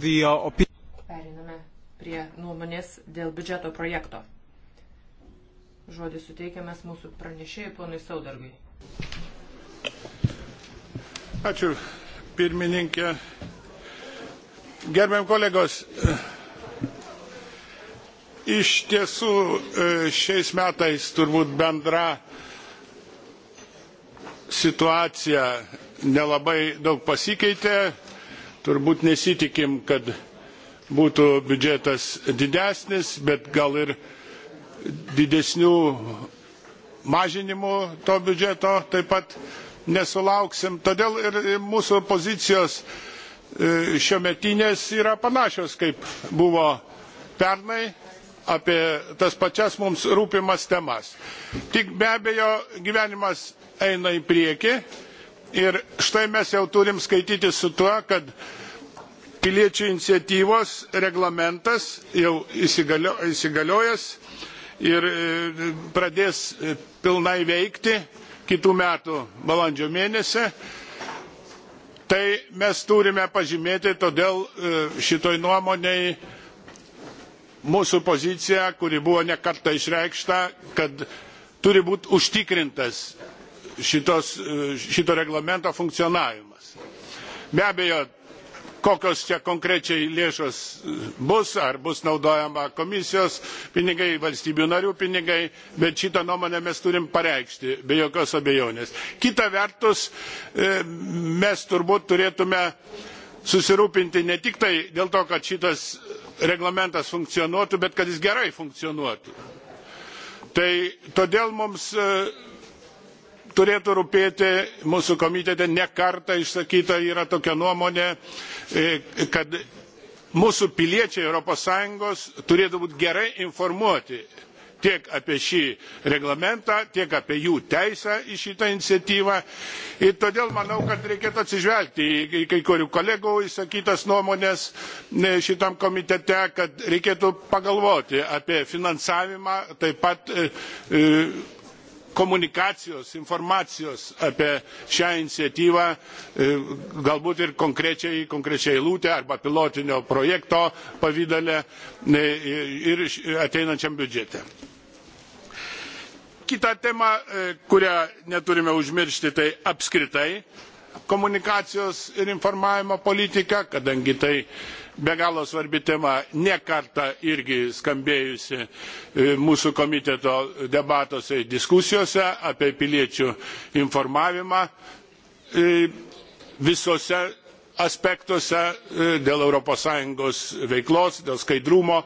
The... Uh, Periname prie nuomonės dėl biudžeto projekto. Žodis suteikiamas mūsų pranešėjai ponui Saudargui. Ačiū, pirmininkė. Gerbiam kolegos, iš tiesų e, šiais metais turbūt bendra situacija nelabai daug pasikeitė. Turbūt nesitikim, kad būtų biudžetas didesnis, bet gal ir didesnių mažinimų to biudžeto taip pat nesulauksim. Todėl ir mūsų pozicijos e, šiometinės yra panašios, kaip buvo pernai apie tas pačias mums rūpimas temas. Tik be abejo gyvenimas eina į priekį Ir štai mes jau turim skaityti su tuo, kad piliečių iniciatyvos reglamentas jau įsigalio, įsigaliojęs ir e, pradės e, pilnai veikti kitų metų balandžio mėnesį. Tai mes turime pažymėti todėl e, šitoj nuomoniai mūsų poziciją, kuri buvo nekarta išreikšta, kad turi būti užtikrintas šitos, e, šito reglamento funkcionavimas. Be abejo, kokios čia konkrečiai lėšos bus, ar bus naudojama komisijos pinigai, valstybių narių pinigai, bet šitą nuomonę mes turim pareikšti, be jokios abejonės. Kita vertus, e, mes turbūt turėtume susirūpinti ne tik tai dėl to, kad šitas reglamentas funkcionuotų, bet kad jis gerai funkcionuotų. Tai todėl mums e, turėtų rūpėti mūsų komitete ne kartą išsakyta yra tokia nuomonė e, kad mūsų piliečiai europos sąjungos turėtų būti gerai informuoti tiek apie šį reglamentą tiek apie jų teisę į šitą iniciatyvą ir todėl manau kad reikėtų atsižvelgti į kai kurių kolegų išsakytas nuomones e, šitam komitete kad reikėtų pagalvoti apie finansavimą taip pat e, komunikacijos informacijos apie šią iniciatyvą e, galbūt ir konkrečiai konkrečią eilutę arba pilotinio projekto pavidale e, ir ateinančiam biudžete. Kita tema, e, kurią neturime užmiršti, tai apskritai komunikacijos ir informavimo politika, kadangi tai be galo svarbi tema, ne kartą irgi skambėjusi e, mūsų komiteto debatuose ir diskusijose apie piliečių informavimą e, visose aspektuose e, dėl ES veiklos, dėl skaidrumo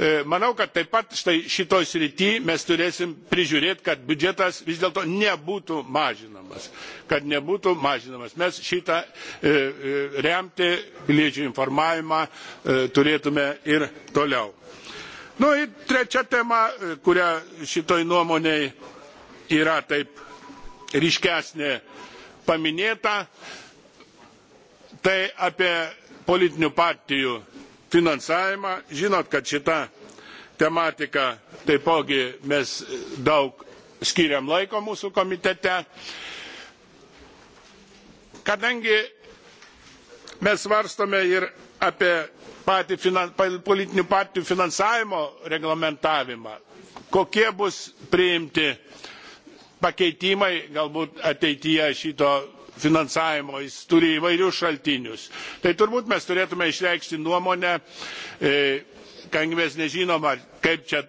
E, manau kad taip pat štai šitoj srity mes turėsim prižiūrėti kad biudžetas vis dėlto nebūtų mažinamas kad nebūtų mažinamas mes šitą e, e, remti piliečių informavimą turėtume ir toliau. Na nu, ir trečia tema, kurią šitoj nuomonėj yra taip ryškesnė paminėta, tai apie politinių partijų finansavimą. Žinot, kad šita tematika taipogi mes daug skiriam laiko mūsų komitete. Kadangi mes svarstome ir apie patį finan, politinių partijų finansavimo reglamentavimą, kokie bus priimti pakeitimai galbūt ateityje šito finansavimo, jis turi įvairius šaltinius. Tai turbūt mes turėtume išreikšti nuomonę e, kadangi mes nežinoma, kaip čia,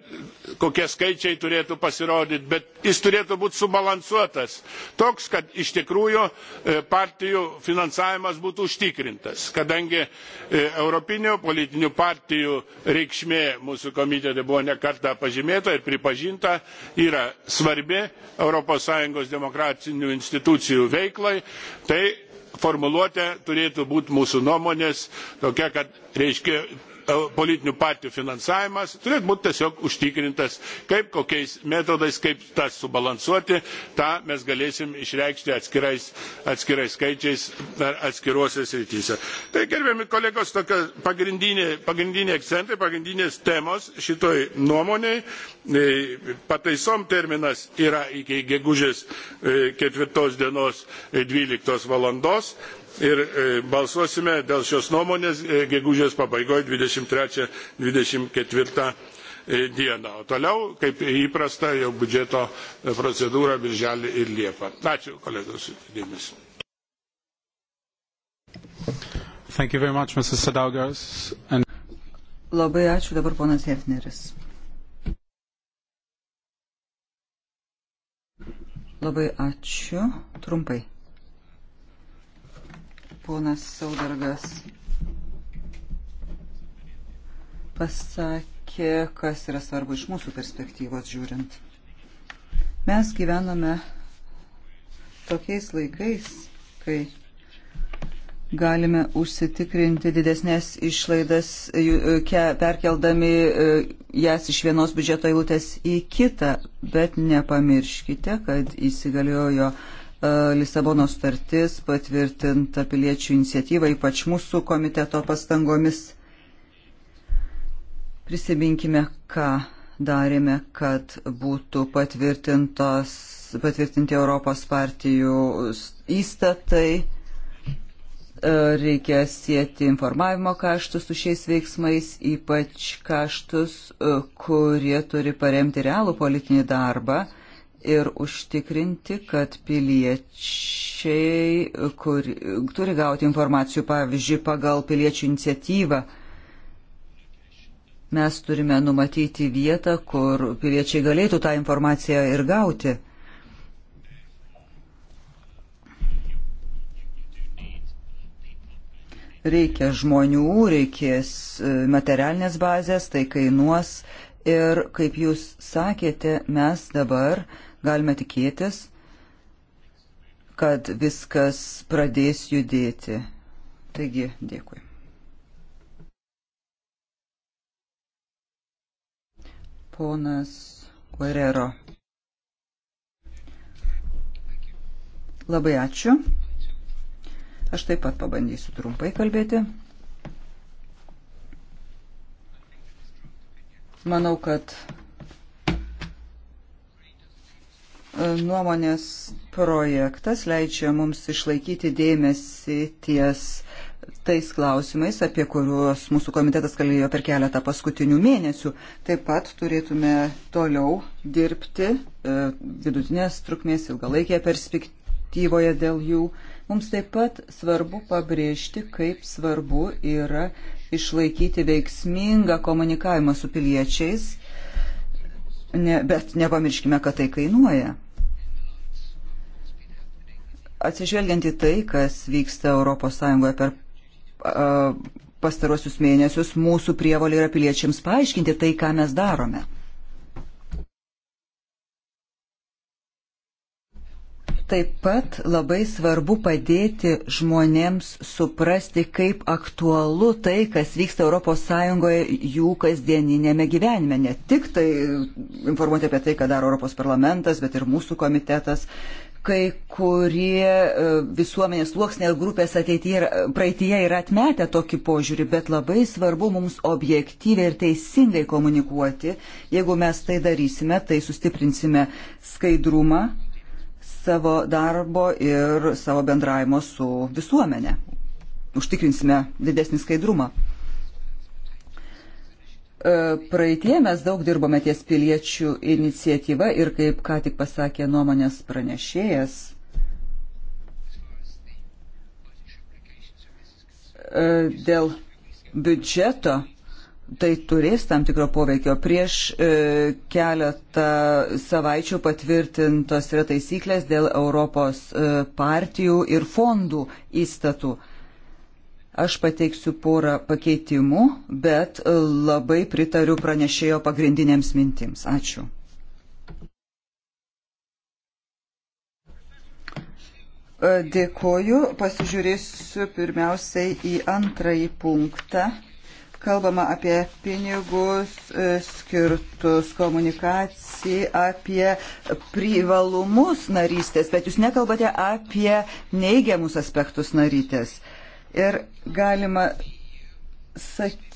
kokie skaičiai turėtų pasirodyti, bet jis turėtų būti subalansuotas, toks, kad iš tikrųjų e, partijų finansavimas būtų užtikrintas, kadangi e, Europinio politinių partijų reikšmė mūsų komitete buvo nekarta pažymėta ir pripažinta, yra svarbi ES demokratinių institucijų veiklai, tai formuluotė turėtų būti mūsų nuomonės tokia, kad reiškia E, politinių partijų finansavimas turėtų būti tiesiog užtikrintas, kaip kokiais metodais, kaip tas subalansuoti, tą mes galėsim išreikšti atskirais, atskirais skaičiais ar atskiruose srityse. Tai gerbiami kolegos, tokia pagrindinė, pagrindinė akcentai, pagrindinės temos šitoj nuomoniai. E, pataisom terminas yra iki gegužės e, ketvirtos dienos 12 valandos ir e, balsuosime dėl šios nuomonės e, gegužės pabaigoje 23-24 dieną. O toliau, kaip įprasta, jau biudžeto procedūra birželį ir liepą. Ačiū kolegos dėmesį. Thank you very much, Mrs. Sadaugas. And... Labai ačiū dabar ponas Hefneris. Labai ačiū. Trumpai ponas Saudargas pasakė, kas yra svarbu iš mūsų perspektyvos žiūrint. Mes gyvename tokiais laikais, kai galime užsitikrinti didesnės išlaidas, e, perkeldami e, jas iš vienos biudžeto eilutės į kitą, bet nepamirškite, kad įsigaliojo jo E, Lisabono startis patvirtinta piliečių iniciatyva, ypač mūsų komiteto pastangomis. Prisiminkime, ką darėme, kad būtų patvirtinti Europos partijų įstatai. E, reikia sėti informavimo kaštus su šiais veiksmais, ypač kaštus, e, kurie turi paremti realų politinį darbą ir užtikrinti, kad piliečiai, kur turi gauti informacijų, pavyzdžiui, pagal piliečių iniciatyvą, mes turime numatyti vietą, kur piliečiai galėtų tą informaciją ir gauti. Reikia žmonių, reikės e, materialinės bazės, tai kainuos ir, kaip jūs sakėte, mes dabar uh, galime tikėtis, kad viskas pradės judėti. Taigi, dėkui. Ponas Guerrero. Labai ačiū. Aš taip pat pabandysiu trumpai kalbėti. Manau, kad Nuomonės projektas leidžia mums išlaikyti dėmesį ties tais klausimais, apie kuriuos mūsų komitetas kalbėjo per keletą paskutinių mėnesių. Taip pat turėtume toliau dirbti e, vidutinės trukmės ilgalaikėje perspektyvoje dėl jų. Mums taip pat svarbu pabrėžti, kaip svarbu yra išlaikyti veiksmingą komunikavimą su piliečiais ne, bet nepamirškime, kad tai kainuoja. Atsižvelgiant į tai, kas vyksta ES per uh, pastarosius mėnesius, mūsų prievalė yra piliečiams paaiškinti tai, ką mes darome. taip pat labai svarbu padėti žmonėms suprasti, kaip aktualu tai, kas vyksta ES jų kasdieninėme gyvenime. Ne tik tai informuoti apie tai, ką daro Europos parlamentas, bet ir mūsų komitetas. Kai kurie e, visuomenės sluoksnė grupės ateityje ir e, praeitie yra atmetę tokį požiūrį, bet labai svarbu mums objektyviai ir teisingai komunikuoti. Jeigu mes tai darysime, tai sustiprinsime skaidrumą savo darbo ir savo bendravimo su visuomenė. Užtikrinsime didesnį skaidrumą. E, praeitie mes daug dirbome ties piliečių iniciatyva ir kaip ką tik pasakė nuomonės pranešėjas, e, dėl biudžeto tai turės tam tikro poveikio. Prieš e, keletą savaičių patvirtintos yra taisyklės dėl Europos e, partijų ir fondų įstatų. Aš pateiksiu porą pakeitimų, bet labai pritariu pranešėjo pagrindinėms mintims. Ačiū. E, dėkoju. Pasižiūrėsiu pirmiausiai į antrąjį punktą kalbama apie pinigus e, skirtus komunikacijai, apie privalumus narystės, bet jūs nekalbate apie neigiamus aspektus narytės. Ir galima sakyti,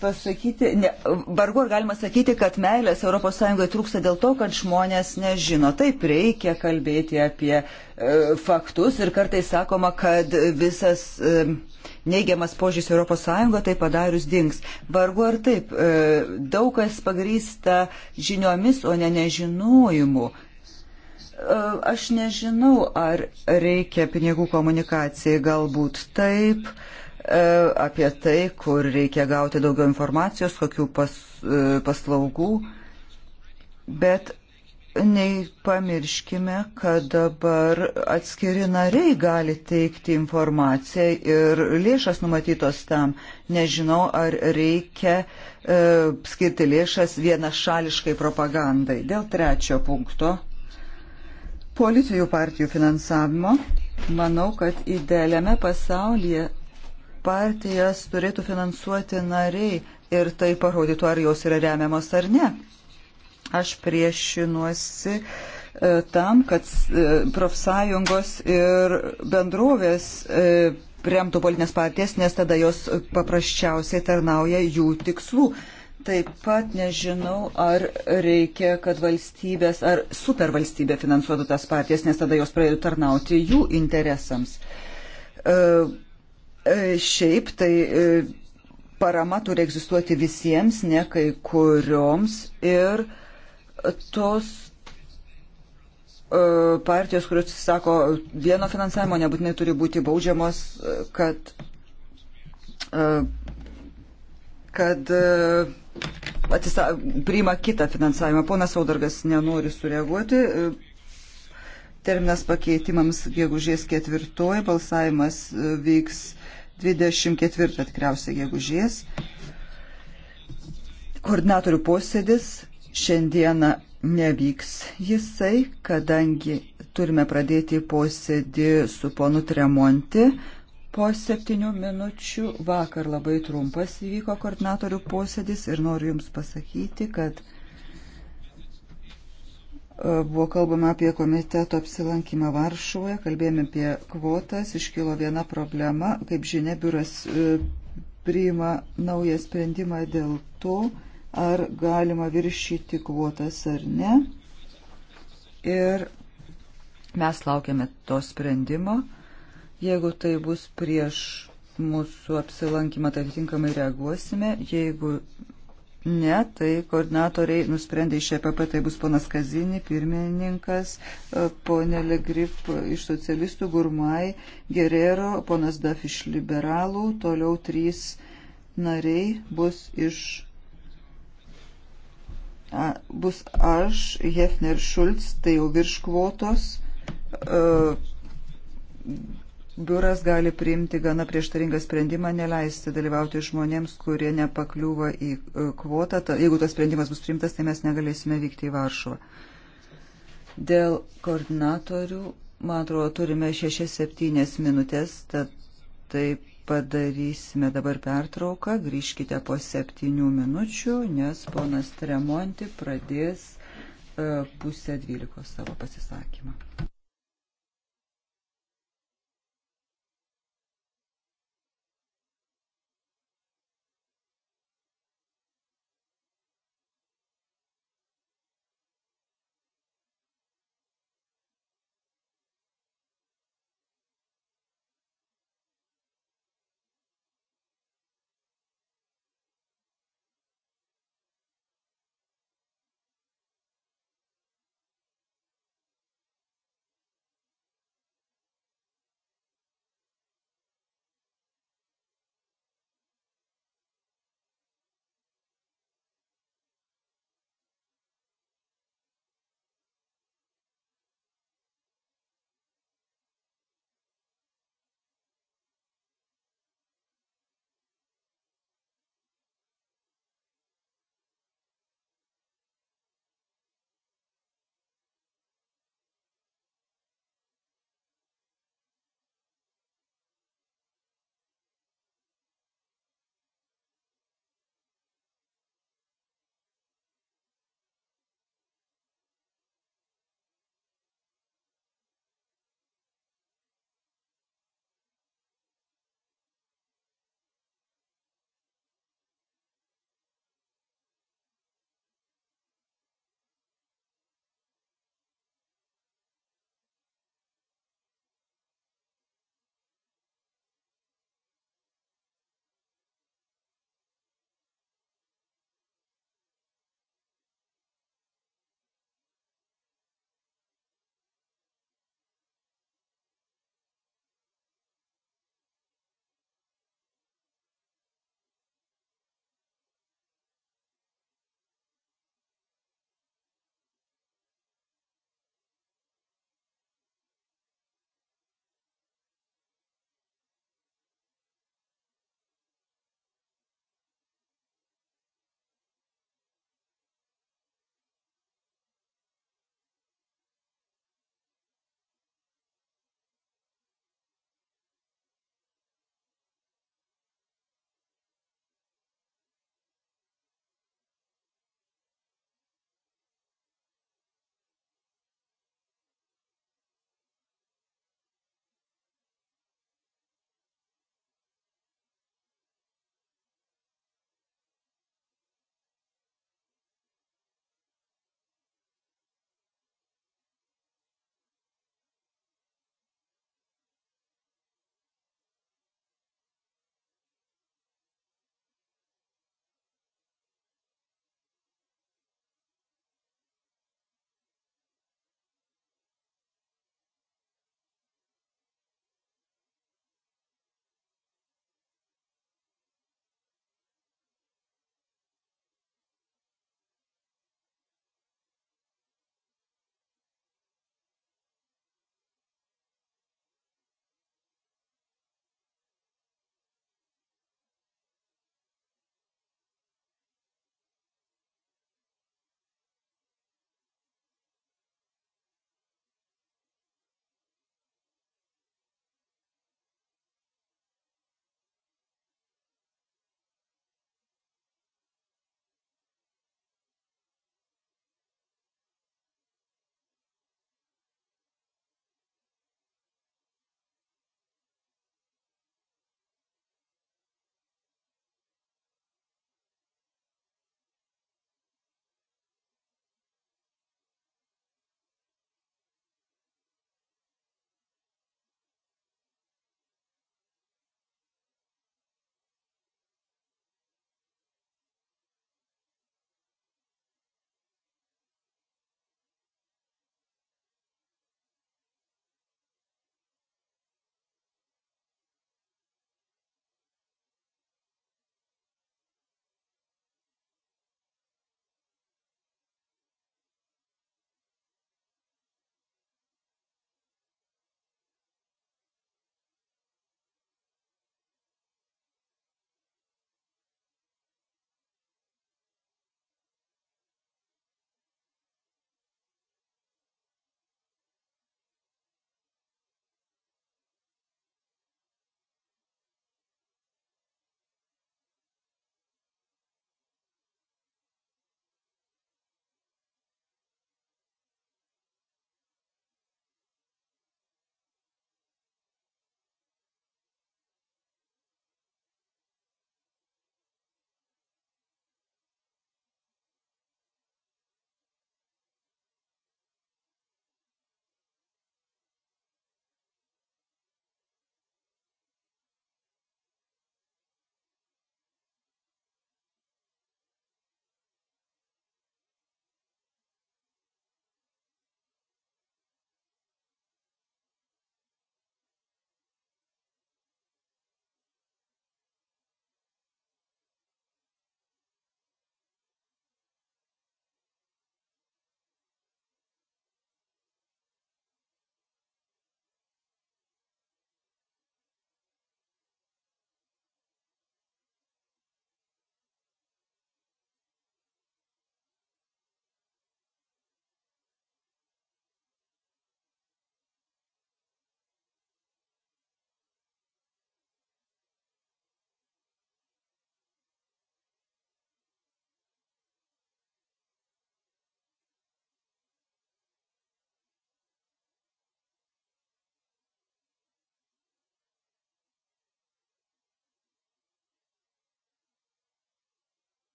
pasakyti, ne, vargu ar galima sakyti, kad meilės ES trūksta dėl to, kad žmonės nežino. Taip reikia kalbėti apie e, faktus ir kartais sakoma, kad visas e, neigiamas požiūris ES tai padarius dings. Vargu ar taip, e, daug kas pagrysta žiniomis, o ne nežinojimu. E, aš nežinau, ar reikia pinigų komunikacijai, galbūt taip. E, E, apie tai, kur reikia gauti daugiau informacijos, kokių pas, e, paslaugų. Bet nepamirškime, kad dabar atskiri nariai gali teikti informaciją ir lėšas numatytos tam. Nežinau, ar reikia e, skirti lėšas vienašališkai propagandai. Dėl trečio punkto politinių partijų finansavimo, manau, kad idealiame pasaulyje partijas turėtų finansuoti nariai ir tai parodytų, ar jos yra remiamos ar ne. Aš priešinuosi e, tam, kad e, profsąjungos ir bendrovės e, remtų politinės partijas, nes tada jos paprasčiausiai tarnauja jų tikslų. Taip pat nežinau, ar reikia, kad valstybės ar supervalstybė finansuotų tas partijas, nes tada jos pradėtų tarnauti jų interesams. E, šiaip tai e, parama turi egzistuoti visiems, ne kai kurioms ir tos e, partijos, kurios sako vieno finansavimo, nebūtinai turi būti baudžiamos, kad, kad atsisa, priima kitą finansavimą. Ponas Saudargas nenori sureaguoti. Terminas pakeitimams gegužės ketvirtoji, balsavimas vyks 24 tikriausiai gegužės. Koordinatorių posėdis šiandieną nevyks jisai, kadangi turime pradėti posėdį su ponu Tremonti. Po septynių minučių vakar labai trumpas įvyko koordinatorių posėdis ir noriu Jums pasakyti, kad E, buvo kalbama apie komiteto apsilankymą Varšuvoje, kalbėjome apie kvotas, iškilo viena problema, kaip žinia, biuras e, priima naują sprendimą dėl to, ar galima viršyti kvotas ar ne. Ir mes laukiame to sprendimo. Jeigu tai bus prieš mūsų apsilankymą, tai atitinkamai reaguosime. Jeigu Ne, tai koordinatoriai nusprendė iš EPP, tai bus ponas Kazinį, pirmininkas, e, ponė Legrip iš socialistų, Gurmai, Gerero, ponas Daf iš liberalų, toliau trys nariai bus iš. A, bus aš, Hefner Šulc, tai jau virš kvotos. A, e, biuras gali priimti gana prieštaringą sprendimą neleisti dalyvauti žmonėms, kurie nepakliūva į e, kvotą. Ta, jeigu tas sprendimas bus priimtas, tai mes negalėsime vykti į Varšuvą. Dėl koordinatorių, man atrodo, turime 6-7 minutės, tad tai padarysime dabar pertrauką, grįžkite po 7 minučių, nes ponas Tremonti pradės e, pusę dvylikos savo pasisakymą.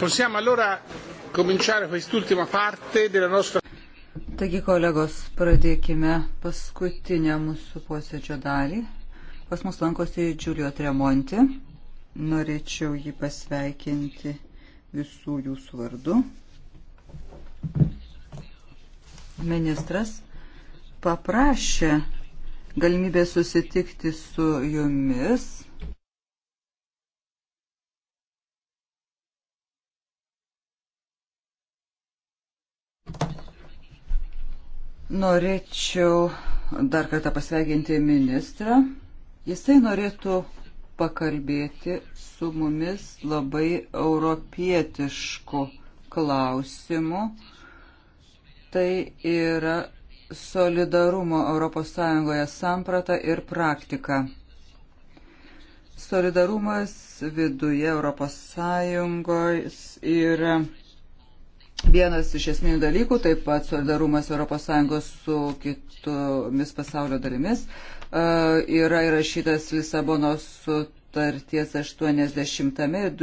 Possiamo allora cominciare quest'ultima parte della nostra. Taigi, kolegos, pradėkime paskutinę mūsų posėdžio dalį. Pas mus lankosi Giulio Tremonti. Norėčiau jį pasveikinti visų jūsų vardu. Ministras paprašė galimybę susitikti su jumis Norėčiau dar kartą pasveikinti ministrą. Jisai norėtų pakalbėti su mumis labai europietišku klausimu. Tai yra solidarumo ES samprata ir praktika. Solidarumas viduje ES yra vienas iš esminių dalykų, taip pat solidarumas ES su kitomis pasaulio dalimis, e, yra įrašytas Lisabonos sutarties 80 ir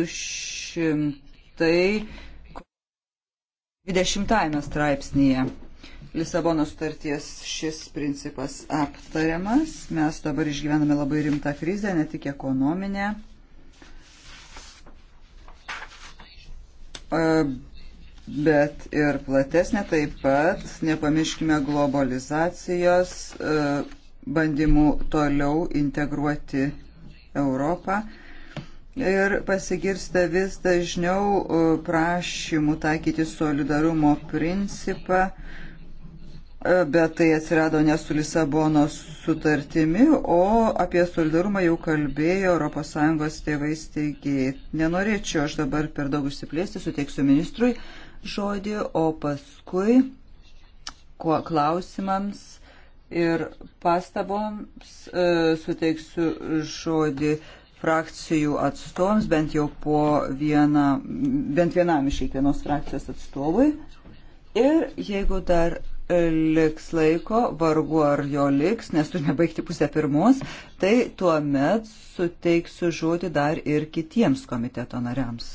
220 straipsnėje. Lisabonos sutarties šis principas aptariamas. Mes dabar išgyvename labai rimtą krizę, ne tik ekonominę e, bet ir platesnė taip pat, nepamirškime globalizacijos, e, bandymų toliau integruoti Europą. Ir pasigirsta vis dažniau e, prašymų taikyti solidarumo principą, e, bet tai atsirado ne su Lisabonos sutartimi, o apie solidarumą jau kalbėjo ES tėvai steigėjai. Nenorėčiau aš dabar per daug užsiplėsti, suteiksiu ministrui žodį, o paskui kuo klausimams ir pastaboms e, suteiksiu žodį frakcijų atstovams, bent jau po vieną, bent vienam iš kiekvienos frakcijos atstovui. Ir jeigu dar e, liks laiko, vargu ar jo liks, nes turime baigti pusę pirmos, tai tuo met suteiksiu žodį dar ir kitiems komiteto nariams.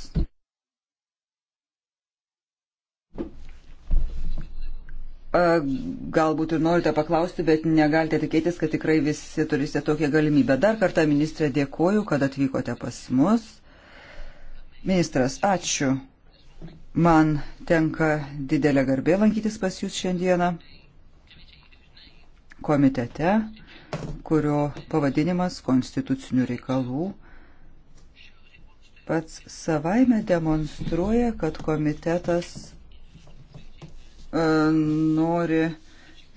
galbūt ir norite paklausti, bet negalite tikėtis, kad tikrai visi turite tokią galimybę. Dar kartą, ministrė, dėkoju, kad atvykote pas mus. Ministras, ačiū. Man tenka didelė garbė lankytis pas jūs šiandieną komitete, kurio pavadinimas konstitucinių reikalų pats savaime demonstruoja, kad komitetas E, nori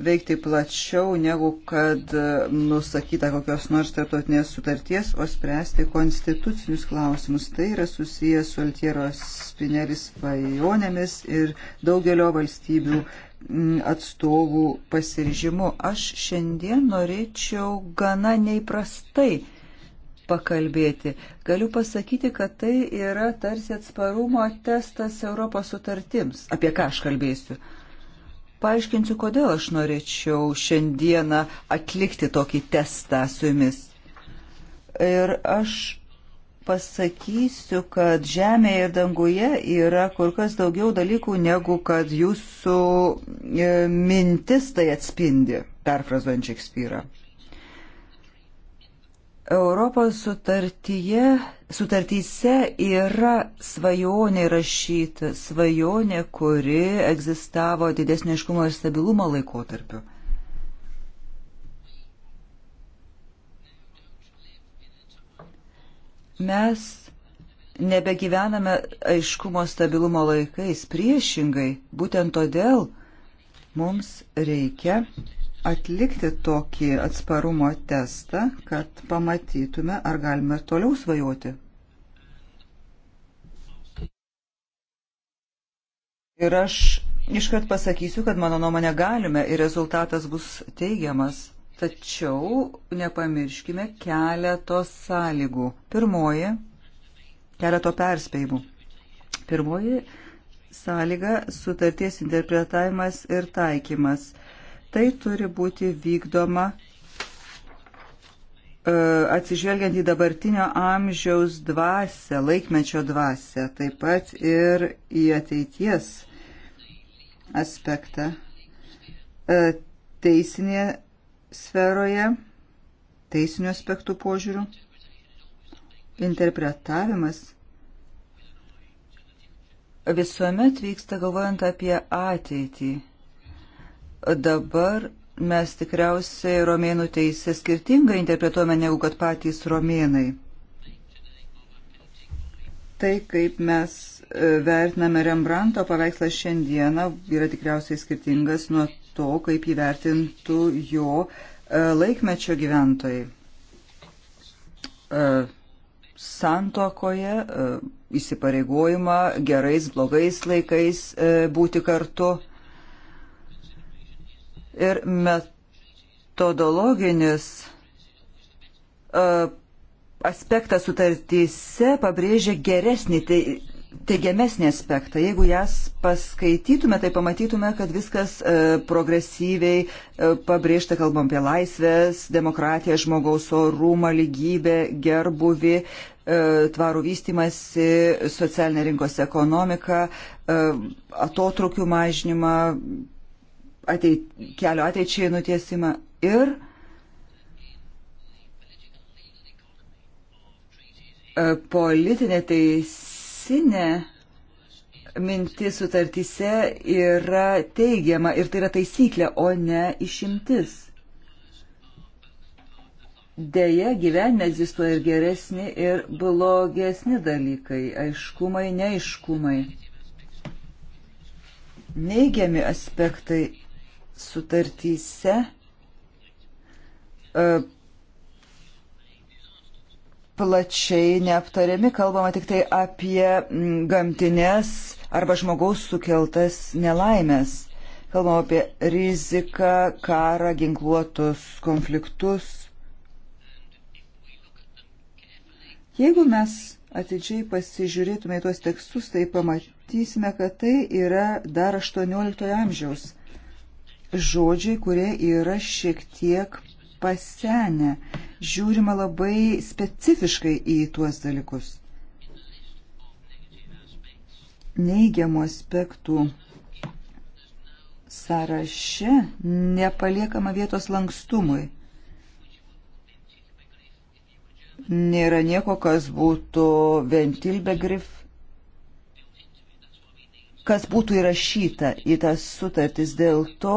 veikti plačiau negu kad nusakyta kokios nors tarptautinės sutarties, o spręsti konstitucinius klausimus. Tai yra susijęs su Altieros Spineris svajonėmis ir daugelio valstybių atstovų pasiryžimu. Aš šiandien norėčiau gana neįprastai pakalbėti. Galiu pasakyti, kad tai yra tarsi atsparumo testas Europos sutartims. Apie ką aš kalbėsiu? paaiškinsiu, kodėl aš norėčiau šiandieną atlikti tokį testą su jumis. Ir aš pasakysiu, kad žemėje ir danguje yra kur kas daugiau dalykų, negu kad jūsų e, mintis tai atspindi, perfrazuojant Šekspyrą. Europos sutartyje, sutartyse yra svajonė rašyta, svajonė, kuri egzistavo didesnio iškumo ir stabilumo laikotarpiu. Mes nebegyvename aiškumo stabilumo laikais, priešingai, būtent todėl mums reikia atlikti tokį atsparumo testą, kad pamatytume, ar galime toliau svajoti. Ir aš iškart pasakysiu, kad mano nuomonė galime ir rezultatas bus teigiamas. Tačiau nepamirškime keletos sąlygų. Pirmoji, keleto perspėjimų. Pirmoji sąlyga - sutarties interpretavimas ir taikymas – Tai turi būti vykdoma e, atsižvelgiant į dabartinio amžiaus dvasę, laikmečio dvasę, taip pat ir į ateities aspektą e, teisinėje sferoje, teisinių aspektų požiūrių, interpretavimas visuomet vyksta galvojant apie ateitį Dabar mes tikriausiai romėnų teisę skirtingai interpretuojame negu kad patys romėnai. Tai, kaip mes e, vertiname Rembrandto paveikslą šiandieną, yra tikriausiai skirtingas nuo to, kaip jį vertintų jo e, laikmečio gyventojai. E, Santokoje įsipareigojimą gerais, blogais laikais būti kartu ir metodologinis e, aspektas sutartyse pabrėžia geresnį, tai teigiamesnį aspektą. Jeigu jas paskaitytume, tai pamatytume, kad viskas e, progresyviai e, pabrėžta, kalbam apie laisvės, demokratiją, žmogaus orumą, lygybę, gerbuvi, e, tvarų vystimasi, socialinę rinkos ekonomiką, e, atotrukių mažinimą, ateit, kelio ateičiai nutiesimą ir e, politinė teisinė mintis sutartyse yra teigiama ir tai yra taisyklė, o ne išimtis. Deja, gyvenime egzistuoja ir geresni, ir blogesni dalykai - aiškumai, neiškumai. Neigiami aspektai sutartyse e, plačiai neaptariami, kalbama tik tai apie gamtinės arba žmogaus sukeltas nelaimės. Kalbama apie riziką, karą, ginkluotus konfliktus. Jeigu mes atidžiai pasižiūrėtume į tuos tekstus, tai pamatysime, kad tai yra dar 18 amžiaus žodžiai, kurie yra šiek tiek pasenę. Žiūrima labai specifiškai į tuos dalykus. Neigiamų aspektų sąraše nepaliekama vietos lankstumui. Nėra nieko, kas būtų ventil be grif kas būtų įrašyta į tas sutartis. Dėl to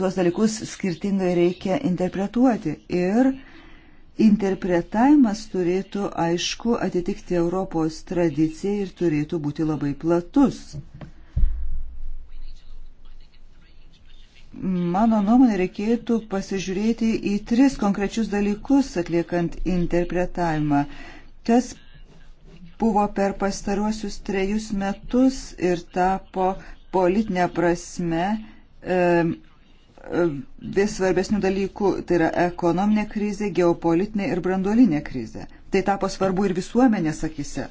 tuos dalykus skirtingai reikia interpretuoti. Ir interpretavimas turėtų, aišku, atitikti Europos tradiciją ir turėtų būti labai platus. Mano nuomonė reikėtų pasižiūrėti į tris konkrečius dalykus atliekant interpretavimą. Tas buvo per pastaruosius trejus metus ir tapo politinė prasme e, e, vis svarbesnių dalykų, tai yra ekonominė krizė, geopolitinė ir branduolinė krizė. Tai tapo svarbu ir visuomenės akise.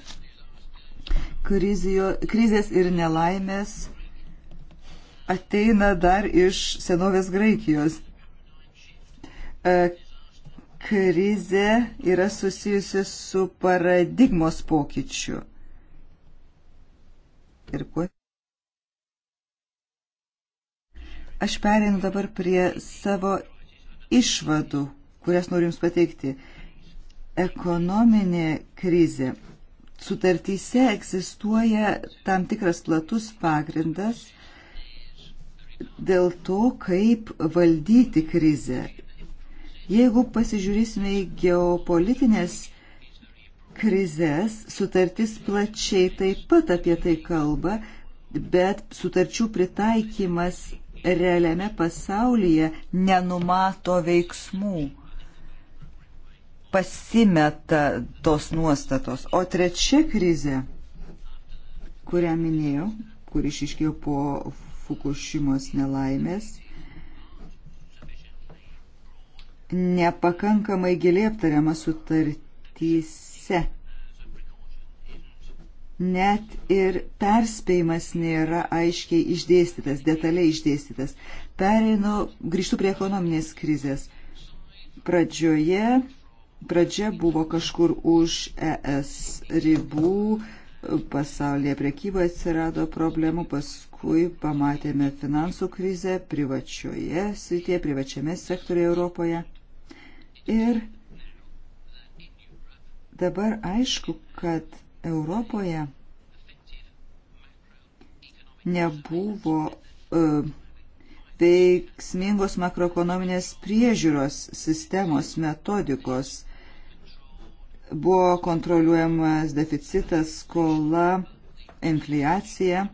Krizio, krizės ir nelaimės ateina dar iš senovės Graikijos. E, krizė yra susijusi su paradigmos pokyčiu. Ir kuo? Aš perinu dabar prie savo išvadų, kurias noriu Jums pateikti. Ekonominė krizė. Sutartyse egzistuoja tam tikras platus pagrindas dėl to, kaip valdyti krizę Jeigu pasižiūrėsime į geopolitinės krizės, sutartis plačiai taip pat apie tai kalba, bet sutarčių pritaikymas realiame pasaulyje nenumato veiksmų. Pasimeta tos nuostatos. O trečia krizė, kurią minėjau, kur išiškėjo po Fukushimos nelaimės, nepakankamai giliai aptariama sutartyse. Net ir perspėjimas nėra aiškiai išdėstytas, detaliai išdėstytas. Pereinu, grįžtu prie ekonominės krizės. Pradžioje, pradžia buvo kažkur už ES ribų, pasaulyje prekyboje atsirado problemų, paskui pamatėme finansų krizę privačioje srityje, privačiame sektoriuje Europoje. Ir dabar aišku, kad Europoje nebuvo uh, veiksmingos makroekonominės priežiūros sistemos metodikos. Buvo kontroliuojamas deficitas, skola, infliacija,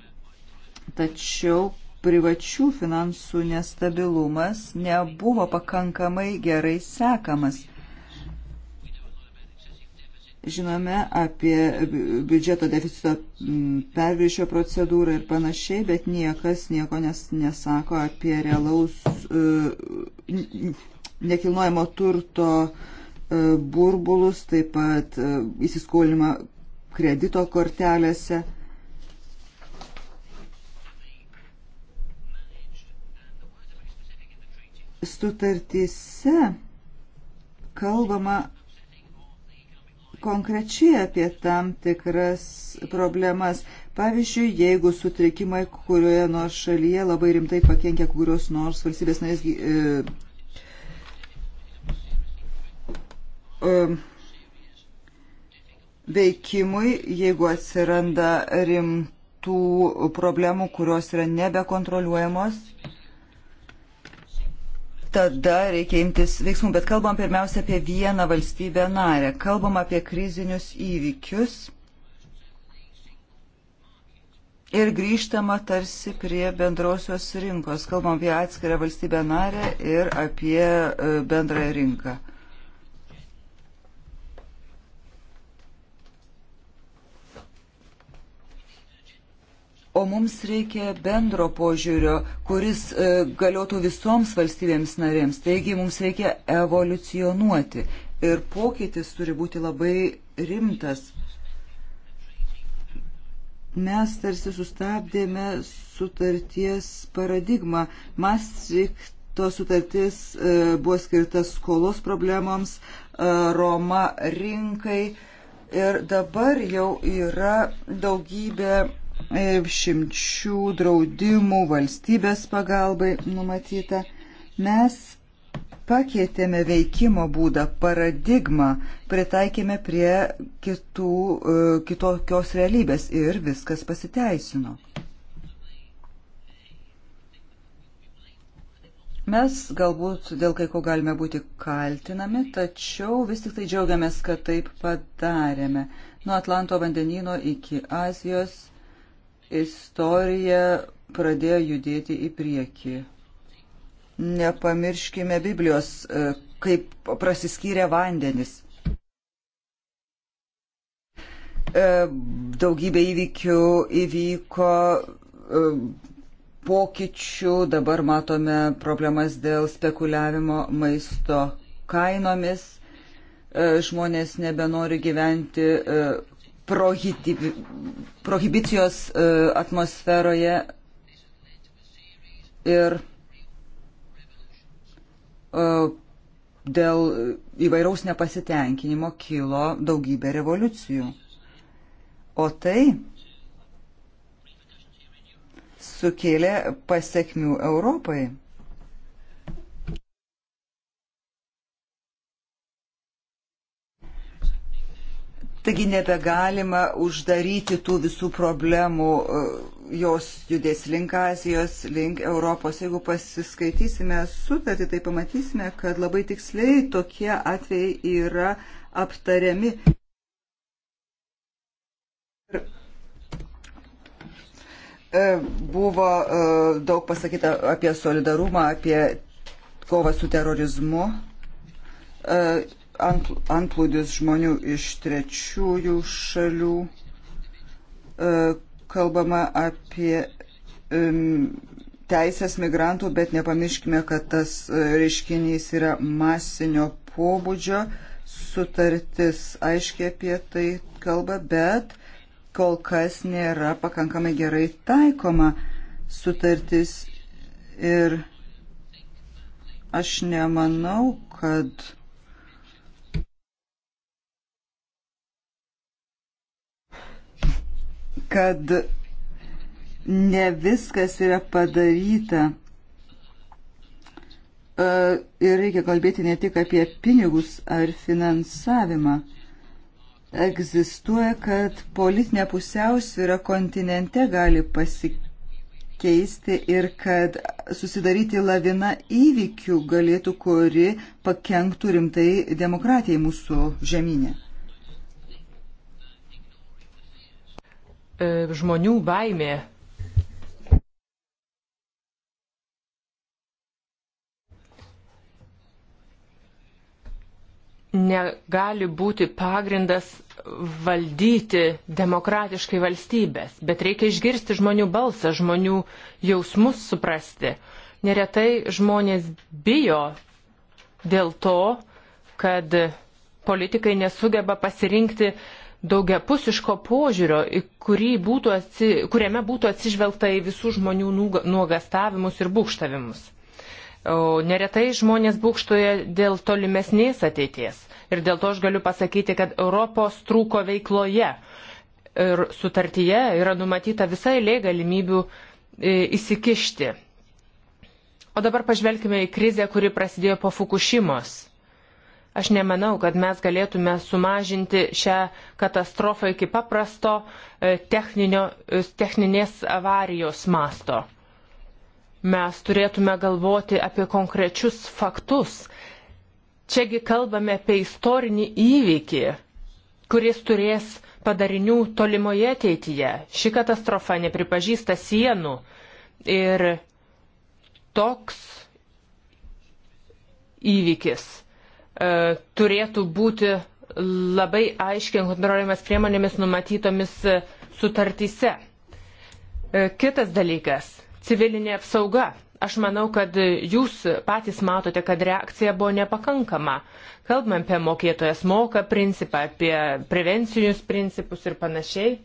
tačiau privačių finansų nestabilumas nebuvo pakankamai gerai sekamas. Žinome apie biudžeto deficito perviršio procedūrą ir panašiai, bet niekas nieko nes, nesako apie realaus uh, nekilnojamo turto uh, burbulus, taip pat uh, e, įsiskolimą kredito kortelėse. sutartyse kalbama konkrečiai apie tam tikras problemas. Pavyzdžiui, jeigu sutrikimai kurioje nors šalyje labai rimtai pakenkia kurios nors valstybės narės e, e, veikimui, jeigu atsiranda rimtų problemų, kurios yra nebekontroliuojamos, tada reikia imtis veiksmų. Bet kalbam pirmiausia apie vieną valstybę narę. Kalbam apie krizinius įvykius. Ir grįžtama tarsi prie bendrosios rinkos. Kalbam apie atskirą valstybę narę ir apie e, bendrąją rinką. O mums reikia bendro požiūrio, kuris e, galiotų visoms valstybėms narėms. Taigi mums reikia evoliucionuoti. Ir pokytis turi būti labai rimtas. Mes tarsi sustabdėme sutarties paradigmą. Mastrichto sutartis e, buvo skirta skolos problemoms, e, Roma rinkai. Ir dabar jau yra daugybė E, šimčių draudimų valstybės pagalbai numatyta. Mes pakeitėme veikimo būdą, paradigmą, pritaikėme prie kitų, e, kitokios realybės ir viskas pasiteisino. Mes galbūt dėl kai ko galime būti kaltinami, tačiau vis tik tai džiaugiamės, kad taip padarėme. Nuo Atlanto vandenino iki Azijos istorija pradėjo judėti į priekį. Nepamirškime Biblijos, e, kaip prasiskyrė vandenis. E, daugybė įvykių įvyko e, pokyčių, dabar matome problemas dėl spekuliavimo maisto kainomis, žmonės nebenori gyventi prohibicijos e, atmosferoje ir e, dėl įvairaus nepasitenkinimo kilo daugybė revoliucijų. O tai sukėlė pasiekmių Europai. Taigi nebegalima uždaryti tų visų problemų, e, jos judės link Azijos, link Europos. Jeigu pasiskaitysime sutartį, tai pamatysime, kad labai tiksliai tokie atvejai yra aptariami. E, buvo e, daug pasakyta apie solidarumą, apie kovą su terorizmu antplūdis žmonių iš trečiųjų šalių. E, kalbama apie teisės migrantų, bet nepamirškime, kad tas e, reiškinys yra masinio pobūdžio. Sutartis aiškiai apie tai kalba, bet kol kas nėra pakankamai gerai taikoma sutartis ir aš nemanau, kad kad ne viskas yra padaryta. E, ir reikia kalbėti ne tik apie pinigus ar finansavimą. Egzistuoja, kad politinė pusiausvyrą kontinente gali pasikeisti ir kad susidaryti lavina įvykių galėtų, kuri pakenktų rimtai demokratijai mūsų žemynė. E, žmonių baimė. Negali būti pagrindas valdyti demokratiškai valstybės, bet reikia išgirsti žmonių balsą, žmonių jausmus suprasti. Neretai žmonės bijo dėl to, kad politikai nesugeba pasirinkti uh, daugiapusiško požiūrio, būtų atsi, kuriame būtų atsižvelgta į visų žmonių nuogastavimus ir būkštavimus. O neretai žmonės būkštoja dėl tolimesnės ateities. Ir dėl to aš galiu pasakyti, kad Europos trūko veikloje. Ir sutartyje yra numatyta visai lė galimybių e, įsikišti. O dabar pažvelkime į krizę, kuri prasidėjo po Fukushimos. Aš nemanau, kad mes galėtume sumažinti šią katastrofą iki paprasto e, techninio, e, techninės avarijos masto. Mes turėtume galvoti apie konkrečius faktus. Čiagi kalbame apie istorinį įvykį, kuris turės padarinių tolimoje ateityje. Ši katastrofa nepripažįsta sienų ir toks įvykis E, turėtų būti labai aiškiai kontroliuojamas priemonėmis numatytomis e, sutartyse. E, kitas dalykas - civilinė apsauga. Aš manau, kad jūs patys matote, kad reakcija buvo nepakankama. Kalbam apie mokėtojas moka principą, apie prevencinius principus ir panašiai.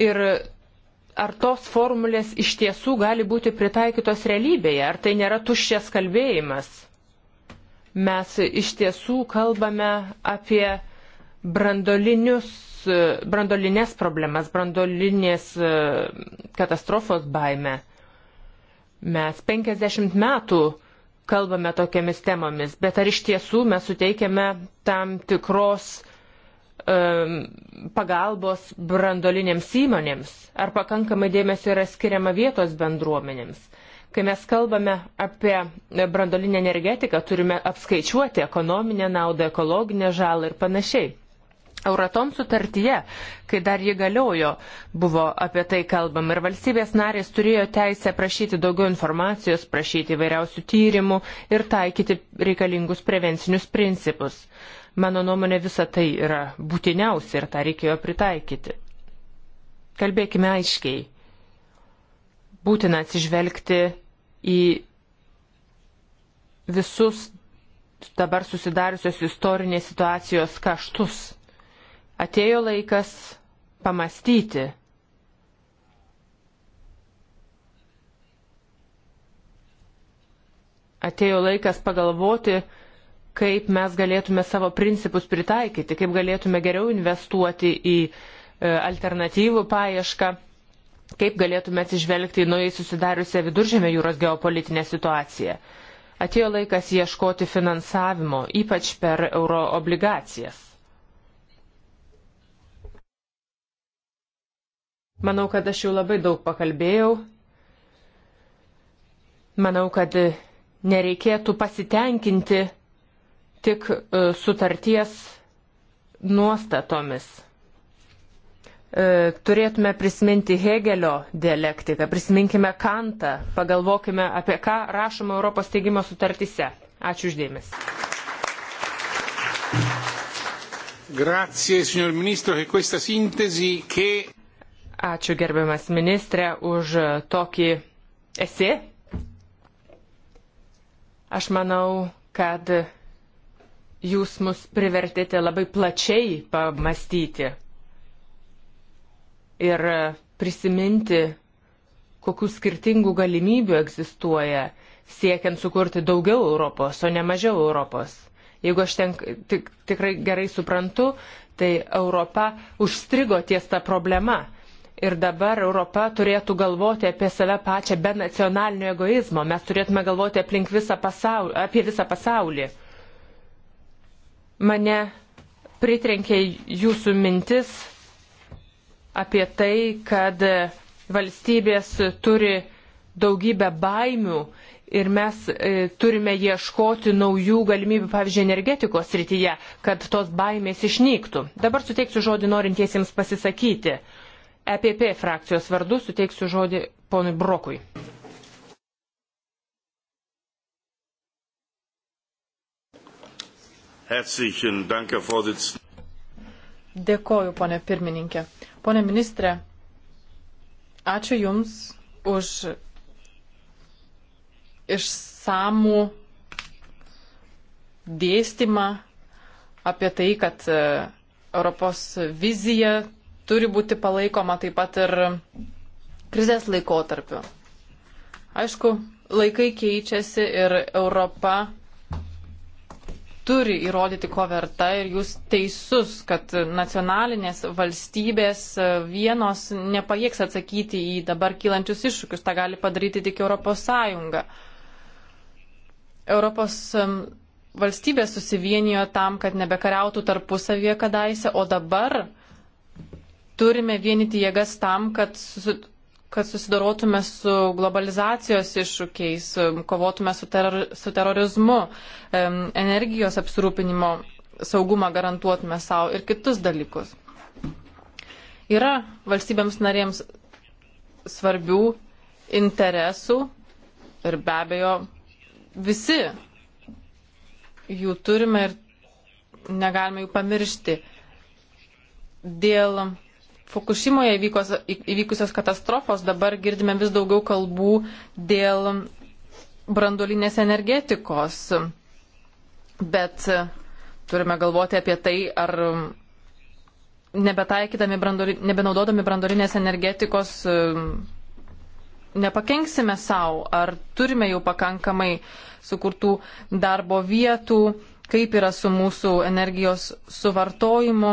Ir ar tos formulės iš tiesų gali būti pritaikytos realybėje, ar tai nėra tuščias kalbėjimas. Mes iš tiesų kalbame apie brandolinės problemas, brandolinės e, katastrofos baime. Mes 50 metų kalbame tokiamis temomis, bet ar iš tiesų mes suteikiame tam tikros pagalbos brandolinėms įmonėms, ar pakankamai dėmesio yra skiriama vietos bendruomenėms. Kai mes kalbame apie brandolinę energetiką, turime apskaičiuoti ekonominę naudą, ekologinę žalą ir panašiai. Euratom sutartyje, kai dar jį galiojo, buvo apie tai kalbama ir valstybės narės turėjo teisę prašyti daugiau informacijos, prašyti vairiausių tyrimų ir taikyti reikalingus prevencinius principus. Uh, Mano nuomonė visa tai yra būtiniausia ir tą reikėjo pritaikyti. Kalbėkime aiškiai. Būtina atsižvelgti į visus dabar susidariusios istorinės situacijos kaštus. Atėjo laikas pamastyti. Atėjo laikas pagalvoti, kaip mes galėtume savo principus pritaikyti, kaip galėtume geriau investuoti į e, alternatyvų paiešką, kaip galėtume atsižvelgti į naujai susidariusią viduržėmio jūros geopolitinę situaciją. Atėjo laikas ieškoti finansavimo, ypač per euro obligacijas. Manau, kad aš jau labai daug pakalbėjau. Manau, kad nereikėtų pasitenkinti tik e, sutarties nuostatomis. E, turėtume prisiminti Hegelio dialektiką, prisiminkime Kantą, pagalvokime apie ką rašoma Europos teigimo sutartyse. Ačiū uždėmesi. Grazie, signor Ministro, che questa sintesi che... Ačiū gerbiamas ministrė už tokį esi. Aš manau, kad jūs mus privertėte labai plačiai pamastyti ir prisiminti, kokių skirtingų galimybių egzistuoja, siekiant sukurti daugiau Europos, o ne mažiau Europos. Jeigu aš ten tik, tikrai gerai suprantu, tai Europa užstrigo ties tą problemą. Ir dabar Europa turėtų galvoti apie save pačią be nacionalinio egoizmo. Mes turėtume galvoti aplink visą pasaulį, apie visą pasaulį. Mane pritrenkė jūsų mintis apie tai, kad valstybės turi daugybę baimių ir mes e, turime ieškoti naujų galimybių, pavyzdžiui, energetikos srityje, kad tos baimės išnyktų. Dabar suteiksiu žodį norintiesiems pasisakyti. EPP frakcijos vardu suteiksiu žodį ponui Brokui. Herzlichen Dank, Herr Vorsitzender. Dėkoju, ponė pirmininkė. Pone ministrė, ačiū Jums už išsamų dėstymą apie tai, kad e, Europos vizija turi būti palaikoma taip pat ir krizės laikotarpiu. Aišku, laikai keičiasi ir Europa turi įrodyti, ko verta ir jūs teisus, kad nacionalinės valstybės vienos nepajėgs atsakyti į dabar kylančius iššūkius, tą gali padaryti tik Europos Sąjunga. Europos valstybės susivienijo tam, kad nebekariautų tarpusavie kadaise, o dabar turime vienyti jėgas tam, kad kad susidorotume su globalizacijos iššūkiais, kovotume su, teror, su terorizmu, energijos apsirūpinimo saugumą garantuotume savo ir kitus dalykus. Yra valstybėms narėms svarbių interesų ir be abejo visi jų turime ir negalime jų pamiršti. Dėl Fukushimoje įvykos, įvykusios katastrofos dabar girdime vis daugiau kalbų dėl brandolinės energetikos. Bet turime galvoti apie tai, ar nebetaikydami, brandoli, nebenaudodami brandolinės energetikos nepakenksime savo, ar turime jau pakankamai sukurtų darbo vietų, kaip yra su mūsų energijos suvartojimu,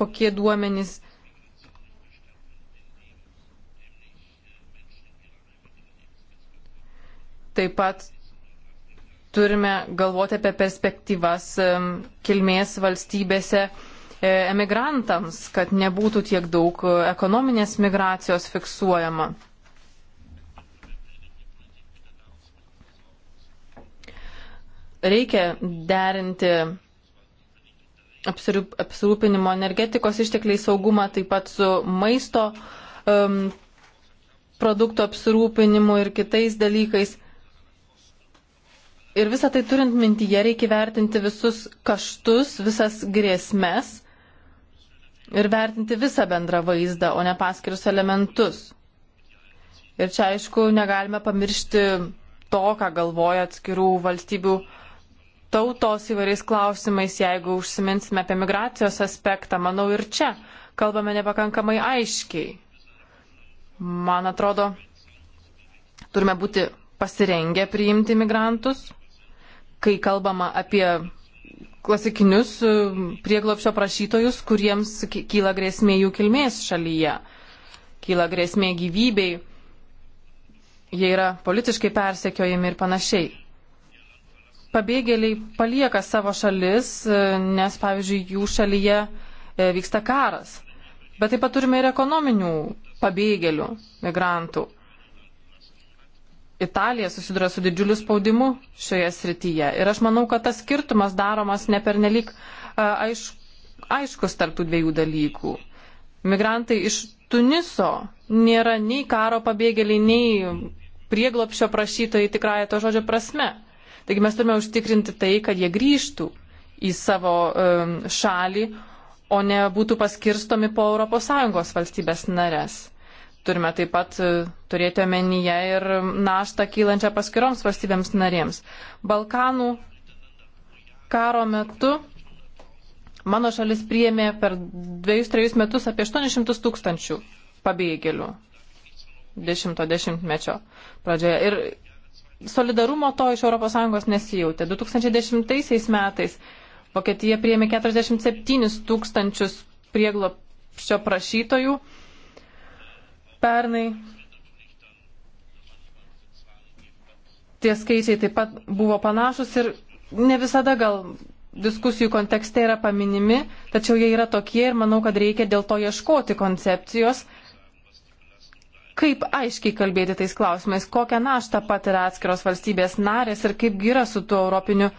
kokie duomenys Taip pat turime galvoti apie perspektyvas kilmės valstybėse e, emigrantams, kad nebūtų tiek daug e, ekonominės migracijos fiksuojama. Reikia derinti apsirūpinimo energetikos ištekliai saugumą taip pat su maisto um, produktų apsirūpinimu ir kitais dalykais. Ir visą tai turint mintyje reikia vertinti visus kaštus, visas grėsmes ir vertinti visą bendrą vaizdą, o ne paskirius elementus. Ir čia, aišku, negalime pamiršti to, ką galvoja atskirų valstybių tautos įvairiais klausimais, jeigu užsiminsime apie migracijos aspektą, manau ir čia kalbame nepakankamai aiškiai. Man atrodo, turime būti pasirengę priimti migrantus, kai kalbama apie klasikinius e, prieglopšio prašytojus, kuriems kyla grėsmė jų kilmės šalyje, kyla grėsmė gyvybei, jie yra politiškai persekiojami ir panašiai. Pabėgėliai palieka savo šalis, e, nes, pavyzdžiui, jų šalyje e, vyksta karas. Bet taip pat turime ir ekonominių pabėgėlių, migrantų. Italija susiduria su didžiuliu spaudimu šioje srityje. Ir aš manau, kad tas skirtumas daromas nepernelik e, aiš, aiškus tarptų dviejų dalykų. Migrantai iš Tuniso nėra nei karo pabėgėliai, nei prieglopšio prašytojai tikrąją to žodžio prasme. Taigi mes turime užtikrinti tai, kad jie grįžtų į savo um, šalį, o ne būtų paskirstomi po ES valstybės narės turime taip pat e, turėti omenyje ir naštą kylančią paskiroms valstybėms narėms. Balkanų karo metu mano šalis priėmė per dviejus, trejus metus apie 800 tūkstančių pabėgėlių 10-mečio pradžioje. Ir solidarumo to iš ES nesijautė. 2010 metais Vokietija priėmė 47 tūkstančius prieglopščio prašytojų Pernai tie skaičiai taip pat buvo panašus ir ne visada gal diskusijų kontekste yra paminimi, tačiau jie yra tokie ir manau, kad reikia dėl to ieškoti koncepcijos, kaip aiškiai kalbėti tais klausimais, kokią naštą patiria atskiros valstybės narės ir kaip yra su tuo europiniu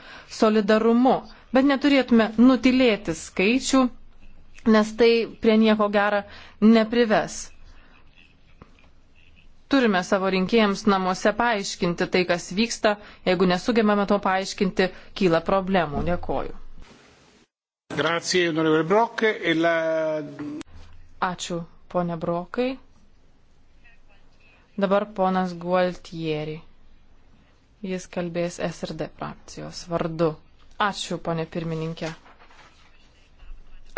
solidarumu. Bet neturėtume nutilėti skaičių, nes tai prie nieko gera neprives turime savo rinkėjams namuose paaiškinti tai, kas vyksta. Jeigu nesugebame to paaiškinti, kyla problemų. Dėkoju. Grazie, Broke, e la... Ačiū, ponė Brokai. Dabar ponas Gualtieri. Jis kalbės SRD frakcijos vardu. Ačiū, ponė pirmininkė.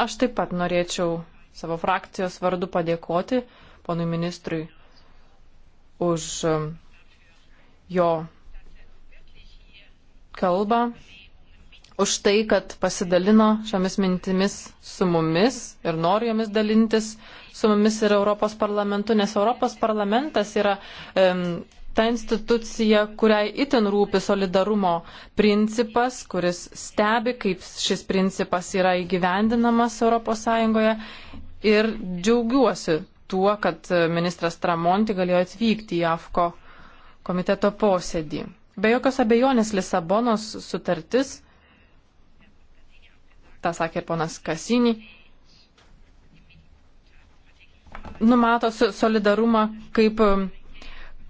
Aš taip pat norėčiau savo frakcijos vardu padėkoti ponui ministrui už um, jo kalbą, už tai, kad pasidalino šiomis mintimis su mumis ir nori jomis dalintis su mumis ir Europos parlamentu, nes Europos parlamentas yra um, ta institucija, kuriai itin rūpi solidarumo principas, kuris stebi, kaip šis principas yra įgyvendinamas ES. Ir džiaugiuosi tuo, kad ministras Tramonti galėjo atvykti į AFKO komiteto posėdį. Be jokios abejonės Lisabonos sutartis, tą sakė ir ponas Kasinį, numato solidarumą kaip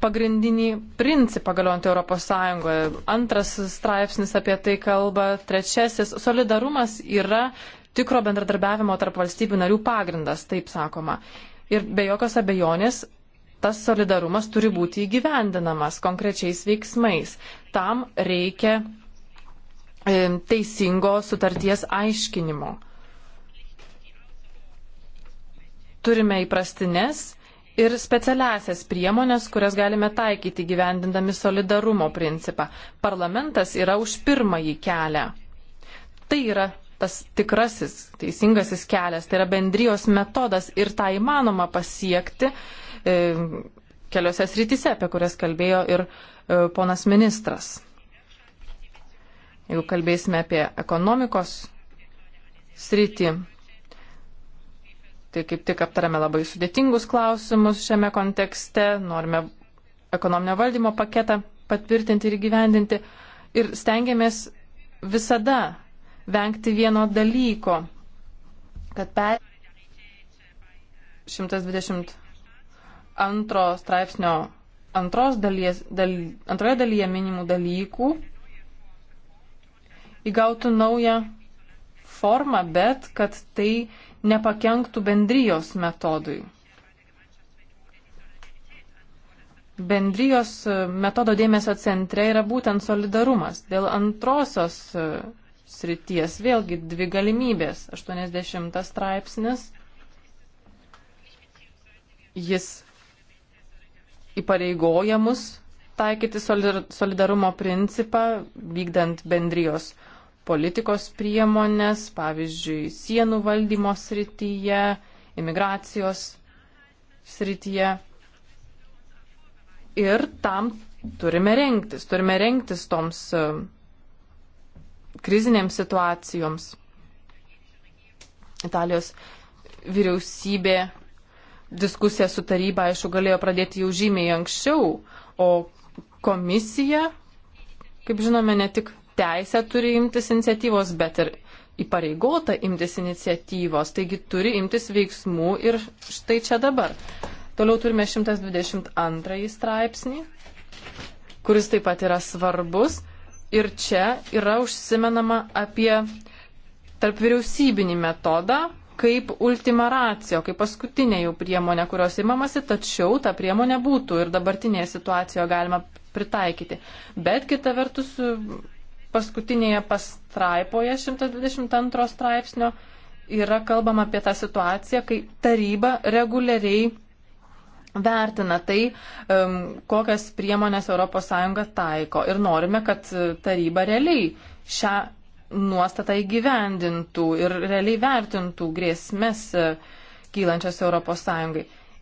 pagrindinį principą galiojant Europos Sąjungoje. Antras straipsnis apie tai kalba, trečiasis - solidarumas yra tikro bendradarbiavimo tarp valstybių narių pagrindas, taip sakoma ir be jokios abejonės tas solidarumas turi būti įgyvendinamas konkrečiais veiksmais. Tam reikia e, teisingo sutarties aiškinimo. Turime įprastines ir specialiasias priemonės, kurias galime taikyti gyvendindami solidarumo principą. Parlamentas yra už pirmąjį kelią. Tai yra tas tikrasis, teisingasis kelias, tai yra bendrijos metodas ir tą įmanoma pasiekti e, keliose srityse, apie kurias kalbėjo ir e, ponas ministras. Jeigu kalbėsime apie ekonomikos sritį, tai kaip tik aptarėme labai sudėtingus klausimus šiame kontekste, norime ekonominio valdymo paketą patvirtinti ir gyvendinti ir stengiamės visada vengti vieno dalyko, kad per 122 straipsnio antros dalies, dal, antroje dalyje minimų dalykų įgautų naują formą, bet kad tai nepakenktų bendrijos metodui. bendrijos metodo dėmesio centre yra būtent solidarumas. Dėl antrosios srities. Vėlgi dvi galimybės. 80 straipsnis. Jis įpareigoja mus taikyti solidarumo principą, vykdant bendrijos politikos priemonės, pavyzdžiui, sienų valdymo srityje, imigracijos srityje. Ir tam turime renktis, turime renktis toms krizinėms situacijoms. Italijos vyriausybė diskusiją su taryba, aišku, galėjo pradėti jau žymiai anksčiau, o komisija, kaip žinome, ne tik teisę turi imtis iniciatyvos, bet ir įpareigota imtis iniciatyvos, taigi turi imtis veiksmų ir štai čia dabar. Toliau turime 122 straipsnį, kuris taip pat yra svarbus Ir čia yra užsimenama apie tarp vyriausybinį metodą, kaip ultima racijo, kaip paskutinė jau priemonė, kurios įmamasi, tačiau ta priemonė būtų ir dabartinėje situacijoje galima pritaikyti. Bet kita vertus, paskutinėje pastraipoje 122 straipsnio yra kalbama apie tą situaciją, kai taryba reguliariai vertina tai, kokias priemonės ES taiko ir norime, kad taryba realiai šią nuostatą įgyvendintų ir realiai vertintų grėsmės e, kylančias ES.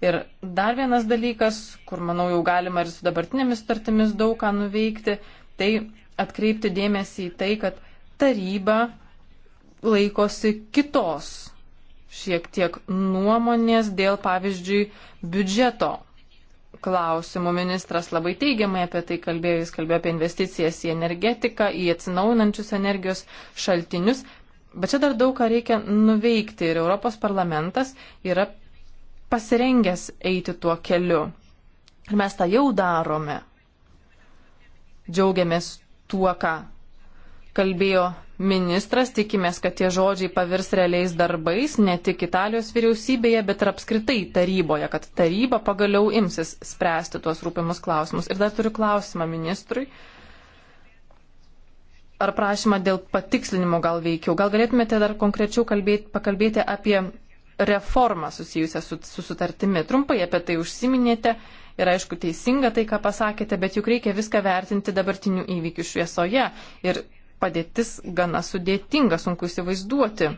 Ir dar vienas dalykas, kur manau jau galima ir su dabartinėmis sutartimis daug ką nuveikti, tai atkreipti dėmesį į tai, kad taryba laikosi kitos šiek tiek nuomonės dėl, pavyzdžiui, biudžeto klausimų. Ministras labai teigiamai apie tai kalbėjo, jis kalbėjo apie investicijas į energetiką, į atsinaujinančius energijos šaltinius. Bet čia dar daug ką reikia nuveikti ir Europos parlamentas yra pasirengęs eiti tuo keliu. Ir mes tą jau darome. Džiaugiamės tuo, ką kalbėjo ministras. Tikimės, kad tie žodžiai pavirs realiais darbais ne tik Italijos vyriausybėje, bet ir apskritai taryboje, kad taryba pagaliau imsis spręsti tuos rūpimus klausimus. Ir dar turiu klausimą ministrui. Ar prašymą dėl patikslinimo gal veikiau? Gal galėtumėte dar konkrečiau kalbėti, pakalbėti apie reformą susijusią su, su sutartimi. Trumpai apie tai užsiminėte ir aišku teisinga tai, ką pasakėte, bet juk reikia viską vertinti dabartinių įvykių šviesoje. Ir padėtis gana sudėtinga, sunku įsivaizduoti.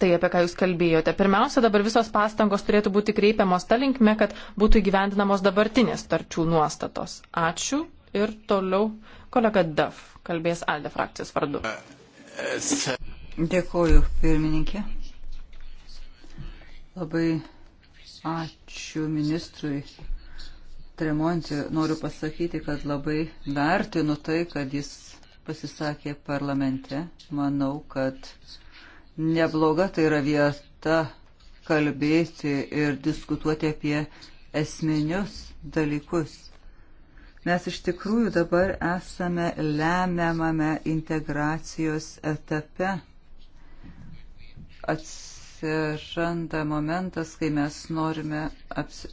Tai apie ką Jūs kalbėjote. Pirmiausia, dabar visos pastangos turėtų būti kreipiamos ta linkme, kad būtų įgyvendinamos dabartinės tarčių nuostatos. Ačiū ir toliau kolega Daf kalbės Alde frakcijos vardu. Dėkoju, pirmininkė. Labai ačiū ministrui Tremonti noriu pasakyti, kad labai vertinu tai, kad jis pasisakė parlamente. Manau, kad nebloga tai yra vieta kalbėti ir diskutuoti apie esminius dalykus. Mes iš tikrųjų dabar esame lemiamame integracijos etape. Atsiranda momentas, kai mes norime, aps,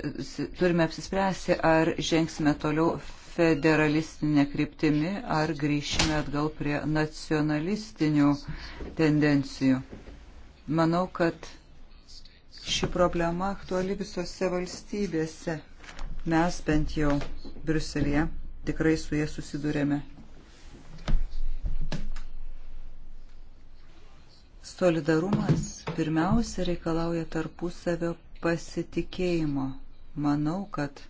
turime apsispręsti, ar žengsime toliau federalistinė kryptimi ar grįšime atgal prie nacionalistinių tendencijų. Manau, kad ši problema aktuali visose valstybėse. Mes bent jau Bruselėje tikrai su jie susidurėme. Solidarumas pirmiausia reikalauja tarpusavio pasitikėjimo. Manau, kad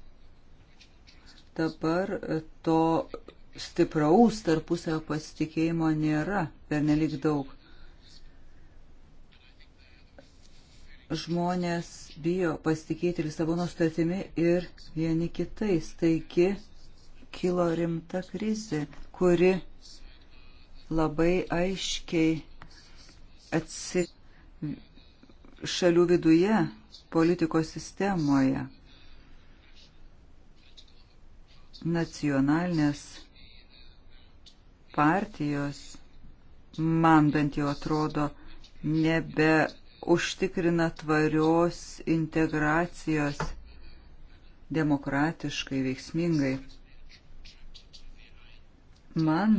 Dabar e, to stipraus tarpusavio pasitikėjimo nėra per nelik daug. Žmonės bijo pasitikėti Lisabono statimi ir vieni kitais. Taigi kilo rimta krizė, kuri labai aiškiai atsi šalių viduje politikos sistemoje nacionalinės partijos, man bent jau atrodo, nebe užtikrina tvarios integracijos demokratiškai, veiksmingai. Man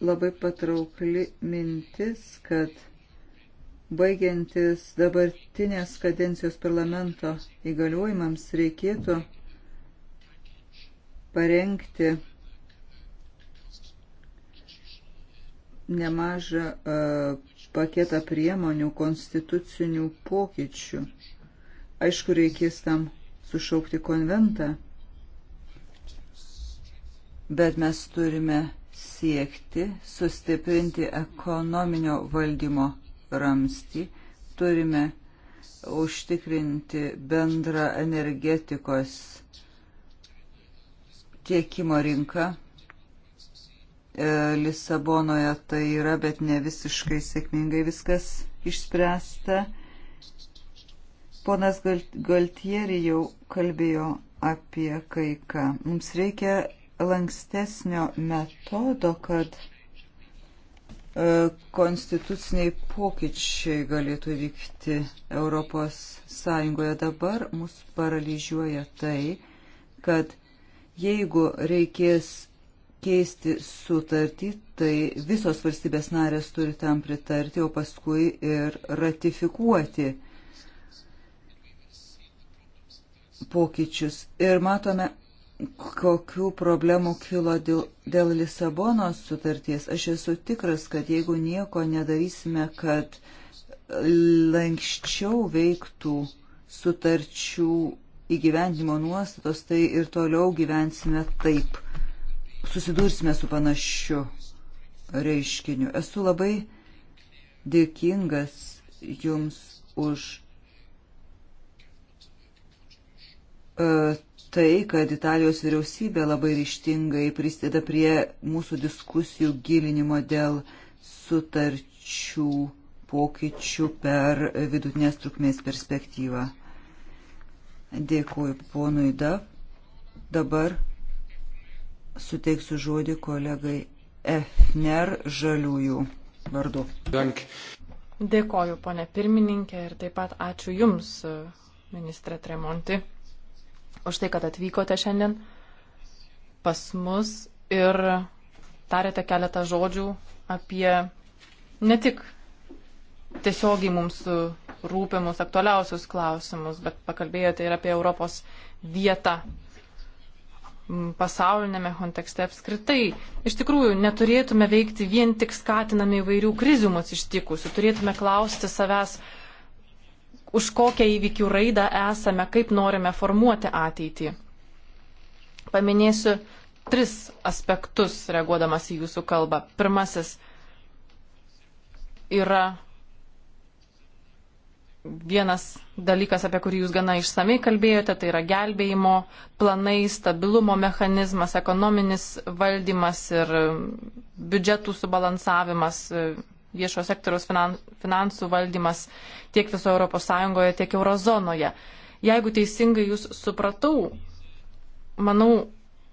labai patraukli mintis, kad baigiantis dabartinės kadencijos parlamento įgaliojimams reikėtų parengti nemažą e, paketą priemonių konstitucinių pokyčių. Aišku, reikės tam sušaukti konventą, bet mes turime siekti sustiprinti ekonominio valdymo ramstį, turime užtikrinti bendrą energetikos tiekimo rinka. E, Lisabonoje tai yra, bet ne visiškai sėkmingai viskas išspręsta. Ponas Galtieri jau kalbėjo apie kai ką. Mums reikia lankstesnio metodo, kad e, konstituciniai pokyčiai galėtų vykti Europos Sąjungoje dabar, mus paralyžiuoja tai, kad Jeigu reikės keisti sutartį, tai visos valstybės narės turi tam pritarti, o paskui ir ratifikuoti pokyčius. Ir matome, kokių problemų kilo dėl, dėl Lisabonos sutarties. Aš esu tikras, kad jeigu nieko nedarysime, kad lankščiau veiktų sutarčių įgyvendimo nuostatos, tai ir toliau gyvensime taip. Susidursime su panašiu reiškiniu. Esu labai dėkingas Jums už e, tai, kad Italijos vyriausybė labai ryštingai prisideda prie mūsų diskusijų gilinimo dėl sutarčių pokyčių per vidutinės trukmės perspektyvą. Dėkuoju ponui Dav. Dabar suteiksiu žodį kolegai Efner Žaliųjų vardu. Dank. Dėkoju, ponė pirmininkė, ir taip pat ačiū Jums, ministrė Tremonti, už tai, kad atvykote šiandien pas mus ir tarėte keletą žodžių apie ne tik tiesiogiai mums rūpimus aktualiausius klausimus, bet pakalbėjote ir apie Europos vietą pasaulinėme kontekste apskritai. Iš tikrųjų, neturėtume veikti vien tik skatinami įvairių krizių mus ištikusių, turėtume klausti savęs, už kokią įvykių raidą esame, kaip norime formuoti ateitį. Paminėsiu tris aspektus, reaguodamas į jūsų kalbą. Pirmasis yra vienas dalykas, apie kurį jūs gana išsamei kalbėjote, tai yra gelbėjimo planai, stabilumo mechanizmas, ekonominis valdymas ir biudžetų subalansavimas, viešo sektoriaus finansų valdymas tiek viso ES, tiek eurozonoje. Jeigu teisingai jūs supratau, manau,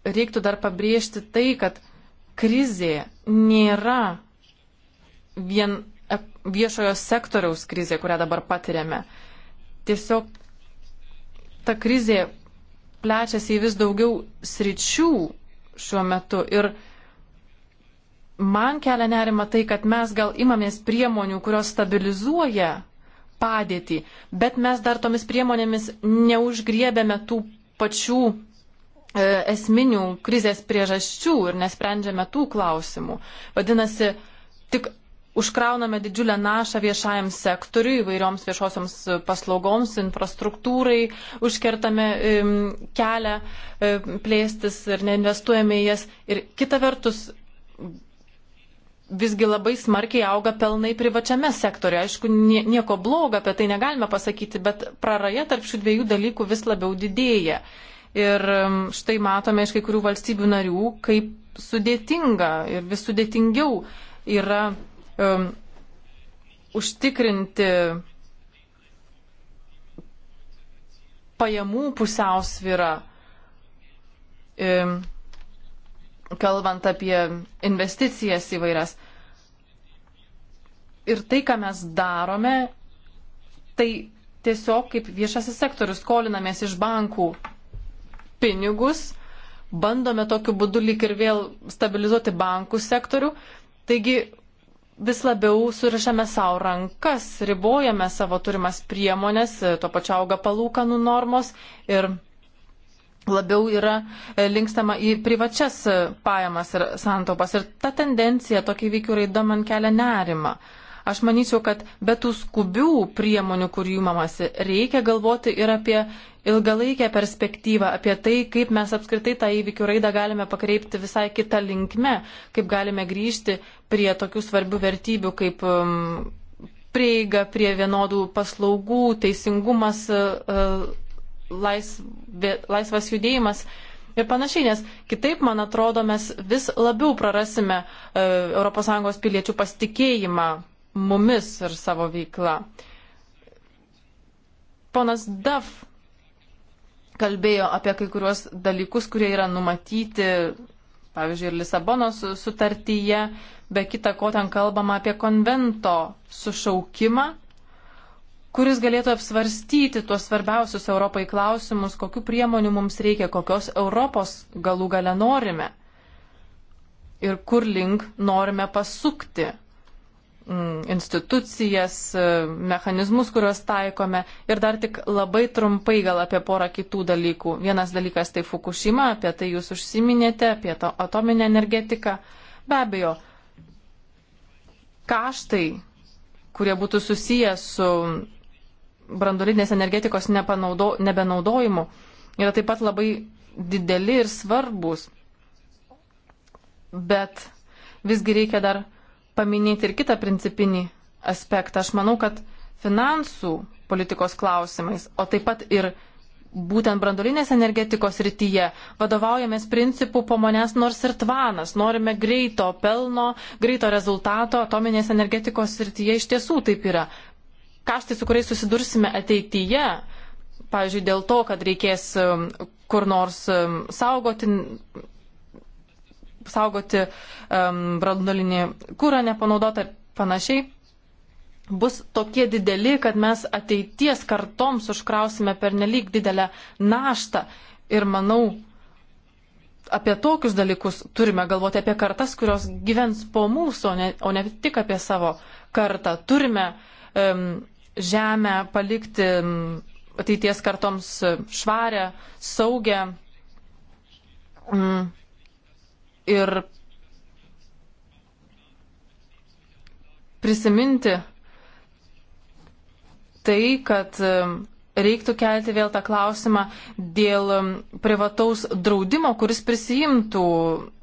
reiktų dar pabrėžti tai, kad krizė nėra vien viešojo sektoriaus krizė, kurią dabar patiriame. Tiesiog ta krizė plečiasi į vis daugiau sričių šiuo metu ir man kelia nerima tai, kad mes gal imamės priemonių, kurios stabilizuoja padėtį, bet mes dar tomis priemonėmis neužgriebėme tų pačių e, esminių krizės priežasčių ir nesprendžiame tų klausimų. Vadinasi, tik užkrauname didžiulę našą viešajam sektoriui, įvairioms viešosioms paslaugoms, infrastruktūrai, užkertame kelią plėstis ir neinvestuojame į jas. Ir kita vertus, visgi labai smarkiai auga pelnai privačiame sektoriu. Aišku, nieko blogo apie tai negalime pasakyti, bet praraja tarp šių dviejų dalykų vis labiau didėja. Ir štai matome iš kai kurių valstybių narių, kaip sudėtinga ir vis sudėtingiau yra um, užtikrinti pajamų pusiausvyrą, um, kalbant apie investicijas įvairias. Ir tai, ką mes darome, tai tiesiog kaip viešasis sektorius skolinamės iš bankų pinigus, bandome tokiu būdu lyg ir vėl stabilizuoti bankų sektorių. Taigi vis labiau surišame savo rankas, ribojame savo turimas priemonės, to pačiu auga palūkanų normos ir labiau yra e, linkstama į privačias e, pajamas ir santaupas. Ir ta tendencija tokia įvykių raida man kelia nerima. Uh, Aš manyčiau, kad be tų skubių priemonių, kur jų mamasi, reikia galvoti ir apie ilgalaikę perspektyvą, apie tai, kaip mes apskritai tą įvykių raidą galime pakreipti visai kitą linkmę, kaip galime grįžti prie tokių svarbių vertybių kaip um, prieiga prie vienodų paslaugų, teisingumas, uh, uh laisvė, laisvas judėjimas ir panašiai, nes kitaip, man atrodo, mes vis labiau prarasime uh, ES piliečių pasitikėjimą mumis ir savo veikla. Ponas Daf kalbėjo apie kai kuriuos dalykus, kurie yra numatyti, pavyzdžiui, ir Lisabonos sutartyje, be kita ko ten kalbama apie konvento sušaukimą, kuris galėtų apsvarstyti tuos svarbiausius Europai klausimus, kokiu priemonių mums reikia, kokios Europos galų gale norime ir kur link norime pasukti Mm, institucijas, e, mechanizmus, kuriuos taikome. Ir dar tik labai trumpai gal apie porą kitų dalykų. Vienas dalykas tai Fukushima, apie tai jūs užsiminėte, apie to atominę energetiką. Be abejo, kaštai, kurie būtų susiję su brandolinės energetikos nepanaudo, nebenaudojimu, yra taip pat labai dideli ir svarbus. Bet visgi reikia dar paminėti ir kitą principinį aspektą. Aš manau, kad finansų politikos klausimais, o taip pat ir būtent brandolinės energetikos rytyje vadovaujamės principu po manęs nors ir tvanas. Norime greito pelno, greito rezultato, atominės energetikos rytyje iš tiesų taip yra. Kaštai, su kuriais susidursime ateityje, pavyzdžiui, dėl to, kad reikės um, kur nors um, saugoti saugoti um, brandolinį kūrą nepanaudotą ir panašiai, bus tokie dideli, kad mes ateities kartoms užkrausime per nelik didelę naštą. Ir manau, apie tokius dalykus turime galvoti, apie kartas, kurios gyvens po mūsų, o ne, o ne tik apie savo kartą. Turime um, žemę palikti um, ateities kartoms švarę, saugę. Um, ir prisiminti tai, kad um, reiktų kelti vėl tą klausimą dėl um, privataus draudimo, kuris prisijimtų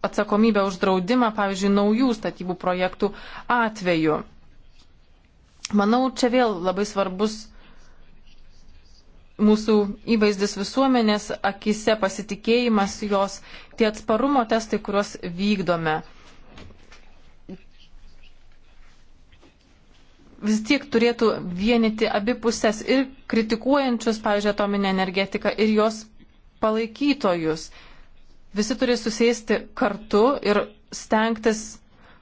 atsakomybę už draudimą, pavyzdžiui, naujų statybų projektų atveju. Manau, čia vėl labai svarbus mūsų įvaizdis visuomenės akise, pasitikėjimas jos, tie atsparumo testai, kuriuos vykdome. Vis tiek turėtų vienyti abi pusės ir kritikuojančius, pavyzdžiui, atominę energetiką ir jos palaikytojus. Visi turi susėsti kartu ir stengtis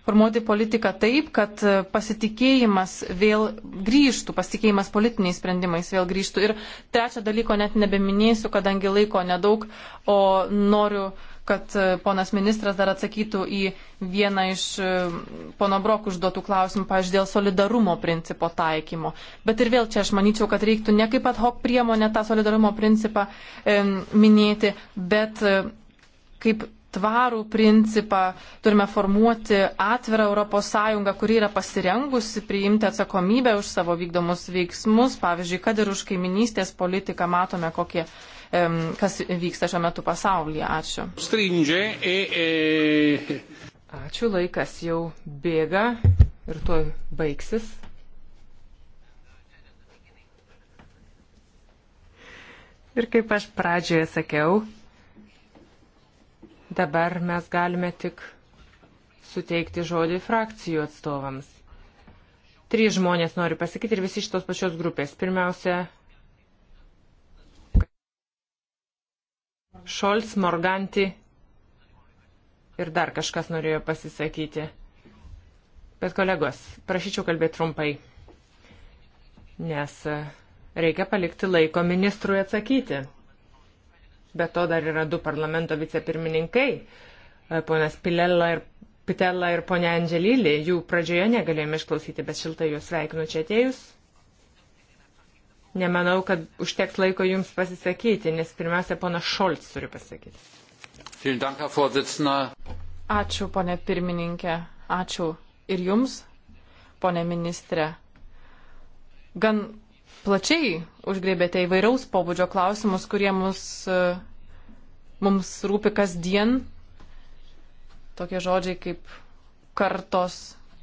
formuoti politiką taip, kad e, pasitikėjimas vėl grįžtų, pasitikėjimas politiniais sprendimais vėl grįžtų. Ir trečią dalyko net nebeminėsiu, kadangi laiko nedaug, o noriu, kad e, ponas ministras dar atsakytų į vieną iš e, pono Brokų užduotų klausimų, pažiūrėjau, dėl solidarumo principo taikymo. Bet ir vėl čia aš manyčiau, kad reiktų ne kaip ad hoc priemonę tą solidarumo principą e, minėti, bet e, kaip tvarų principą, turime formuoti atvirą ES, kuri yra pasirengusi priimti atsakomybę už savo vykdomus veiksmus, pavyzdžiui, kad ir už kaiminystės politiką matome, kokie, kas vyksta šiuo metu pasaulyje. Ačiū. Stringė, e, e. Ačiū, laikas jau bėga ir tuo baigsis. Ir kaip aš pradžioje sakiau, Dabar mes galime tik suteikti žodį frakcijų atstovams. Trys žmonės nori pasakyti ir visi iš tos pačios grupės. Pirmiausia, Šolts, Morganti ir dar kažkas norėjo pasisakyti. Bet kolegos, prašyčiau kalbėti trumpai, nes e, reikia palikti laiko ministrui atsakyti. Be to dar yra du parlamento vicepirmininkai, e, ponas Pilella ir Pitella ir ponia Andželylė. Jų pradžioje negalėjome išklausyti, bet šiltai juos sveikinu čia atėjus. Nemanau, kad užteks laiko jums pasisakyti, nes pirmiausia, ponas Šolts turi pasakyti. Ačiū, ponė pirmininkė. Ačiū ir jums, ponė ministrė. Gan plačiai užgrėbėte įvairiaus pobūdžio klausimus, kurie mus, e, mums rūpi kasdien. Tokie žodžiai kaip kartos,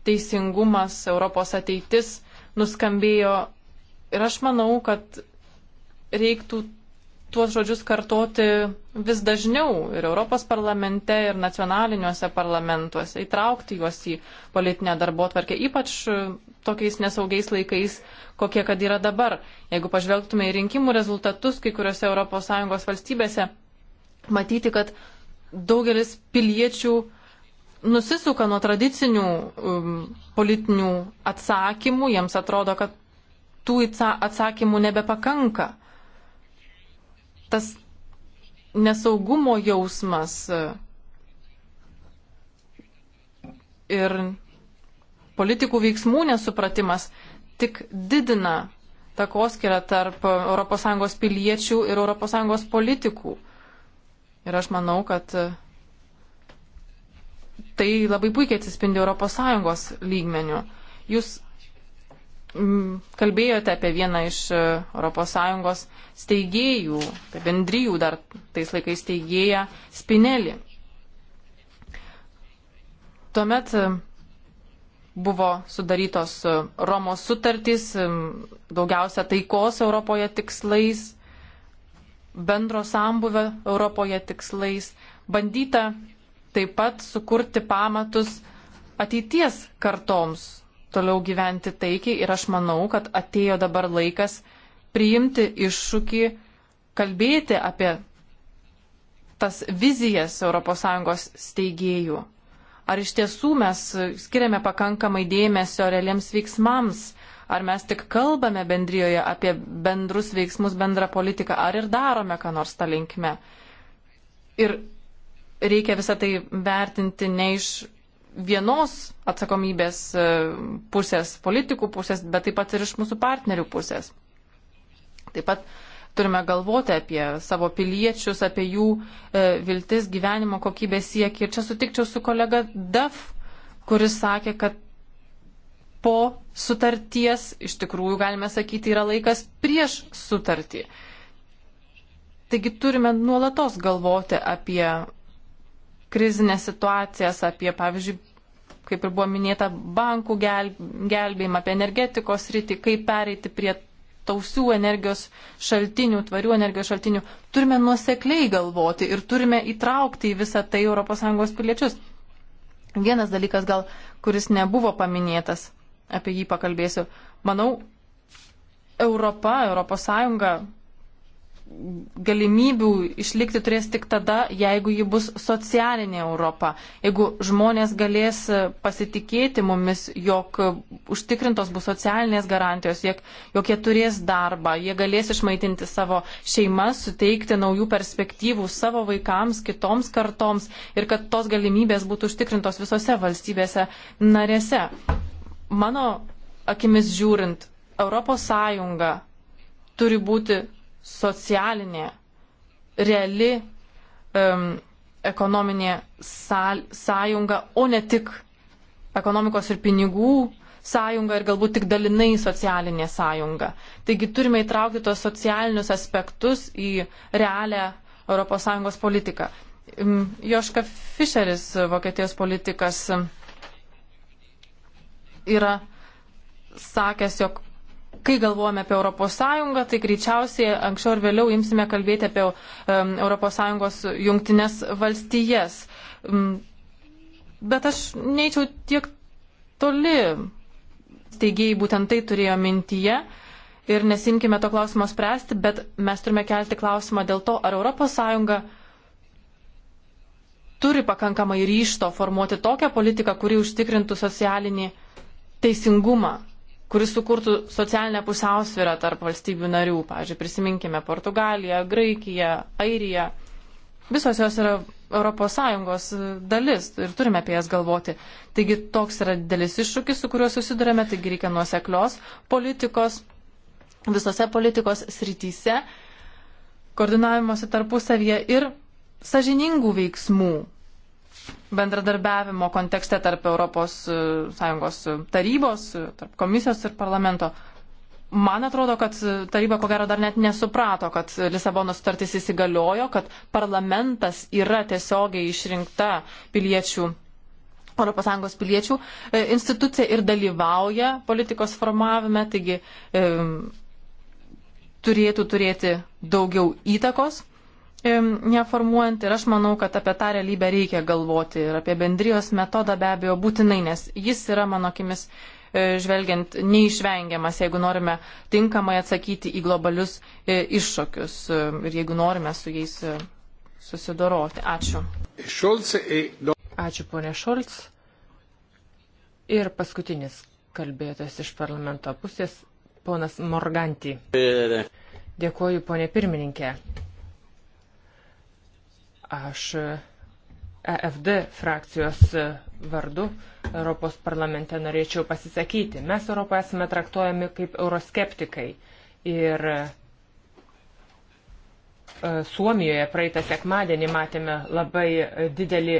teisingumas, Europos ateitis nuskambėjo. Ir aš manau, kad reiktų tuos žodžius kartoti vis dažniau ir Europos parlamente, ir nacionaliniuose parlamentuose, įtraukti juos į politinę darbo tvarkę, ypač tokiais nesaugiais laikais, kokie kad yra dabar. Jeigu pažvelgtume į rinkimų rezultatus kai kuriuose ES valstybėse, matyti, kad daugelis piliečių nusisuka nuo tradicinių um, politinių atsakymų, jiems atrodo, kad tų atsakymų nebepakanka tas nesaugumo jausmas ir politikų veiksmų nesupratimas tik didina takoskirą tarp ES piliečių ir ES politikų. Ir aš manau, kad tai labai puikiai atsispindi ES lygmenių. Jūs Mm, kalbėjote apie vieną iš ES steigėjų, apie bendryjų dar tais laikais steigėją Spinelį. Tuomet e, buvo sudarytos e, Romos sutartys, e, daugiausia taikos Europoje tikslais, bendro sambuvio Europoje tikslais. Bandyta taip pat sukurti pamatus ateities kartoms toliau gyventi taikiai ir aš manau, kad atėjo dabar laikas priimti iššūkį, kalbėti apie tas vizijas ES steigėjų. Ar iš tiesų mes skiriame pakankamai dėmesio realiems veiksmams, ar mes tik kalbame bendrijoje apie bendrus veiksmus, bendrą politiką, ar ir darome ką nors tą linkme. Ir reikia visą tai vertinti ne iš vienos atsakomybės e, pusės, politikų pusės, bet taip pat ir iš mūsų partnerių pusės. Taip pat turime galvoti apie savo piliečius, apie jų e, viltis, gyvenimo kokybės siekį. Ir čia sutikčiau su kolega Daf, kuris sakė, kad po sutarties, iš tikrųjų galime sakyti, yra laikas prieš sutartį. Taigi turime nuolatos galvoti apie krizinės situacijas, apie, pavyzdžiui, kaip ir buvo minėta, bankų gel, gelbėjimą, apie energetikos rytį, kaip pereiti prie tausių energijos šaltinių, tvarių energijos šaltinių. Turime nuosekliai galvoti ir turime įtraukti į visą tai ES piliečius. Vienas dalykas gal, kuris nebuvo paminėtas, apie jį pakalbėsiu. Manau, Europa, ES galimybių išlikti turės tik tada, jeigu ji bus socialinė Europa. Jeigu žmonės galės pasitikėti mumis, jog užtikrintos bus socialinės garantijos, jog, jog jie turės darbą, jie galės išmaitinti savo šeimas, suteikti naujų perspektyvų savo vaikams, kitoms kartoms ir kad tos galimybės būtų užtikrintos visose valstybėse narėse. Mano akimis žiūrint, Europos Sąjunga turi būti socialinė, reali um, ekonominė sal, sąjunga, o ne tik ekonomikos ir pinigų sąjunga ir galbūt tik dalinai socialinė sąjunga. Taigi turime įtraukti tos socialinius aspektus į realią ES politiką. Joška Fischeris, Vokietijos politikas, yra sakęs, jog kai galvojame apie ES, tai greičiausiai anksčiau ir vėliau imsime kalbėti apie um, ES jungtinės valstijas. Um, bet aš neįčiau tiek toli. Steigėjai būtent tai turėjo mintyje ir nesimkime to klausimo spręsti, bet mes turime kelti klausimą dėl to, ar ES turi pakankamai ryšto formuoti tokią politiką, kuri užtikrintų socialinį teisingumą kuris sukurtų socialinę pusiausvyrą tarp valstybių narių. Pavyzdžiui, prisiminkime Portugaliją, Graikiją, Airiją. Visos jos yra ES dalis ir turime apie jas galvoti. Taigi toks yra didelis iššūkis, su kuriuo susidurėme, taigi reikia nuoseklios politikos visose politikos srityse, koordinavimuose tarpusavyje ir sažiningų veiksmų, bendradarbiavimo kontekste tarp ES e, e, tarybos, e, tarp komisijos ir parlamento. Man atrodo, kad taryba ko gero dar net nesuprato, kad Lisabono sutartis įsigaliojo, kad parlamentas yra tiesiogiai išrinkta piliečių. ES piliečių institucija ir dalyvauja politikos formavime, taigi e, turėtų turėti daugiau įtakos neformuojant ir aš manau, kad apie tą realybę reikia galvoti ir apie bendrijos metodą be abejo būtinai, nes jis yra mano akimis e, žvelgiant neišvengiamas, jeigu norime tinkamai atsakyti į globalius e, iššūkius e, ir jeigu norime su jais susidoroti. Ačiū. Ačiū ponė Šolc. Ir paskutinis kalbėtojas iš parlamento pusės, ponas Morganti. Dėkuoju ponė pirmininkė. Aš EFD e frakcijos e, vardu Europos parlamente norėčiau pasisakyti. Mes Europoje esame traktuojami kaip euroskeptikai. Ir e, Suomijoje praeitą sekmadienį matėme labai didelį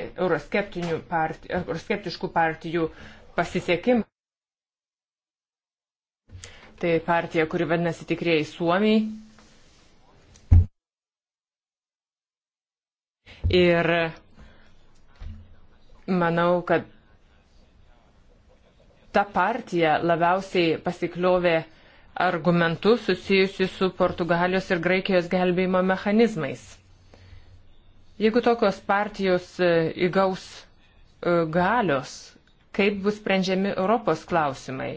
partijų, euroskeptiškų partijų pasisekimą. Tai partija, kuri vadinasi tikrieji Suomiai, Ir manau, kad ta partija labiausiai pasikliovė argumentų susijusių su Portugalijos ir Graikijos gelbėjimo mechanizmais. Jeigu tokios partijos e, įgaus e, galios, kaip bus sprendžiami Europos klausimai?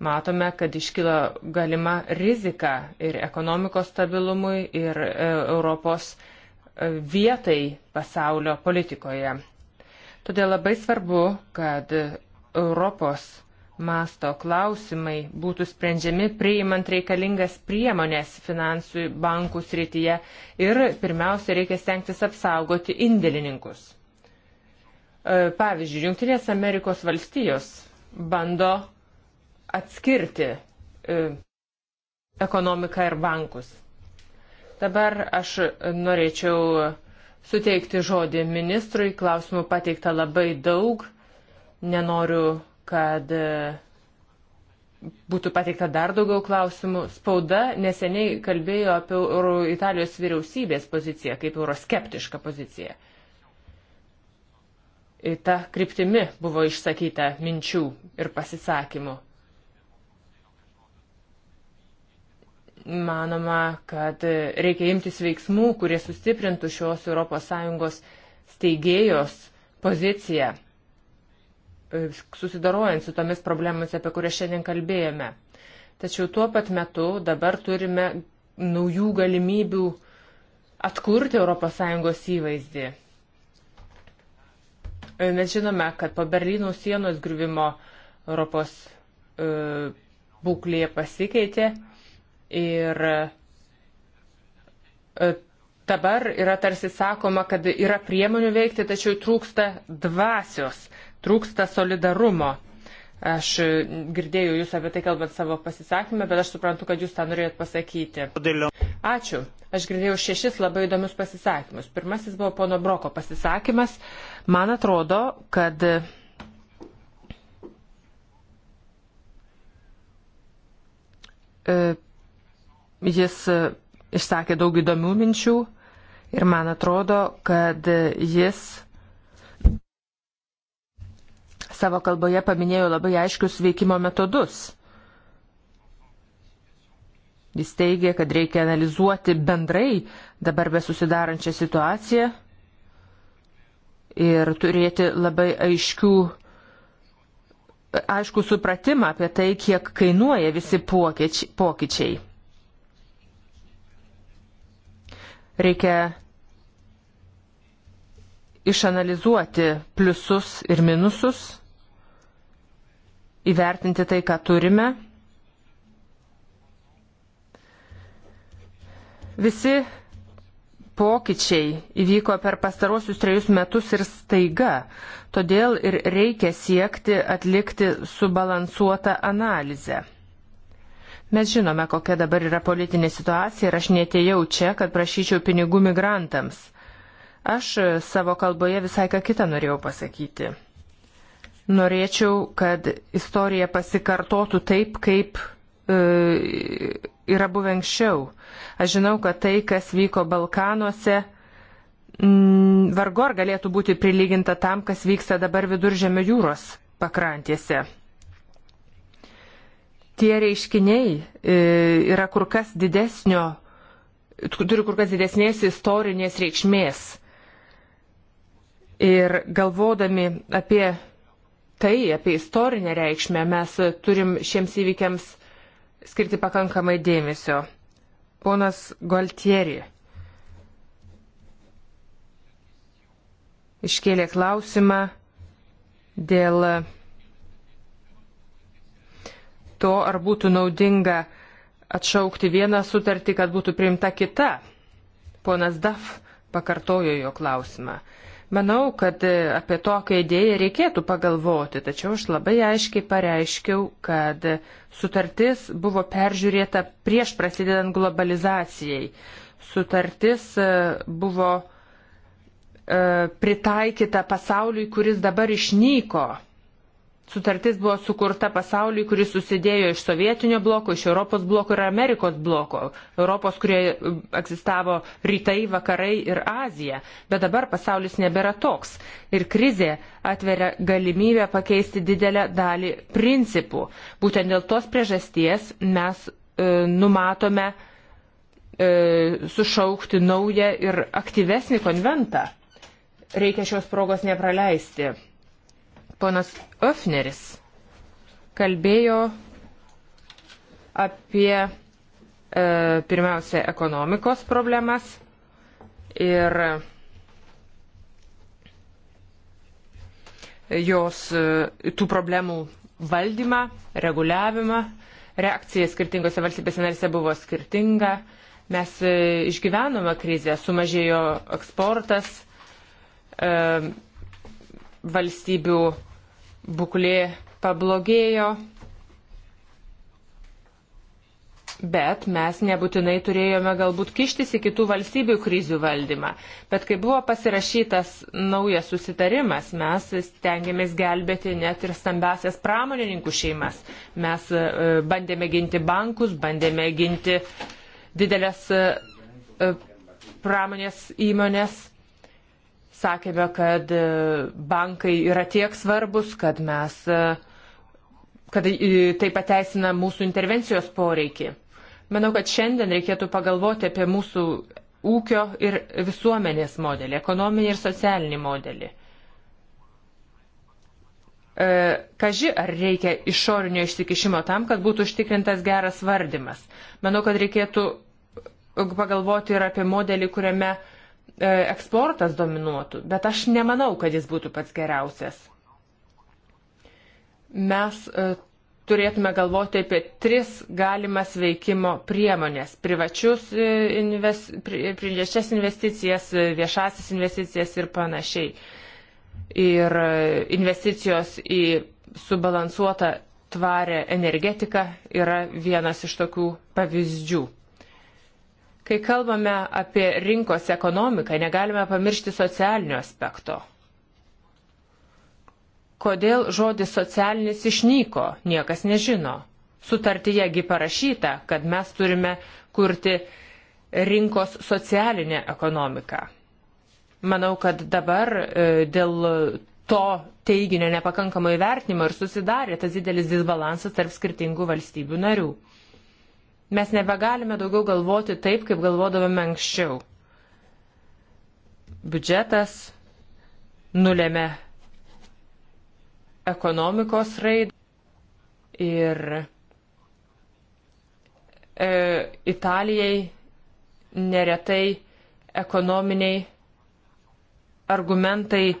Matome, kad iškilo galima rizika ir ekonomikos stabilumui, ir e, Europos vietai pasaulio politikoje. Todėl labai svarbu, kad Europos masto klausimai būtų sprendžiami priimant reikalingas priemonės finansų bankų srityje ir pirmiausia reikia stengtis apsaugoti indėlininkus. E, pavyzdžiui, Junktinės Amerikos valstijos bando atskirti e, ekonomiką ir bankus. Dabar aš norėčiau suteikti žodį ministrui. Klausimų pateikta labai daug. Nenoriu, kad e, būtų pateikta dar daugiau klausimų. Spauda neseniai kalbėjo apie Italijos vyriausybės poziciją kaip euroskeptišką poziciją. Ir ta kryptimi buvo išsakyta minčių ir pasisakymų. manoma, kad reikia imtis veiksmų, kurie sustiprintų šios ES steigėjos poziciją, e, susidarojant su tomis problemomis, apie kurias šiandien kalbėjome. Tačiau tuo pat metu dabar turime naujų galimybių atkurti ES įvaizdį. E, mes žinome, kad po Berlyno sienos griuvimo Europos e, būklė pasikeitė Ir e, dabar yra tarsi sakoma, kad yra priemonių veikti, tačiau trūksta dvasios, trūksta solidarumo. Aš girdėjau jūs apie tai kalbant savo pasisakymę, bet aš suprantu, kad jūs tą norėjot pasakyti. Ačiū. Aš girdėjau šešis labai įdomius pasisakymus. Pirmasis buvo pono Broko pasisakymas. Man atrodo, kad. E, Jis e, išsakė daug įdomių minčių ir man atrodo, kad jis savo kalboje paminėjo labai aiškius veikimo metodus. Jis teigia, kad reikia analizuoti bendrai dabar be susidarančią situaciją ir turėti labai aiškių, aiškų supratimą apie tai, kiek kainuoja visi pokyčiai. Reikia išanalizuoti pliusus ir minususus, įvertinti tai, ką turime. Visi pokyčiai įvyko per pastarosius trejus metus ir staiga, todėl ir reikia siekti atlikti subalansuotą analizę. Mes žinome, kokia dabar yra politinė situacija ir aš netėjau čia, kad prašyčiau pinigų migrantams. Aš e, savo kalboje visai ką kitą norėjau pasakyti. Norėčiau, kad istorija pasikartotų taip, kaip e, yra buvę anksčiau. Aš žinau, kad tai, kas vyko Balkanuose, mm, vargu ar galėtų būti prilyginta tam, kas vyksta dabar viduržėmio jūros pakrantėse tie reiškiniai e, yra kur kas didesnio, turi kur kas didesnės istorinės reikšmės. Ir galvodami apie tai, apie istorinę reikšmę, mes turim šiems įvykiams skirti pakankamai dėmesio. Ponas Gualtieri iškėlė klausimą dėl to, ar būtų naudinga atšaukti vieną sutartį, kad būtų priimta kita. Ponas Daf pakartojo jo klausimą. Manau, kad e, apie tokią idėją reikėtų pagalvoti, tačiau aš labai aiškiai pareiškiau, kad sutartis buvo peržiūrėta prieš prasidedant globalizacijai. Sutartis e, buvo e, pritaikyta pasauliui, kuris dabar išnyko Sutartis buvo sukurta pasauliui, kuris susidėjo iš sovietinio bloko, iš Europos bloko ir Amerikos bloko. Europos, kurioje egzistavo rytai, vakarai ir Azija. Bet dabar pasaulis nebėra toks. Ir krizė atveria galimybę pakeisti didelę dalį principų. Būtent dėl tos priežasties mes e, numatome e, sušaukti naują ir aktyvesnį konventą. Reikia šios progos nepraleisti Ponas Öfneris kalbėjo apie e, pirmiausia ekonomikos problemas ir jos e, tų problemų valdymą, reguliavimą. Reakcija skirtingose valstybėse narėse buvo skirtinga. Mes e, išgyvenome krizę, sumažėjo eksportas, e, valstybių būklė pablogėjo, bet mes nebūtinai turėjome galbūt kištis į kitų valstybių krizių valdymą. Bet kai buvo pasirašytas naujas susitarimas, mes stengiamės gelbėti net ir stambesias pramonininkų šeimas. Mes e, bandėme ginti bankus, bandėme ginti didelės e, pramonės įmonės sakėme, kad e, bankai yra tiek svarbus, kad mes, e, kad e, tai pateisina mūsų intervencijos poreikį. Manau, kad šiandien reikėtų pagalvoti apie mūsų ūkio ir visuomenės modelį, ekonominį ir socialinį modelį. Kaži, ar reikia išorinio išsikišimo tam, kad būtų užtikrintas geras vardimas. Manau, kad reikėtų pagalvoti ir apie modelį, kuriame uh, E, eksportas dominuotų, bet aš nemanau, kad jis būtų pats geriausias. Mes e, turėtume galvoti apie tris galimas veikimo priemonės - privačius e, invest, privačias investicijas, viešasis investicijas ir panašiai. Ir investicijos į subalansuotą tvarę energetiką yra vienas iš tokių pavyzdžių. Kai kalbame apie rinkos ekonomiką, negalime pamiršti socialinio aspekto. Kodėl žodis socialinis išnyko, niekas nežino. Sutartyjegi parašyta, kad mes turime kurti rinkos socialinę ekonomiką. Manau, kad dabar e, dėl to teiginio nepakankamo įvertinimo ir susidarė tas didelis disbalansas tarp skirtingų valstybių narių. Mes nebegalime daugiau galvoti taip, kaip galvodavome anksčiau. Biudžetas nulėmė ekonomikos raidą ir e, Italijai neretai ekonominiai argumentai e,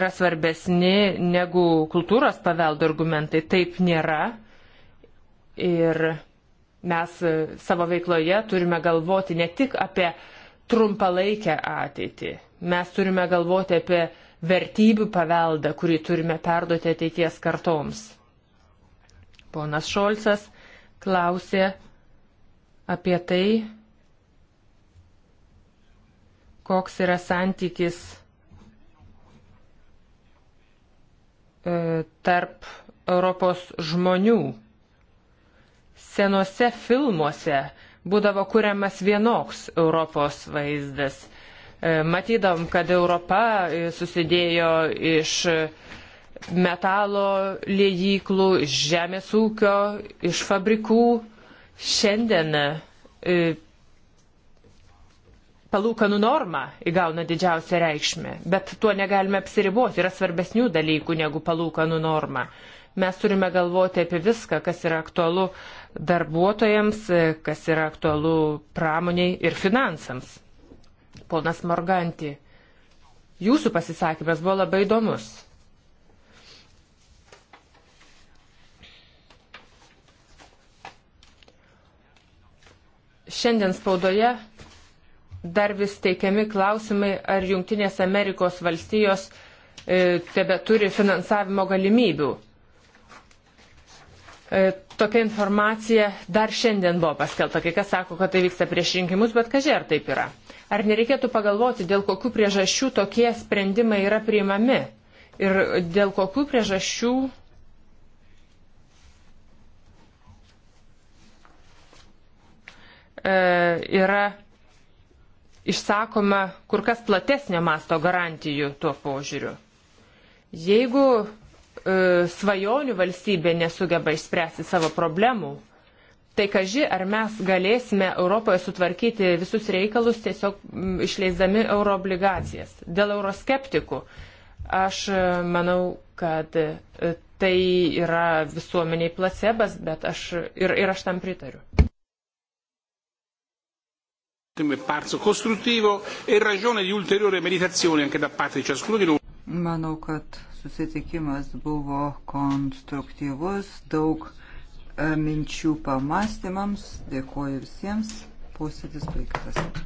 yra svarbesni negu kultūros paveldo argumentai. Taip nėra. Ir mes savo veikloje turime galvoti ne tik apie trumpalaikę ateitį, mes turime galvoti apie vertybių paveldą, kurį turime perduoti ateities kartoms. Ponas Šolcas klausė apie tai, koks yra santykis e, tarp Europos žmonių Senose filmuose būdavo kuriamas vienoks Europos vaizdas. E, Matydom, kad Europa e, susidėjo iš e, metalo liejyklų, iš žemės ūkio, iš fabrikų. Šiandien palūkanų norma įgauna didžiausią reikšmę, bet tuo negalime apsiriboti, yra svarbesnių dalykų negu palūkanų norma. Mes turime galvoti apie viską, kas yra aktualu darbuotojams, kas yra aktualu pramoniai ir finansams. Ponas Morganti, jūsų pasisakymas buvo labai įdomus. Šiandien spaudoje dar vis teikiami klausimai, ar Junktinės Amerikos valstijos e, tebe turi finansavimo galimybių. E, tokia informacija dar šiandien buvo paskelta, kai kas sako, kad tai vyksta prieš rinkimus, bet kažkai ar taip yra. Ar nereikėtų pagalvoti, dėl kokių priežasčių tokie sprendimai yra priimami ir dėl kokių priežasčių e, yra išsakoma kur kas platesnio masto garantijų tuo požiūriu. Jeigu E, svajonių valstybė nesugeba išspręsti savo problemų, tai kaži, ar mes galėsime Europoje sutvarkyti visus reikalus tiesiog išleisdami euroobligacijas. Dėl euroskeptikų aš e, manau, kad e, tai yra visuomeniai placebas, bet aš ir, ir aš tam pritariu. Parso costruttivo e ragione di ulteriore meditazione anche da parte di ciascuno di noi. Manau, kad susitikimas buvo konstruktyvus, daug e, minčių pamastymams. Dėkuoju visiems. Posėdis baigtas.